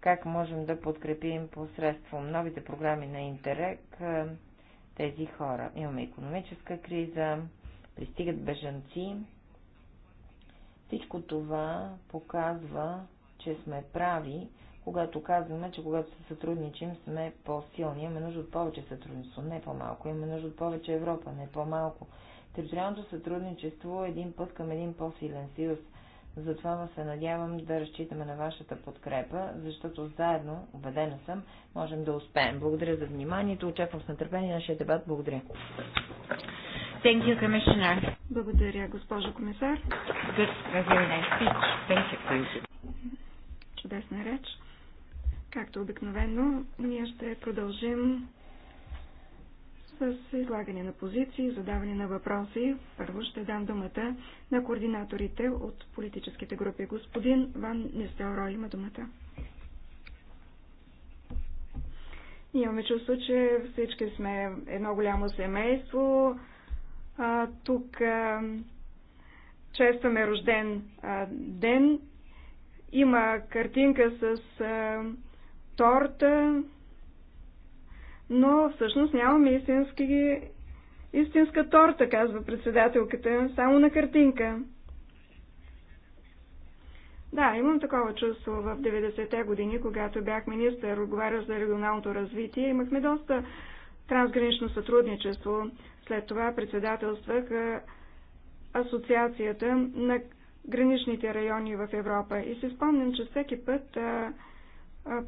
как можем да подкрепим посредством новите програми на Интерек тези хора. Имаме економическа криза, пристигат бежанци. Всичко това показва, че сме прави, когато казваме, че когато се сътрудничим, сме по-силни. Имаме нужда от повече сътрудничество, не по-малко. Имаме нужда от повече Европа, не по-малко. Териториалното сътрудничество е един път към един по-силен съюз. Затова се надявам да разчитаме на вашата подкрепа, защото заедно, убедена съм, можем да успеем. Благодаря за вниманието. Очаквам с нетърпение нашия дебат. Благодаря. Thank you, Commissioner. Благодаря, госпожо комисар. Good, very nice speech. Thank you. Чудесна реч. Както обикновено, ние ще продължим с излагане на позиции, задаване на въпроси. Първо ще дам думата на координаторите от политическите групи. Господин Ван Нестеоро има думата. Имаме чувство, че всички сме едно голямо семейство. А, тук а, честваме рожден а, ден. Има картинка с а, торта, но всъщност нямаме истински, истинска торта, казва председателката, само на картинка. Да, имам такова чувство в 90-те години, когато бях министър, отговарял за регионалното развитие, имахме доста трансгранично сътрудничество. След това председателствах Асоциацията на граничните райони в Европа. И си спомням, че всеки път а,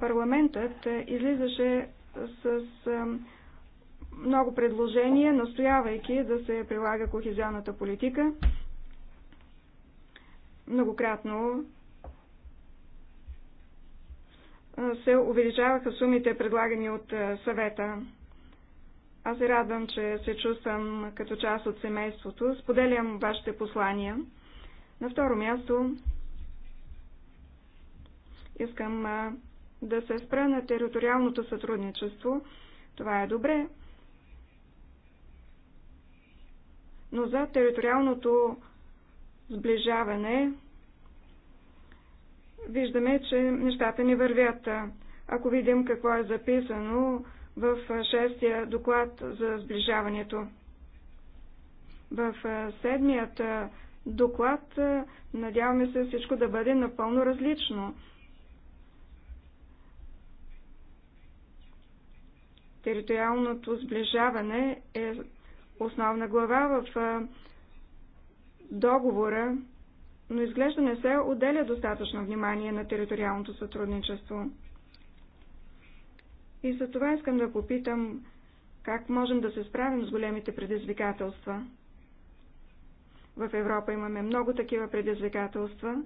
парламентът е, излизаше с много предложения, настоявайки да се прилага кохезионната политика. Многократно се увеличаваха сумите, предлагани от съвета. Аз се радвам, че се чувствам като част от семейството. Споделям вашите послания. На второ място искам да се спра на териториалното сътрудничество. Това е добре. Но за териториалното сближаване виждаме, че нещата не вървят. Ако видим какво е записано в шестия доклад за сближаването. В седмият доклад надяваме се всичко да бъде напълно различно. Териториалното сближаване е основна глава в договора, но изглежда не се отделя достатъчно внимание на териториалното сътрудничество. И за това искам да попитам, как можем да се справим с големите предизвикателства. В Европа имаме много такива предизвикателства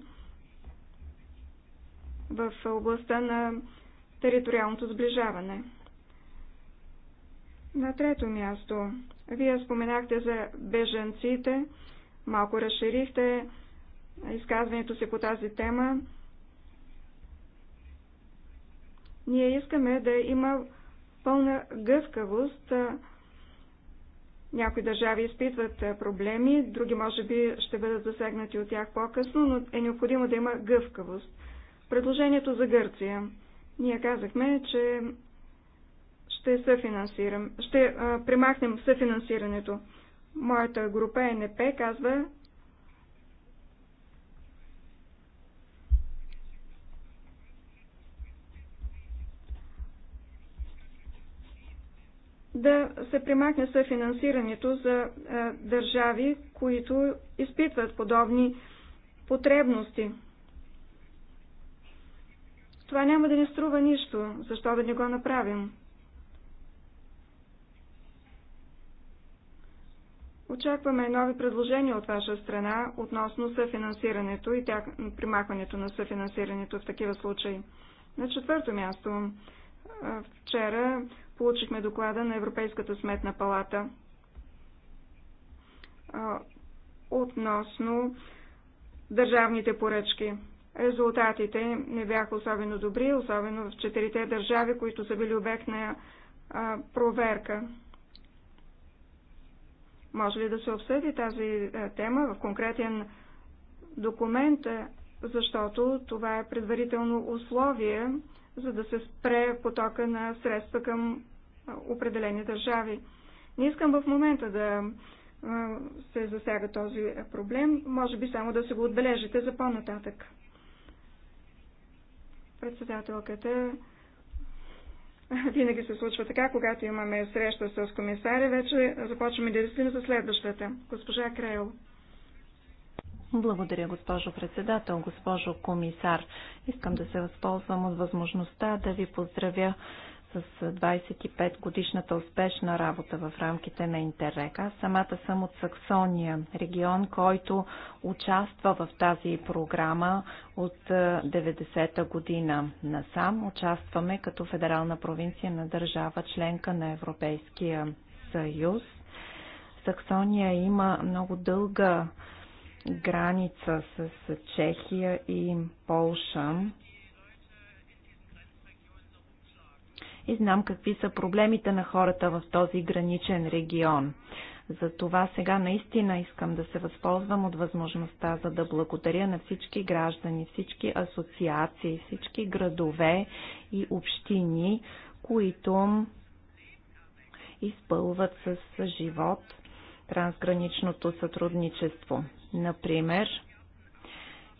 в областта на териториалното сближаване. На трето място, вие споменахте за беженците, малко разширихте изказването си по тази тема. Ние искаме да има пълна гъвкавост. Някои държави изпитват проблеми, други може би ще бъдат засегнати от тях по-късно, но е необходимо да има гъвкавост. Предложението за Гърция. Ние казахме, че ще съфинансирам, ще а, примахнем съфинансирането. Моята група НП казва, да се примахне съфинансирането за а, държави, които изпитват подобни потребности. Това няма да ни струва нищо, защо да не го направим. Очакваме нови предложения от ваша страна относно съфинансирането и тях, примахването на съфинансирането в такива случаи. На четвърто място, вчера получихме доклада на Европейската сметна палата относно държавните поръчки. Резултатите не бяха особено добри, особено в четирите държави, които са били обект на проверка. Може ли да се обсъди тази е, тема в конкретен документ, е, защото това е предварително условие, за да се спре потока на средства към е, определени държави. Не искам в момента да се засяга този проблем, може би само да се го отбележите за по-нататък. Председателката Винаги се случва така, когато имаме среща с комисаря, вече започваме да мислим за следващата. Госпожа Крайл. Благодаря, госпожо председател, госпожо комисар. Искам да се възползвам от възможността да ви поздравя с 25 годишната успешна работа в рамките на Интеррек. Аз самата съм от Саксония, регион, който участва в тази програма от 90-та година насам. Участваме като федерална провинция на държава, членка на Европейския съюз. Саксония има много дълга граница с Чехия и Полша и знам какви са проблемите на хората в този граничен регион. Затова сега наистина искам да се възползвам от възможността, за да благодаря на всички граждани, всички асоциации, всички градове и общини, които изпълват с живот трансграничното сътрудничество. Например,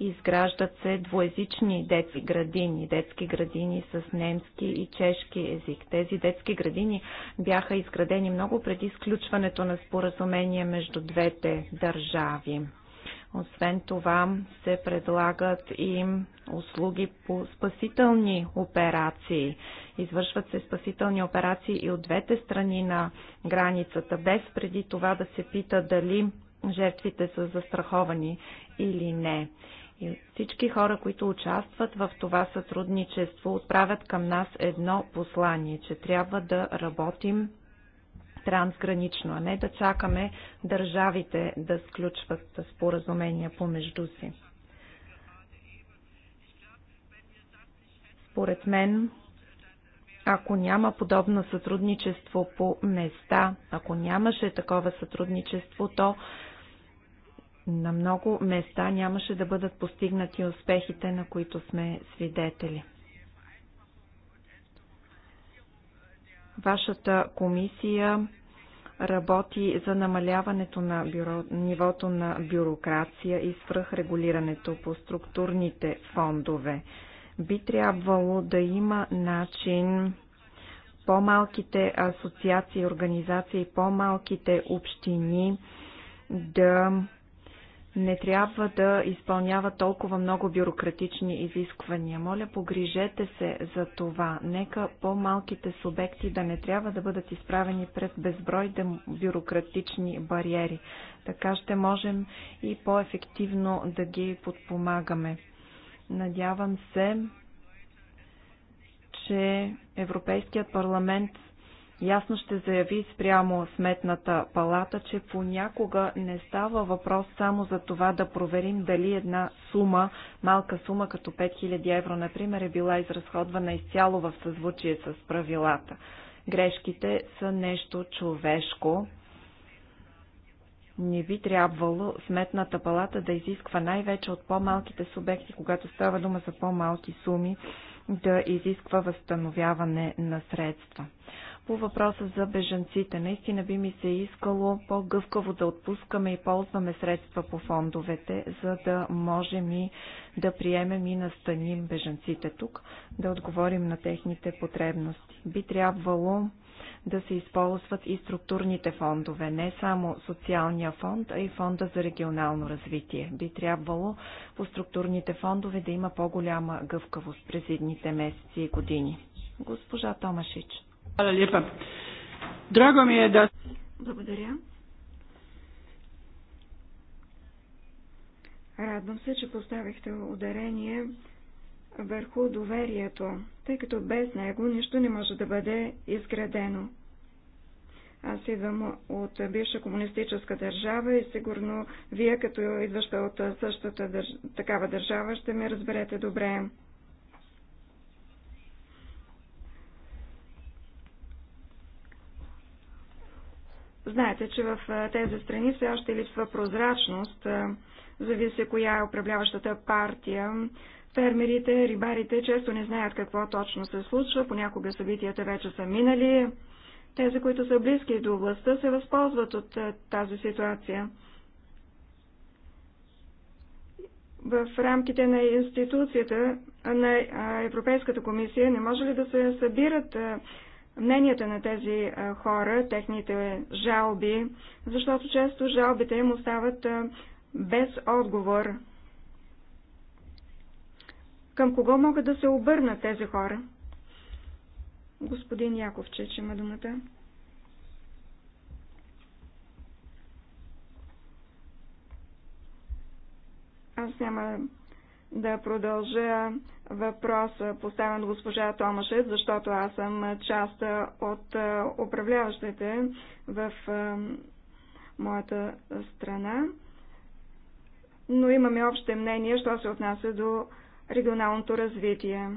Изграждат се двоезични детски градини, детски градини с немски и чешки език. Тези детски градини бяха изградени много преди сключването на споразумение между двете държави. Освен това се предлагат и услуги по спасителни операции. Извършват се спасителни операции и от двете страни на границата, без преди това да се пита дали жертвите са застраховани или не. И всички хора, които участват в това сътрудничество, отправят към нас едно послание, че трябва да работим трансгранично, а не да чакаме държавите да сключват споразумения помежду си. Според мен, ако няма подобно сътрудничество по места, ако нямаше такова сътрудничество, то на много места нямаше да бъдат постигнати успехите, на които сме свидетели. Вашата комисия работи за намаляването на бюро, нивото на бюрокрация и свръхрегулирането по структурните фондове. Би трябвало да има начин по-малките асоциации, организации, по-малките общини да не трябва да изпълнява толкова много бюрократични изисквания. Моля, погрижете се за това. Нека по-малките субекти да не трябва да бъдат изправени пред безброй бюрократични бариери. Така ще можем и по-ефективно да ги подпомагаме. Надявам се, че Европейският парламент ясно ще заяви спрямо сметната палата, че понякога не става въпрос само за това да проверим дали една сума, малка сума като 5000 евро, например, е била изразходвана изцяло в съзвучие с правилата. Грешките са нещо човешко, не би трябвало сметната палата да изисква най-вече от по-малките субекти, когато става дума за по-малки суми, да изисква възстановяване на средства. По въпроса за бежанците, наистина би ми се искало по-гъвкаво да отпускаме и ползваме средства по фондовете, за да можем и да приемем и настаним бежанците тук, да отговорим на техните потребности. Би трябвало да се използват и структурните фондове, не само социалния фонд, а и фонда за регионално развитие. Би трябвало по структурните фондове да има по-голяма гъвкавост през едните месеци и години. Госпожа Томашич. Hvala lijepa. Drago mi je da... Благодаря. Радвам се, че поставихте ударение върху доверието, тъй като без него нищо не може да бъде изградено. Аз идвам от бивша комунистическа държава и сигурно вие, като идваща от същата такава държава, ще ме разберете добре. Знаете, че в тези страни все още липсва прозрачност, зависи коя е управляващата партия. Фермерите, рибарите често не знаят какво точно се случва, понякога събитията вече са минали. Тези, които са близки до властта, се възползват от тази ситуация. В рамките на институцията на Европейската комисия не може ли да се събират мненията на тези хора, техните жалби, защото често жалбите им остават без отговор. Към кого могат да се обърнат тези хора? Господин Яковче, че има думата. Аз няма да продължа въпроса, поставен от госпожа Томашет, защото аз съм част от управляващите в моята страна. Но имаме общо мнение, що се отнася до регионалното развитие.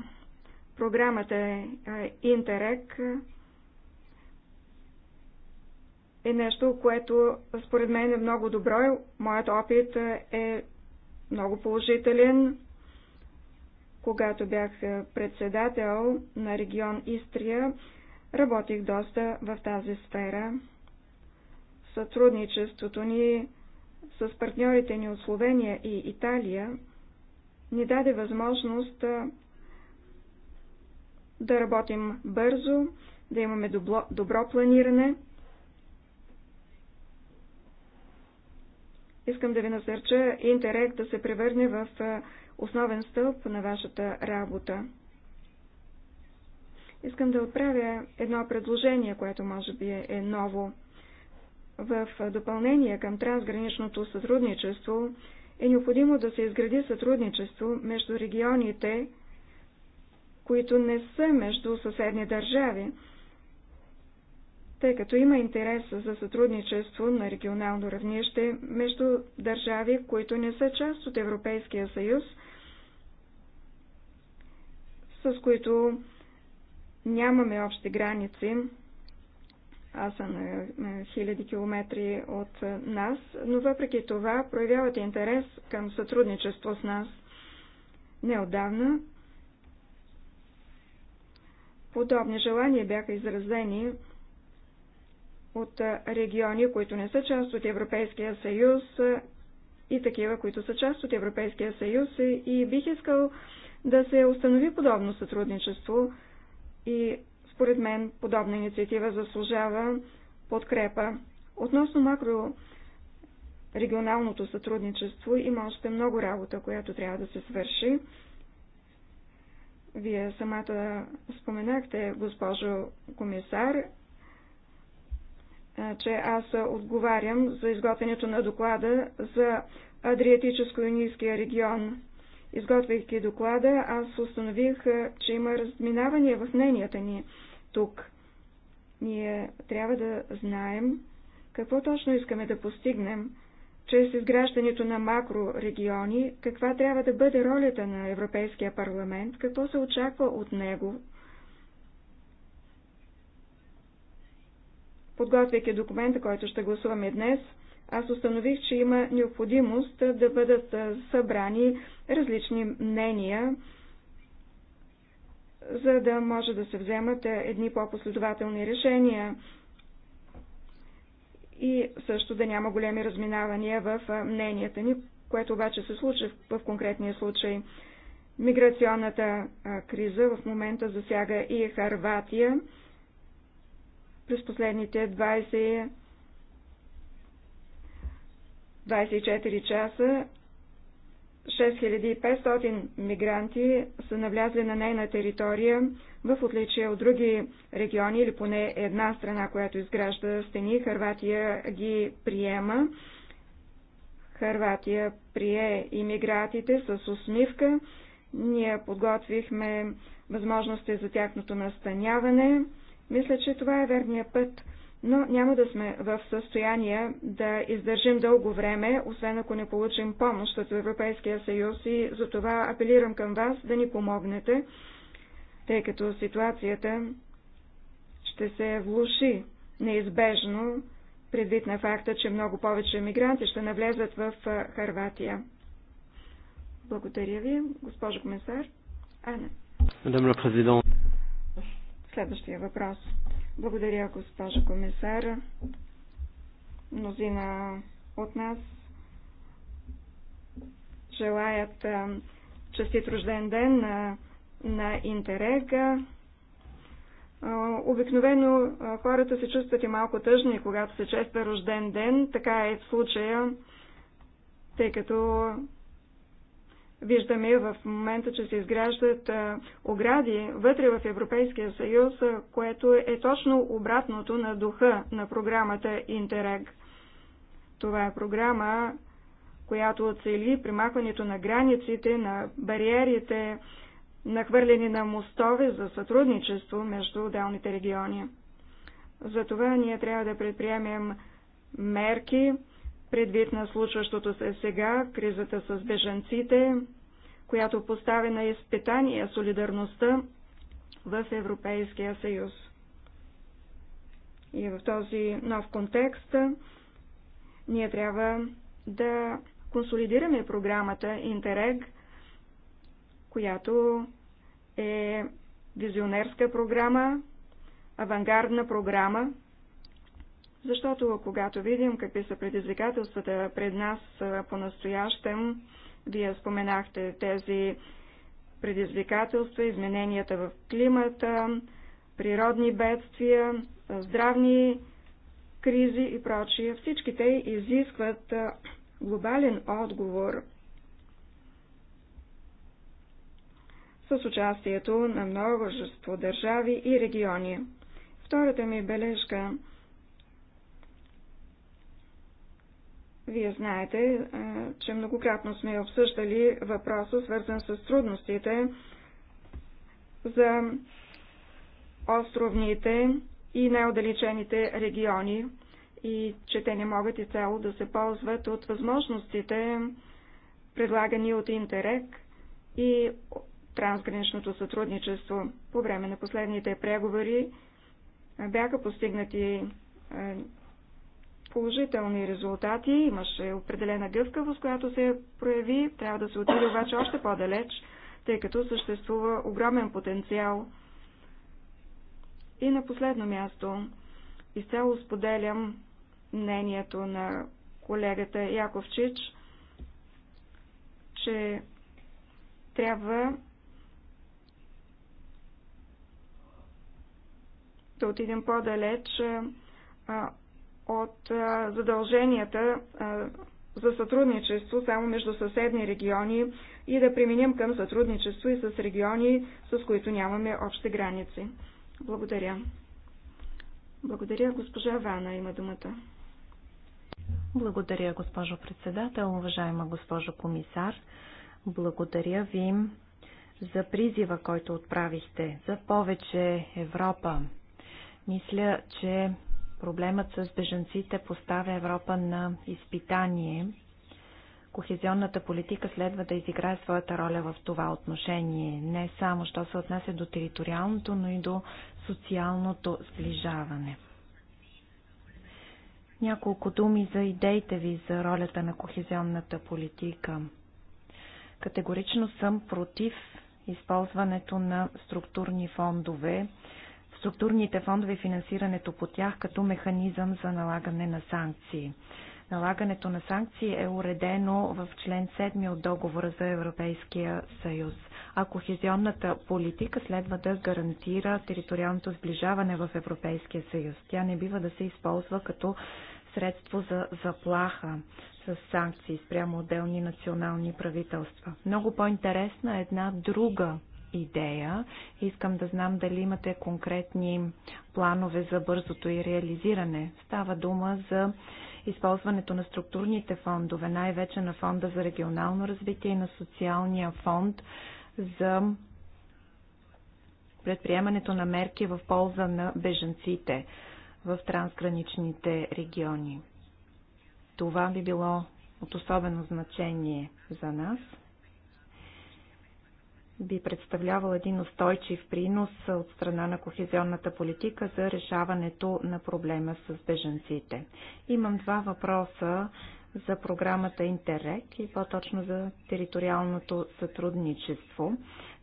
Програмата е Интерек е нещо, което според мен е много добро. Моят опит е много положителен. Когато бях е, председател на регион Истрия, работих доста в тази сфера. Сътрудничеството ни с партньорите ни от Словения и Италия ни даде възможност е, да работим бързо, да имаме добро, добро планиране. Искам да ви насърча интерект да се превърне в е, основен стълб на вашата работа. Искам да отправя едно предложение, което може би е ново. В допълнение към трансграничното сътрудничество е необходимо да се изгради сътрудничество между регионите, които не са между съседни държави, тъй като има интерес за сътрудничество на регионално равнище между държави, които не са част от Европейския съюз, с които нямаме общи граници, аз са на хиляди километри от нас, но въпреки това проявяват интерес към сътрудничество с нас. Неодавна подобни желания бяха изразени от региони, които не са част от Европейския съюз и такива, които са част от Европейския съюз и бих искал да се установи подобно сътрудничество и според мен подобна инициатива заслужава подкрепа. Относно макро регионалното сътрудничество има още много работа, която трябва да се свърши. Вие самата споменахте, госпожо комисар, че аз отговарям за изготвянето на доклада за Адриатическо и Ниския регион. Изготвяйки доклада, аз установих, че има разминаване в мненията ни тук. Ние трябва да знаем какво точно искаме да постигнем чрез изграждането на макрорегиони, каква трябва да бъде ролята на Европейския парламент, какво се очаква от него подготвяйки документа, който ще гласуваме днес, аз установих, че има необходимост да бъдат събрани различни мнения, за да може да се вземат едни по-последователни решения и също да няма големи разминавания в мненията ни, което обаче се случи в конкретния случай. Миграционната криза в момента засяга и Харватия през последните 20 24 часа 6500 мигранти са навлязли на нейна територия, в отличие от други региони или поне една страна, която изгражда стени. Харватия ги приема. Харватия прие иммигратите с усмивка. Ние подготвихме възможности за тяхното настаняване. Мисля, че това е верният път, но няма да сме в състояние да издържим дълго време, освен ако не получим помощ от Европейския съюз и за това апелирам към вас да ни помогнете, тъй като ситуацията ще се влуши неизбежно, предвид на факта, че много повече мигранти ще навлезат в Харватия. Благодаря ви, госпожо комисар. Ана. Мадам Следващия въпрос. Благодаря, госпожо комисар. Мнозина от нас желаят честит рожден ден на, на Интерега. Обикновено хората се чувстват и малко тъжни, когато се чества рожден ден. Така е в случая, тъй като Виждаме в момента, че се изграждат огради вътре в Европейския съюз, което е точно обратното на духа на програмата Интерег. Това е програма, която цели примахването на границите, на бариерите, нахвърлени на мостове за сътрудничество между отделните региони. Затова ние трябва да предприемем мерки, предвид на случващото се сега, кризата с бежанците, която поставя на изпитание солидарността в Европейския съюз. И в този нов контекст ние трябва да консолидираме програмата Интерег, която е визионерска програма, авангардна програма, защото когато видим какви са предизвикателствата пред нас по-настоящем, вие споменахте тези предизвикателства, измененията в климата, природни бедствия, здравни кризи и прочие. Всички те изискват глобален отговор с участието на множество държави и региони. Втората ми бележка – Вие знаете, е, че многократно сме обсъждали въпроса, свързан с трудностите за островните и най-отдалечените региони и че те не могат и цяло да се ползват от възможностите, предлагани от Интерек и трансграничното сътрудничество. По време на последните преговори е, бяха постигнати е, положителни резултати, имаше определена гъвкавост, която се прояви, трябва да се отиде обаче още по-далеч, тъй като съществува огромен потенциал. И на последно място, изцяло споделям мнението на колегата Яковчич, че трябва да отидем по-далеч от задълженията за сътрудничество само между съседни региони и да преминем към сътрудничество и с региони, с които нямаме общи граници. Благодаря. Благодаря. Госпожа Вана има думата. Благодаря, госпожо председател, уважаема госпожо комисар. Благодаря ви за призива, който отправихте за повече Европа. Мисля, че Проблемът с бежанците поставя Европа на изпитание. Кохезионната политика следва да изиграе своята роля в това отношение, не само що се отнася до териториалното, но и до социалното сближаване. Няколко думи за идеите ви за ролята на кохезионната политика. Категорично съм против използването на структурни фондове структурните фондове и финансирането по тях като механизъм за налагане на санкции. Налагането на санкции е уредено в член 7 от договора за Европейския съюз. А кохезионната политика следва да гарантира териториалното сближаване в Европейския съюз. Тя не бива да се използва като средство за заплаха с санкции спрямо отделни национални правителства. Много по-интересна е една друга идея. Искам да знам дали имате конкретни планове за бързото и реализиране. Става дума за използването на структурните фондове, най-вече на фонда за регионално развитие и на социалния фонд за предприемането на мерки в полза на бежанците в трансграничните региони. Това би било от особено значение за нас – би представлявал един устойчив принос от страна на кохезионната политика за решаването на проблема с беженците. Имам два въпроса за програмата Интеррек и по-точно за териториалното сътрудничество.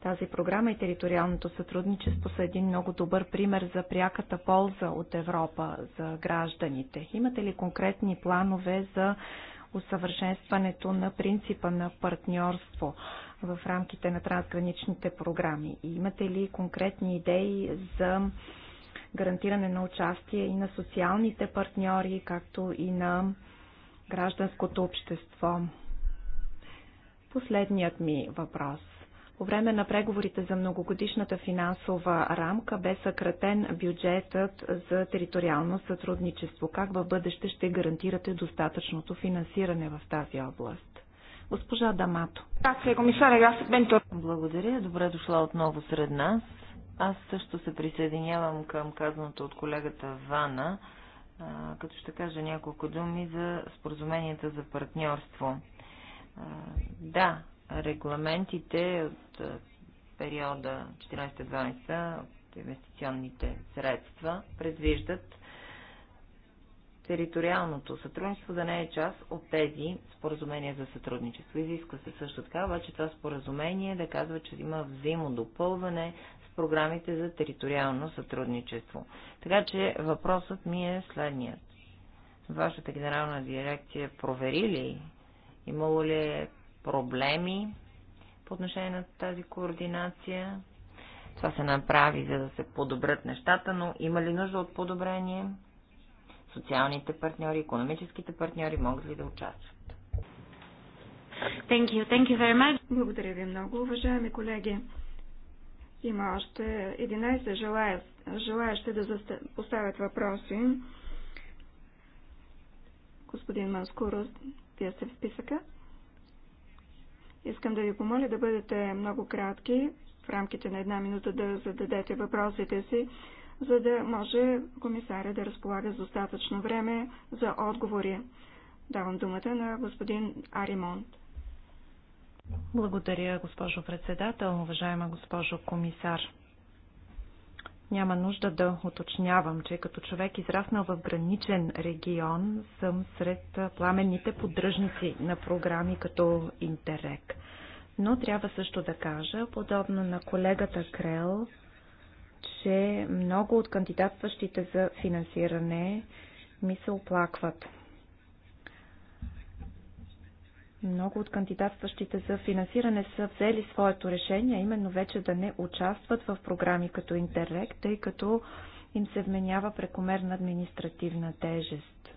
Тази програма и териториалното сътрудничество са един много добър пример за пряката полза от Европа за гражданите. Имате ли конкретни планове за усъвършенстването на принципа на партньорство? в рамките на трансграничните програми? И имате ли конкретни идеи за гарантиране на участие и на социалните партньори, както и на гражданското общество? Последният ми въпрос. По време на преговорите за многогодишната финансова рамка бе съкратен бюджетът за териториално сътрудничество. Как в бъдеще ще гарантирате достатъчното финансиране в тази област? Госпожа Дамато. Благодаря. Добре дошла отново сред нас. Аз също се присъединявам към казаното от колегата Вана, като ще кажа няколко думи за споразуменията за партньорство. Да, регламентите от периода 14-12 от инвестиционните средства предвиждат териториалното сътрудничество да не е част от тези споразумения за сътрудничество. Изисква се също така, обаче това споразумение да казва, че има взаимодопълване с програмите за териториално сътрудничество. Така че въпросът ми е следният. Вашата генерална дирекция провери ли, имало ли е проблеми по отношение на тази координация? Това се направи, за да се подобрят нещата, но има ли нужда от подобрение? социалните партньори, економическите партньори могат ли да участват. Thank you. Thank you very much. Благодаря ви много, уважаеми колеги. Има още 11 желая, желаящи да заста... поставят въпроси. Господин Манскоро, вие сте в списъка. Искам да ви помоля да бъдете много кратки, в рамките на една минута да зададете въпросите си за да може комисаря да разполага с достатъчно време за отговори. Давам думата на господин Аримонт. Благодаря, госпожо председател, уважаема госпожо комисар. Няма нужда да уточнявам, че като човек израснал в граничен регион, съм сред пламенните поддръжници на програми като Интерек. Но трябва също да кажа, подобно на колегата Крел, че много от кандидатстващите за финансиране ми се оплакват. Много от кандидатстващите за финансиране са взели своето решение, именно вече да не участват в програми като Интеррек, тъй като им се вменява прекомерна административна тежест.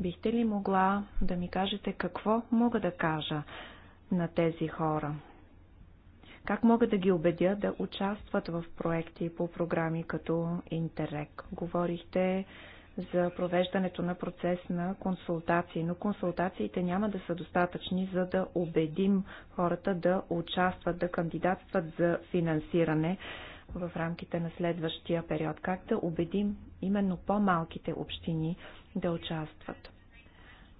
Бихте ли могла да ми кажете какво мога да кажа на тези хора? Как мога да ги убедя да участват в проекти по програми като Интерек? Говорихте за провеждането на процес на консултации, но консултациите няма да са достатъчни, за да убедим хората да участват, да кандидатстват за финансиране в рамките на следващия период. Как да убедим именно по-малките общини да участват?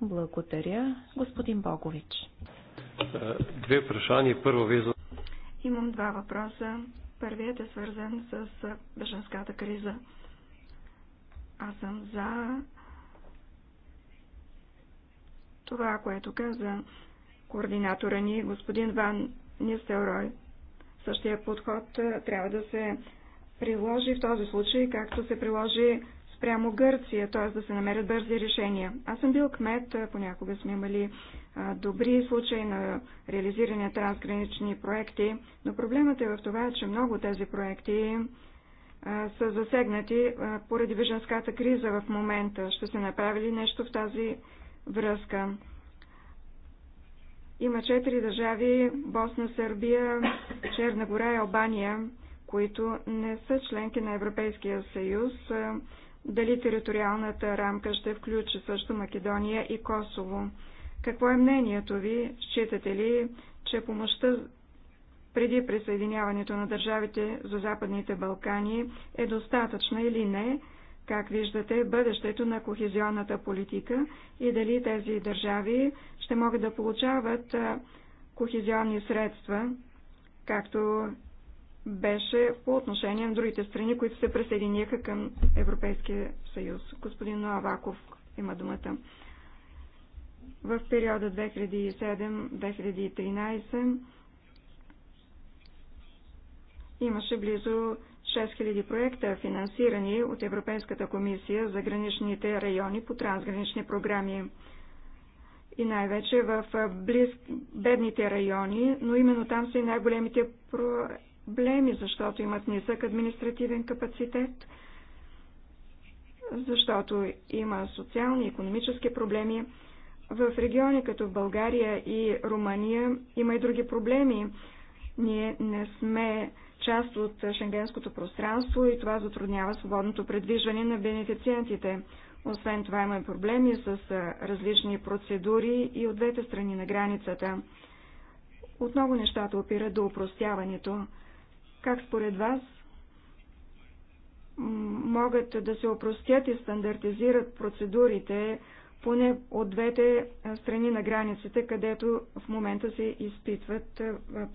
Благодаря, господин Богович. Две прашания. Първо виза Имам два въпроса. Първият е свързан с беженската криза. Аз съм за това, което каза координатора ни, господин Ван Нистелрой. Същия подход трябва да се приложи в този случай, както се приложи спрямо Гърция, т.е. да се намерят бързи решения. Аз съм бил кмет, понякога сме имали добри случаи на реализиране на трансгранични проекти, но проблемът е в това, че много от тези проекти са засегнати поради беженската криза в момента. Ще се направи ли нещо в тази връзка? Има четири държави Босна, Сърбия, Черна гора и Албания, които не са членки на Европейския съюз. Дали териториалната рамка ще включи също Македония и Косово? Какво е мнението ви? Считате ли, че помощта преди присъединяването на държавите за Западните Балкани е достатъчна или не? Как виждате бъдещето на кохезионната политика и дали тези държави ще могат да получават кохезионни средства, както беше по отношение на другите страни, които се присъединиха към Европейския съюз. Господин Новаков има думата в периода 2007-2013 имаше близо 6000 проекта, финансирани от Европейската комисия за граничните райони по трансгранични програми и най-вече в близ, бедните райони, но именно там са и най-големите проблеми, защото имат нисък административен капацитет, защото има социални и економически проблеми. В региони като България и Румъния има и други проблеми. Ние не сме част от шенгенското пространство и това затруднява свободното предвижване на бенефициентите. Освен това има проблеми с различни процедури и от двете страни на границата. Отново нещата опират до упростяването. Как според вас могат да се опростят и стандартизират процедурите поне от двете страни на границите, където в момента се изпитват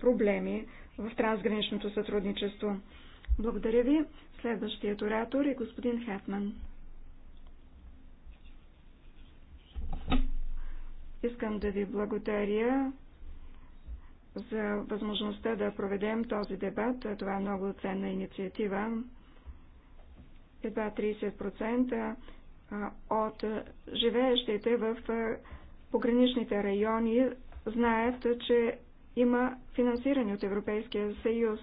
проблеми в трансграничното сътрудничество. Благодаря ви. Следващият оратор е господин Хетман. Искам да ви благодаря за възможността да проведем този дебат. Това е много ценна инициатива. Едва 30% от живеещите в пограничните райони знаят, че има финансиране от Европейския съюз,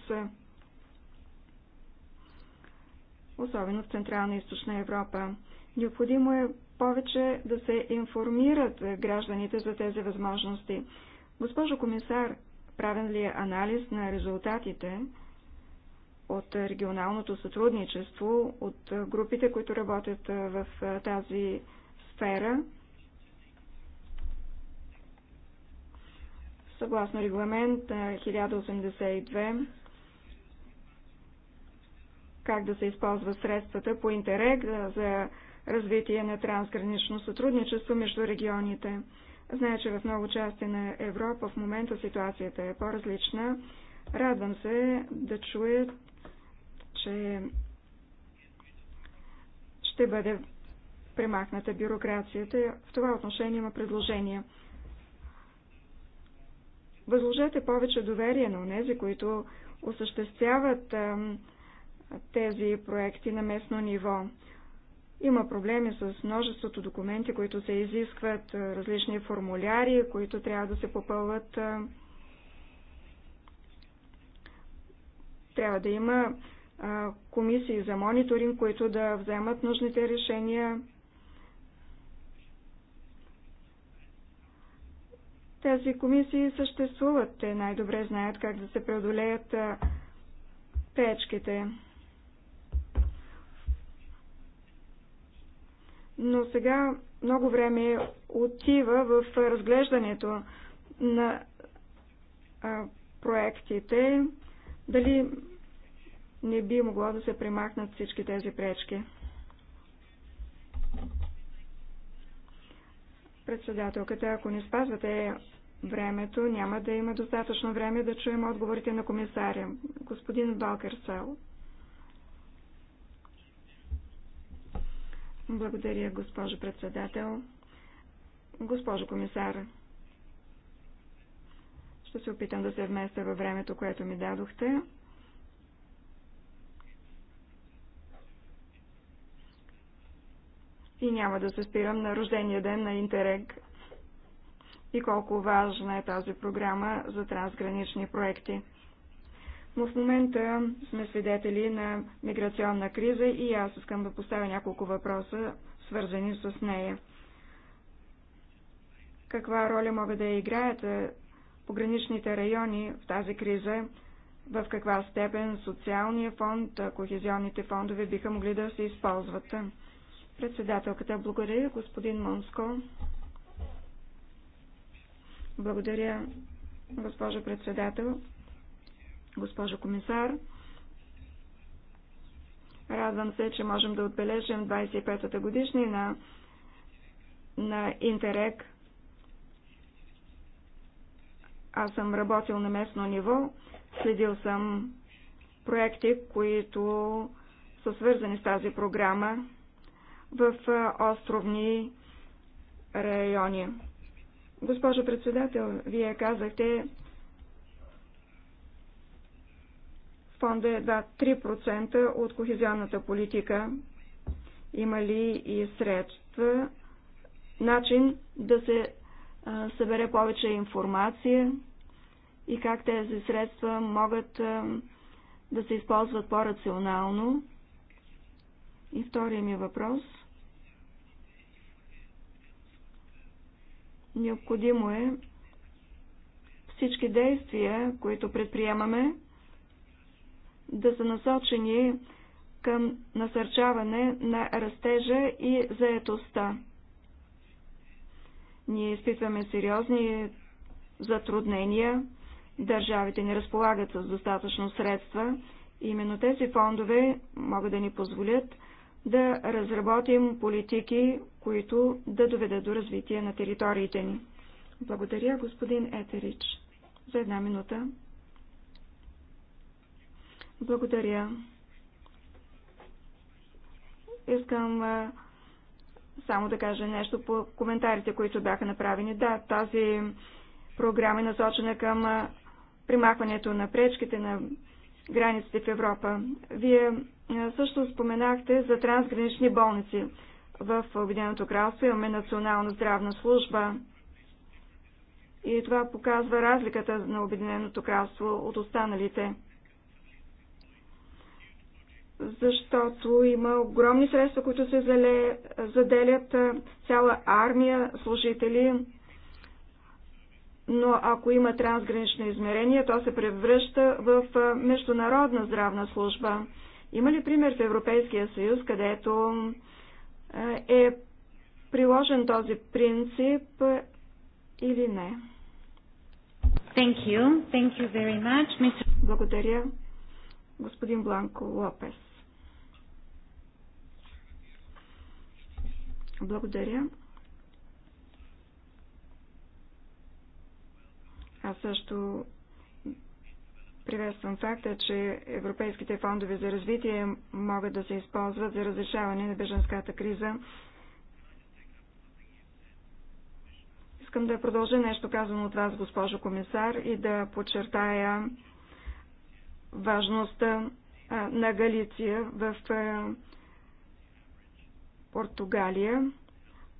особено в Централна и Източна Европа. Необходимо е повече да се информират гражданите за тези възможности. Госпожо комисар, правен ли е анализ на резултатите от регионалното сътрудничество, от групите, които работят в тази сфера. Съгласно регламент 1082, как да се използват средствата по интерег за развитие на трансгранично сътрудничество между регионите. Зная, че в много части на Европа в момента ситуацията е по-различна. Радвам се да чуя, че ще бъде премахната бюрокрацията. В това отношение има предложения. Възложете повече доверие на тези, които осъществяват тези проекти на местно ниво. Има проблеми с множеството документи, които се изискват, различни формуляри, които трябва да се попълват. Трябва да има комисии за мониторинг, които да вземат нужните решения. Тези комисии съществуват. Те най-добре знаят как да се преодолеят пречките. Но сега много време отива в разглеждането на проектите, дали не би могло да се примахнат всички тези пречки. Председателката, ако не спазвате времето, няма да има достатъчно време да чуем отговорите на комисаря. Господин Балкерсел. Благодаря, госпожо председател. Госпожо комисар, ще се опитам да се вместя във времето, което ми дадохте. И няма да се спирам на рождения ден на Интерег и колко важна е тази програма за трансгранични проекти. Но в момента сме свидетели на миграционна криза и аз искам да поставя няколко въпроса, свързани с нея. Каква роля могат да играят е, пограничните райони в тази криза? В каква степен социалния фонд, е, кохезионните фондове биха могли да се използват? Председателката, благодаря господин Монско. Благодаря, госпожо председател, госпожо комисар. Радвам се, че можем да отбележим 25-та годишнина на Интерек. Аз съм работил на местно ниво, следил съм проекти, които са свързани с тази програма в островни райони. Госпожо председател, вие казахте, фонда е едва 3% от кохезионната политика. Има ли и средства, начин да се събере повече информация и как тези средства могат да се използват по-рационално? И втория ми въпрос – Необходимо е всички действия, които предприемаме, да са насочени към насърчаване на растежа и заетостта. Ние изпитваме сериозни затруднения, държавите ни разполагат с достатъчно средства. Именно тези фондове могат да ни позволят да разработим политики, които да доведат до развитие на териториите ни. Благодаря, господин Етерич, за една минута. Благодаря. Искам само да кажа нещо по коментарите, които бяха направени. Да, тази програма е насочена към примахването на пречките, на границите в Европа. Вие също споменахте за трансгранични болници. В Обединеното кралство имаме национална здравна служба. И това показва разликата на Обединеното кралство от останалите. Защото има огромни средства, които се заделят цяла армия служители но ако има трансгранично измерение, то се превръща в международна здравна служба. Има ли пример в Европейския съюз, където е приложен този принцип или не? Thank you. Thank you very much, Mr. Благодаря, господин Бланко Лопес. Благодаря. Аз също приветствам факта, че европейските фондове за развитие могат да се използват за разрешаване на беженската криза. Искам да продължа нещо казано от вас, госпожо комисар, и да подчертая важността на Галиция в Португалия.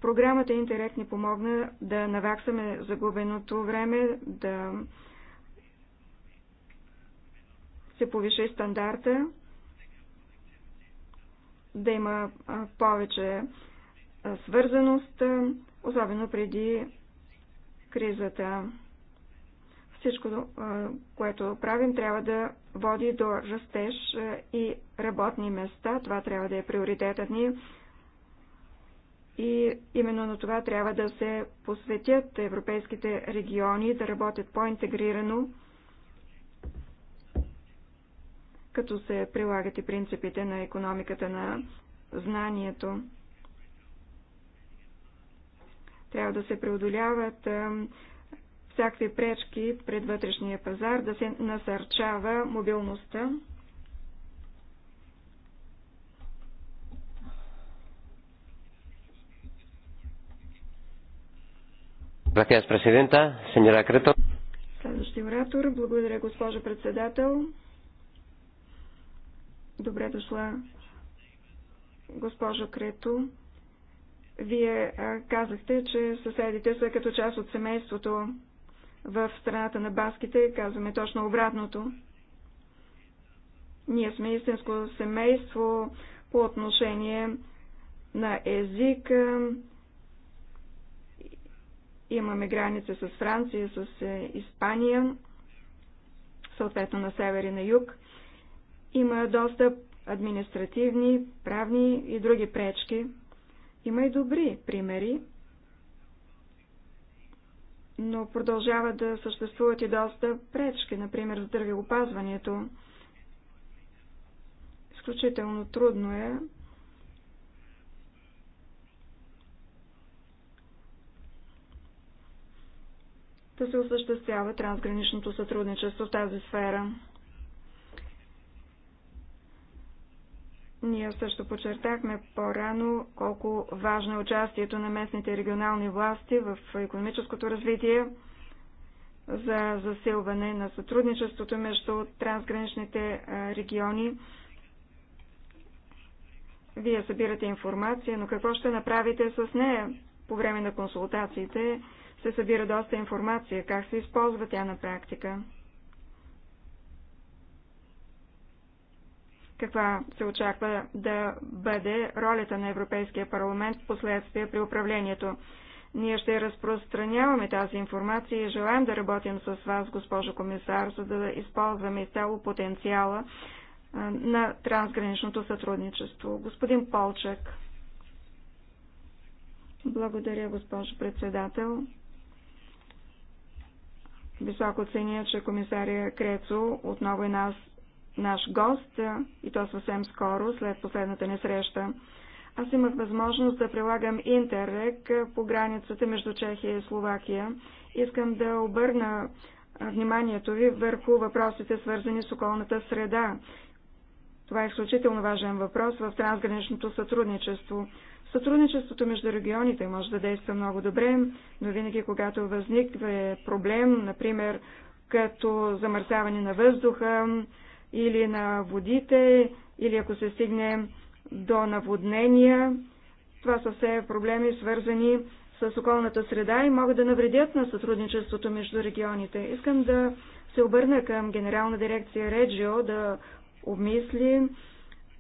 Програмата Интерект ни помогна да наваксаме загубеното време, да се повиши стандарта, да има повече свързаност, особено преди кризата. Всичко, което правим, трябва да води до растеж и работни места. Това трябва да е приоритетът ни. И именно на това трябва да се посветят европейските региони, да работят по-интегрирано, като се прилагат и принципите на економиката на знанието. Трябва да се преодоляват всякакви пречки пред вътрешния пазар, да се насърчава мобилността. Gracias, Señora Следващия оратор. Благодаря, госпожа председател. Добре дошла, госпожо Крето. Вие казахте, че съседите са като част от семейството. В страната на баските казваме точно обратното. Ние сме истинско семейство по отношение на езика, Имаме граница с Франция, с е, Испания, съответно на север и на юг. Има доста административни, правни и други пречки. Има и добри примери, но продължават да съществуват и доста пречки, например здравеопазването. Изключително трудно е да се осъществява трансграничното сътрудничество в тази сфера. Ние също подчертахме по-рано колко важно е участието на местните регионални власти в економическото развитие за засилване на сътрудничеството между трансграничните региони. Вие събирате информация, но какво ще направите с нея по време на консултациите? се събира доста информация, как се използва тя на практика. Каква се очаква да бъде ролята на Европейския парламент в последствие при управлението. Ние ще разпространяваме тази информация и желаем да работим с вас, госпожо комисар, за да използваме изцяло потенциала на трансграничното сътрудничество. Господин Полчек. Благодаря, госпожо председател. Високо ценя, че комисария Крецо отново е нас, наш гост и то съвсем скоро, след последната ни среща. Аз имах възможност да прилагам интеррек по границата между Чехия и Словакия. Искам да обърна вниманието ви върху въпросите, свързани с околната среда. Това е изключително важен въпрос в трансграничното сътрудничество. Сътрудничеството между регионите може да действа много добре, но винаги когато възниква е проблем, например като замърсяване на въздуха или на водите, или ако се стигне до наводнения, това са все проблеми свързани с околната среда и могат да навредят на сътрудничеството между регионите. Искам да се обърна към Генерална дирекция Реджио да обмисли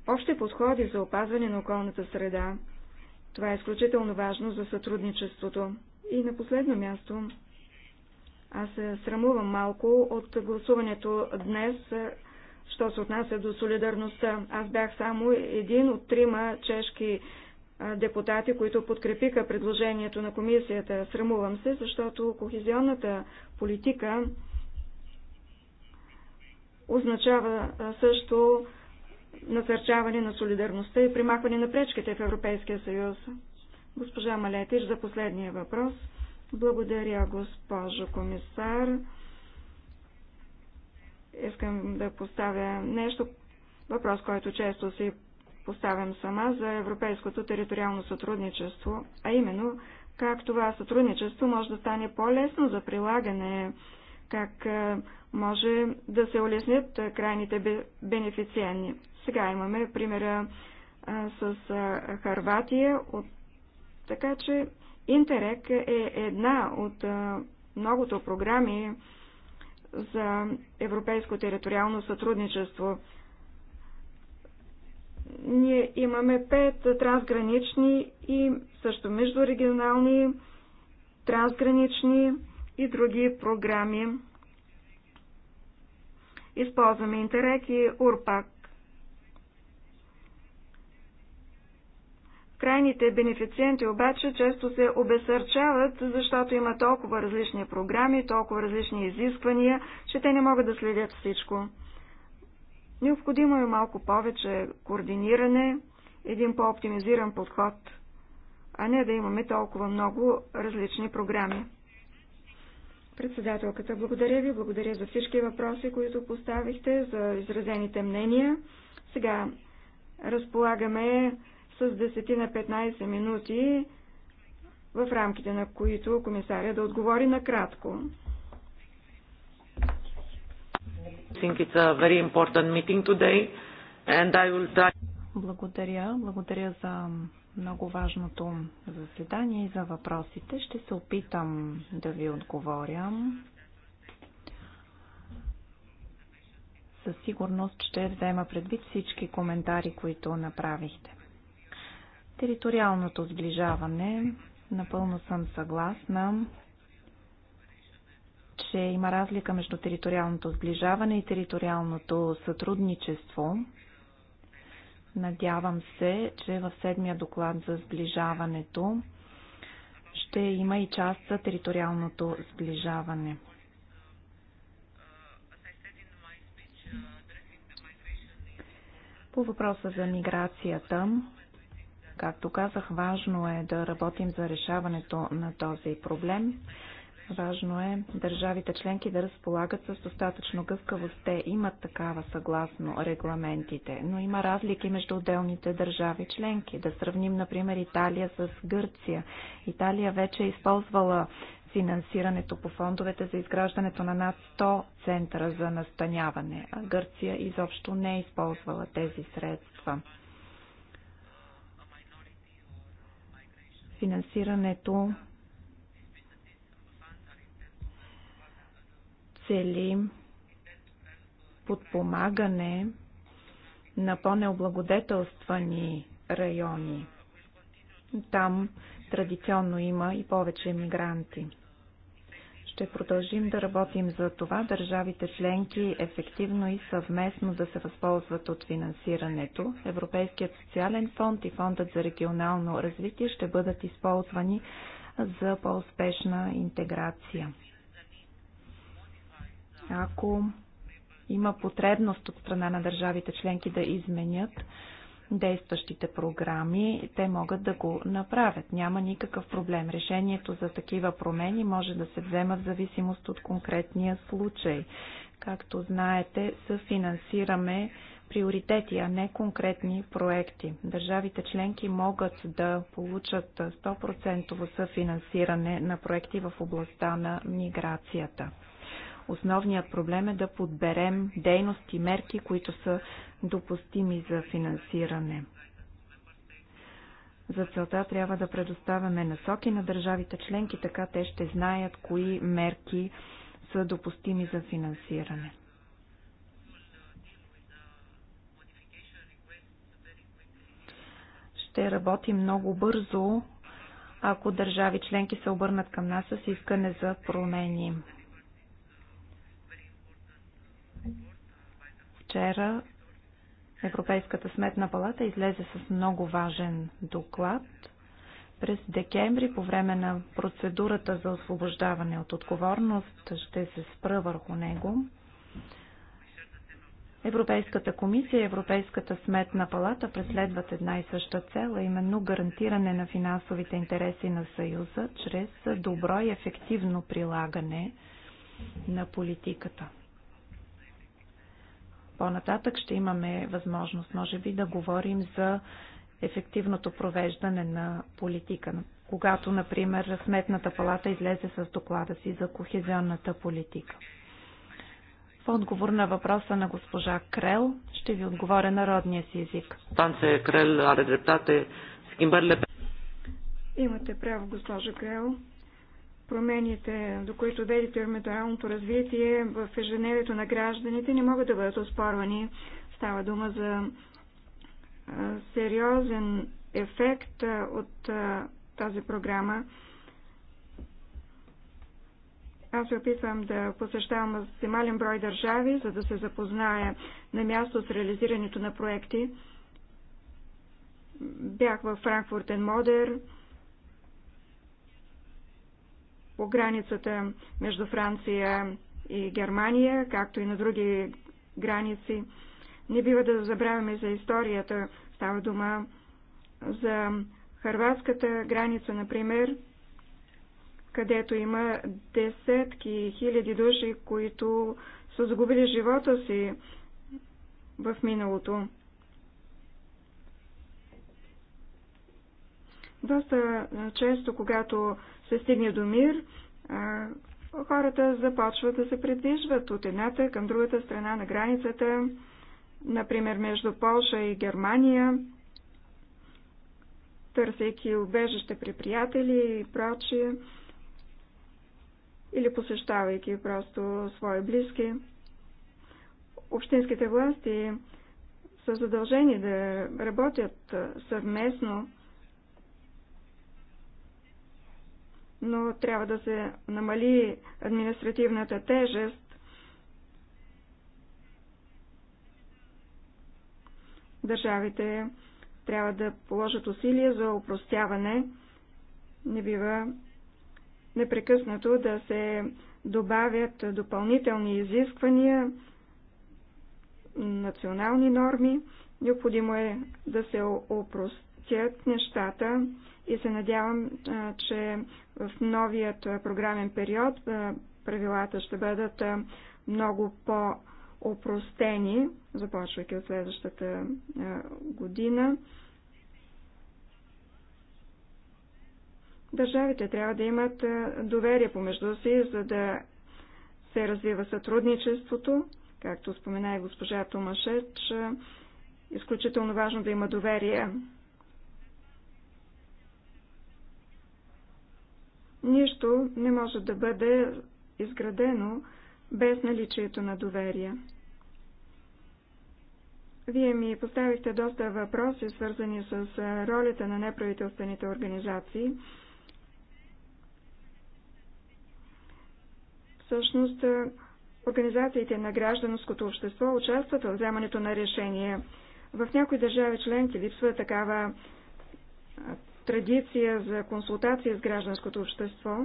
общи подходи за опазване на околната среда. Това е изключително важно за сътрудничеството. И на последно място, аз се срамувам малко от гласуването днес, що се отнася до солидарността. Аз бях само един от трима чешки депутати, които подкрепиха предложението на комисията. Срамувам се, защото кохезионната политика означава също насърчаване на солидарността и примахване на пречките в Европейския съюз. Госпожа Малетиш за последния въпрос. Благодаря, госпожо комисар. Искам да поставя нещо, въпрос, който често си поставям сама за европейското териториално сътрудничество, а именно как това сътрудничество може да стане по-лесно за прилагане, как може да се улеснят крайните бенефициенни. Сега имаме примера а, с а, Харватия. От... Така че Интерек е една от а, многото програми за европейско териториално сътрудничество. Ние имаме пет трансгранични и също междурегионални, трансгранични и други програми. Използваме Интерек и Урпак Крайните бенефициенти обаче често се обесърчават, защото има толкова различни програми, толкова различни изисквания, че те не могат да следят всичко. Необходимо е малко повече координиране, един по-оптимизиран подход, а не да имаме толкова много различни програми. Председателката, благодаря ви, благодаря за всички въпроси, които поставихте, за изразените мнения. Сега разполагаме с 10 на 15 минути, в рамките на които комисаря да отговори накратко. Благодаря. Благодаря за много важното заседание и за въпросите. Ще се опитам да ви отговоря. Със сигурност ще взема предвид всички коментари, които направихте. Териториалното сближаване. Напълно съм съгласна, че има разлика между териториалното сближаване и териториалното сътрудничество. Надявам се, че в седмия доклад за сближаването ще има и част за териториалното сближаване. По въпроса за миграцията, Както казах, важно е да работим за решаването на този проблем. Важно е държавите членки да разполагат с достатъчно гъвкавост. Те имат такава съгласно регламентите, но има разлики между отделните държави членки. Да сравним, например, Италия с Гърция. Италия вече е използвала финансирането по фондовете за изграждането на над 100 центъра за настаняване, а Гърция изобщо не е използвала тези средства. Финансирането цели подпомагане на по-необлагодетелствани райони. Там традиционно има и повече мигранти. Ще продължим да работим за това държавите членки ефективно и съвместно да се възползват от финансирането. Европейският социален фонд и фондът за регионално развитие ще бъдат използвани за по-успешна интеграция. Ако има потребност от страна на държавите членки да изменят действащите програми, те могат да го направят. Няма никакъв проблем. Решението за такива промени може да се взема в зависимост от конкретния случай. Както знаете, съфинансираме приоритети, а не конкретни проекти. Държавите членки могат да получат 100% съфинансиране на проекти в областта на миграцията. Основният проблем е да подберем дейности, мерки, които са допустими за финансиране. За целта трябва да предоставяме насоки на държавите членки, така те ще знаят кои мерки са допустими за финансиране. Ще работим много бързо, ако държави членки се обърнат към нас с искане за промени. Вчера Европейската сметна палата излезе с много важен доклад. През декември, по време на процедурата за освобождаване от отговорност, ще се спра върху него. Европейската комисия и Европейската сметна палата преследват една и съща цел, а именно гарантиране на финансовите интереси на Съюза чрез добро и ефективно прилагане на политиката. По-нататък ще имаме възможност, може би, да говорим за ефективното провеждане на политика. Когато, например, Сметната палата излезе с доклада си за кохезионната политика. В отговор на въпроса на госпожа Крел ще ви отговоря народния си език. Танце Крел, аре Имате право, госпожа Крел промените, до които доведе термиторалното развитие в ежедневието на гражданите, не могат да бъдат оспорвани. Става дума за сериозен ефект от тази програма. Аз се опитвам да посещавам максимален брой държави, за да се запозная на място с реализирането на проекти. Бях във Франкфуртен Модер, Модер, по границата между Франция и Германия, както и на други граници. Не бива да забравяме за историята. Става дума за хърватската граница, например, където има десетки хиляди души, които са загубили живота си в миналото. Доста често, когато се стигне до мир, хората започват да се придвижват от едната към другата страна на границата, например между Полша и Германия, търсейки убежище при приятели и прочие, или посещавайки просто свои близки. Общинските власти са задължени да работят съвместно но трябва да се намали административната тежест. Държавите трябва да положат усилия за упростяване. Не бива непрекъснато да се добавят допълнителни изисквания, национални норми. Необходимо е да се опростят нещата и се надявам, че в новият програмен период правилата ще бъдат много по-опростени, започвайки от следващата година. Държавите трябва да имат доверие помежду си, за да се развива сътрудничеството. Както спомена и госпожа Томашеч, изключително важно да има доверие Нищо не може да бъде изградено без наличието на доверие. Вие ми поставихте доста въпроси, свързани с ролята на неправителствените организации. Всъщност, организациите на гражданското общество участват в вземането на решения. В някои държави членки липсва такава традиция за консултация с гражданското общество,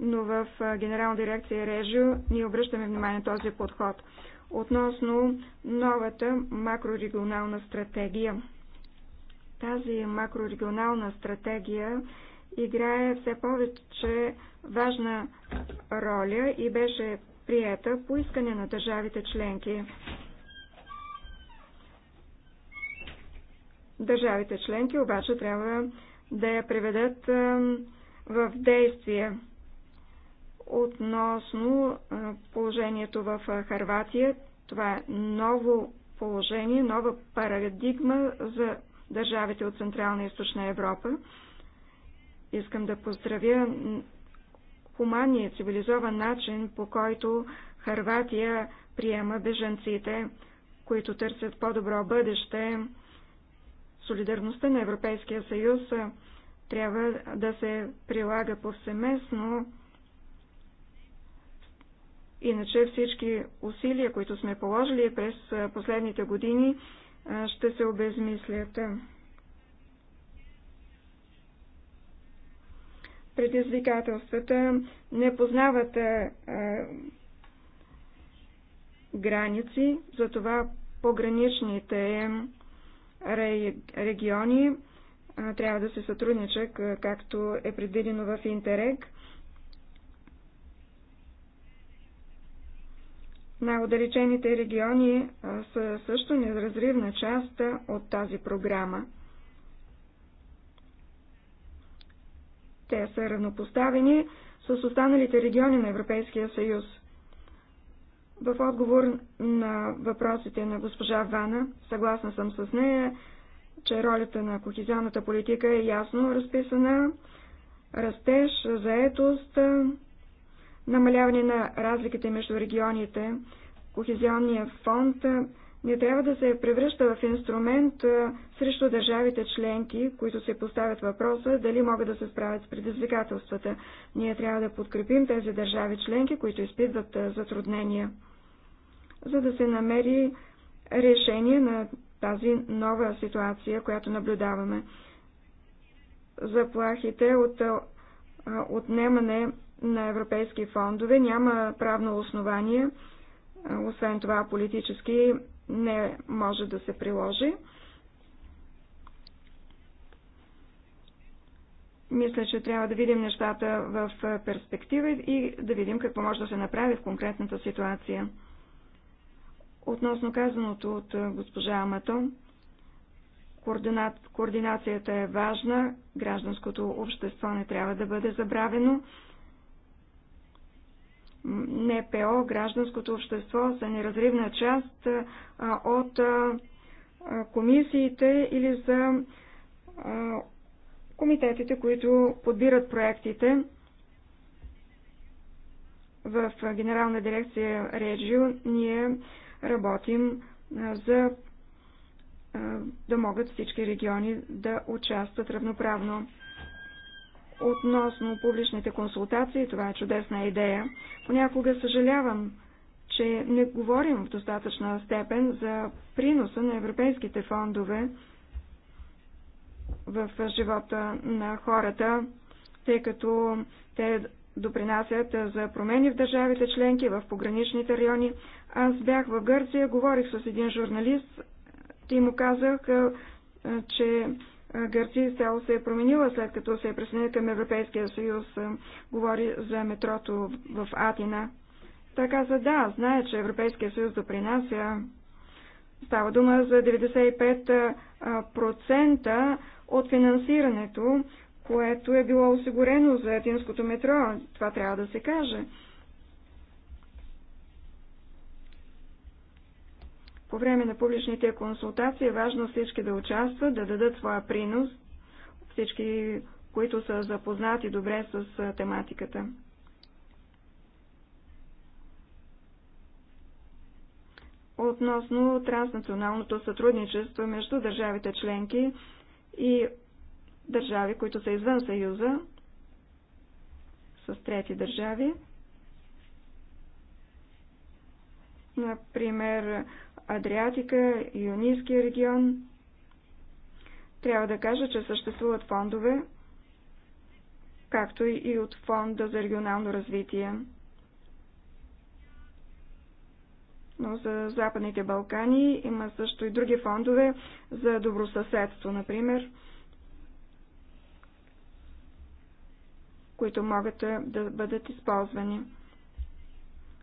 но в Генерална дирекция Режио ние обръщаме внимание на този подход относно новата макрорегионална стратегия. Тази макрорегионална стратегия играе все повече важна роля и беше приета по искане на държавите членки. Държавите членки обаче трябва да я приведат в действие относно положението в Харватия. Това е ново положение, нова парадигма за държавите от Централна и Източна Европа. Искам да поздравя хуманния цивилизован начин, по който Харватия приема беженците, които търсят по-добро бъдеще солидарността на Европейския съюз трябва да се прилага повсеместно, иначе всички усилия, които сме положили през последните години, ще се обезмислят. Предизвикателствата не познават граници, затова пограничните региони трябва да се сътрудничат, както е предвидено в Интерег. най удалечените региони са също неразривна част от тази програма. Те са равнопоставени с останалите региони на Европейския съюз. В отговор на въпросите на госпожа Вана, съгласна съм с нея, че ролята на кохезионната политика е ясно разписана. Растеж, заетост, намаляване на разликите между регионите, кохезионния фонд не трябва да се превръща в инструмент срещу държавите членки, които се поставят въпроса дали могат да се справят с предизвикателствата. Ние трябва да подкрепим тези държави членки, които изпитват затруднения за да се намери решение на тази нова ситуация, която наблюдаваме. Заплахите от отнемане на европейски фондове няма правно основание, освен това политически не може да се приложи. Мисля, че трябва да видим нещата в перспектива и да видим какво може да се направи в конкретната ситуация. Относно казаното от госпожа Аматон, координа... координацията е важна, гражданското общество не трябва да бъде забравено. НПО, гражданското общество са неразривна част от комисиите или за комитетите, които подбират проектите в Генерална дирекция Реджио. Ние работим за да могат всички региони да участват равноправно. Относно публичните консултации, това е чудесна идея. Понякога съжалявам, че не говорим в достатъчна степен за приноса на европейските фондове в живота на хората, тъй като те допринасят за промени в държавите членки, в пограничните райони, аз бях в Гърция, говорих с един журналист и му казах, че Гърция изцяло се е променила след като се е присъединила към Европейския съюз. Говори за метрото в Атина. Та каза, да, знае, че Европейския съюз допринася. Става дума за 95% от финансирането, което е било осигурено за атинското метро. Това трябва да се каже. По време на публичните консултации е важно всички да участват, да дадат своя принос, всички, които са запознати добре с тематиката. Относно транснационалното сътрудничество между държавите членки и държави, които са извън Съюза, с трети държави, например Адриатика, Юнийския регион. Трябва да кажа, че съществуват фондове, както и от Фонда за регионално развитие. Но за Западните Балкани има също и други фондове за добросъседство, например, които могат да бъдат използвани.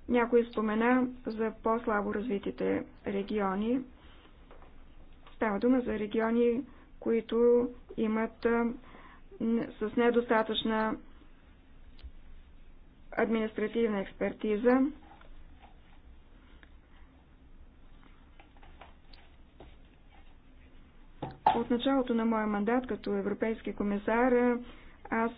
Някой спомена за по-слабо развитите региони. Става дума за региони, които имат с недостатъчна административна експертиза. От началото на моя мандат като европейски комисар аз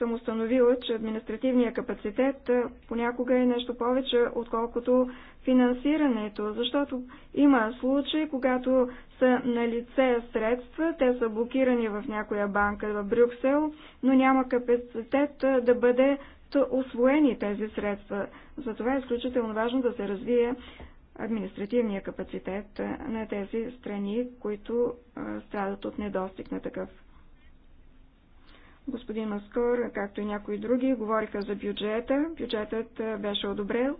съм установила, че административният капацитет понякога е нещо повече, отколкото финансирането, защото има случаи, когато са на лице средства, те са блокирани в някоя банка в Брюксел, но няма капацитет да бъде освоени тези средства. Затова е изключително важно да се развие административния капацитет на тези страни, които страдат от недостиг на такъв. Господин Маскор, както и някои други, говориха за бюджета. Бюджетът беше одобрен,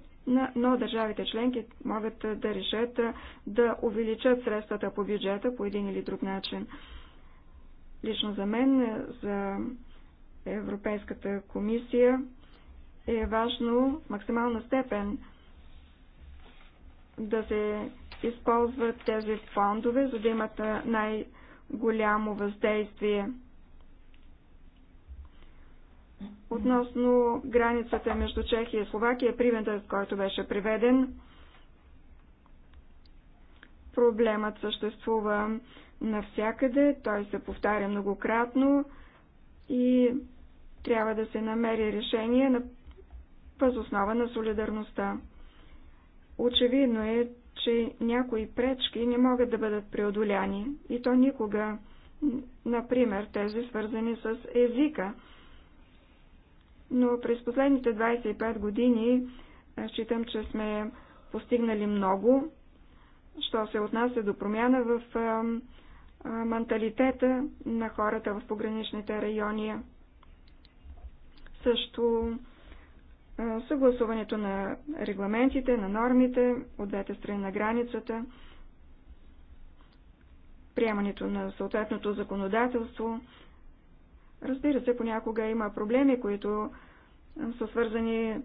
но държавите членки могат да решат да увеличат средствата по бюджета по един или друг начин. Лично за мен, за Европейската комисия е важно в максимална степен да се използват тези фондове, за да имат най-голямо въздействие относно границата между Чехия и Словакия, примерът, който беше приведен. Проблемът съществува навсякъде, той се повтаря многократно и трябва да се намери решение на възоснова на солидарността. Очевидно е, че някои пречки не могат да бъдат преодоляни и то никога, например тези свързани с езика – но през последните 25 години считам, че сме постигнали много, що се отнася до промяна в менталитета на хората в пограничните райони. Също съгласуването на регламентите, на нормите от двете страни на границата, приемането на съответното законодателство, Разбира се, понякога има проблеми, които са свързани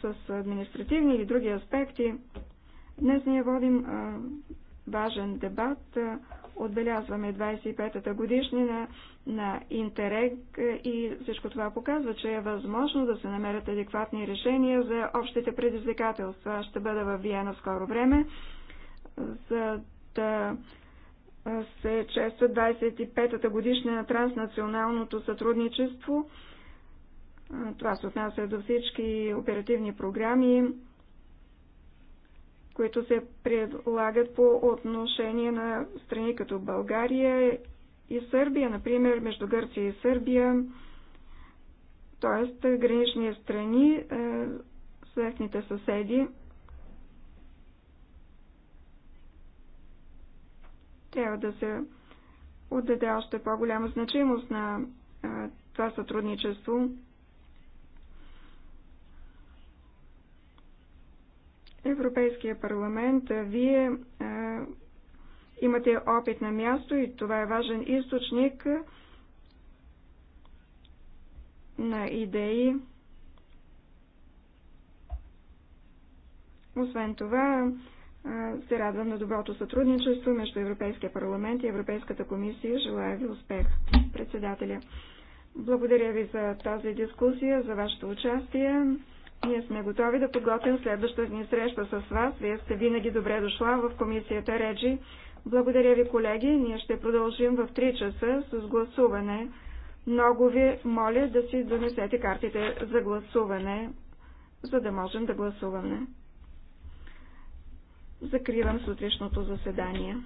с административни или други аспекти. Днес ние водим важен дебат. Отбелязваме 25-та годишнина на Интерег и всичко това показва, че е възможно да се намерят адекватни решения за общите предизвикателства. Ще бъда в Виена скоро време, за да се чества 25-та годишна на транснационалното сътрудничество. Това се отнася до всички оперативни програми, които се предлагат по отношение на страни като България и Сърбия, например, между Гърция и Сърбия, т.е. гранични страни съвестните съседи. Трябва да се отдаде още по-голяма значимост на а, това сътрудничество. Европейския парламент, вие а, имате опит на място и това е важен източник на идеи. Освен това, се радвам на доброто сътрудничество между Европейския парламент и Европейската комисия. Желая ви успех, председателя. Благодаря ви за тази дискусия, за вашето участие. Ние сме готови да подготвим следващата ни среща с вас. Вие сте винаги добре дошла в комисията Реджи. Благодаря ви, колеги. Ние ще продължим в 3 часа с гласуване. Много ви моля да си донесете картите за гласуване, за да можем да гласуваме. Закривам сутрешното заседание.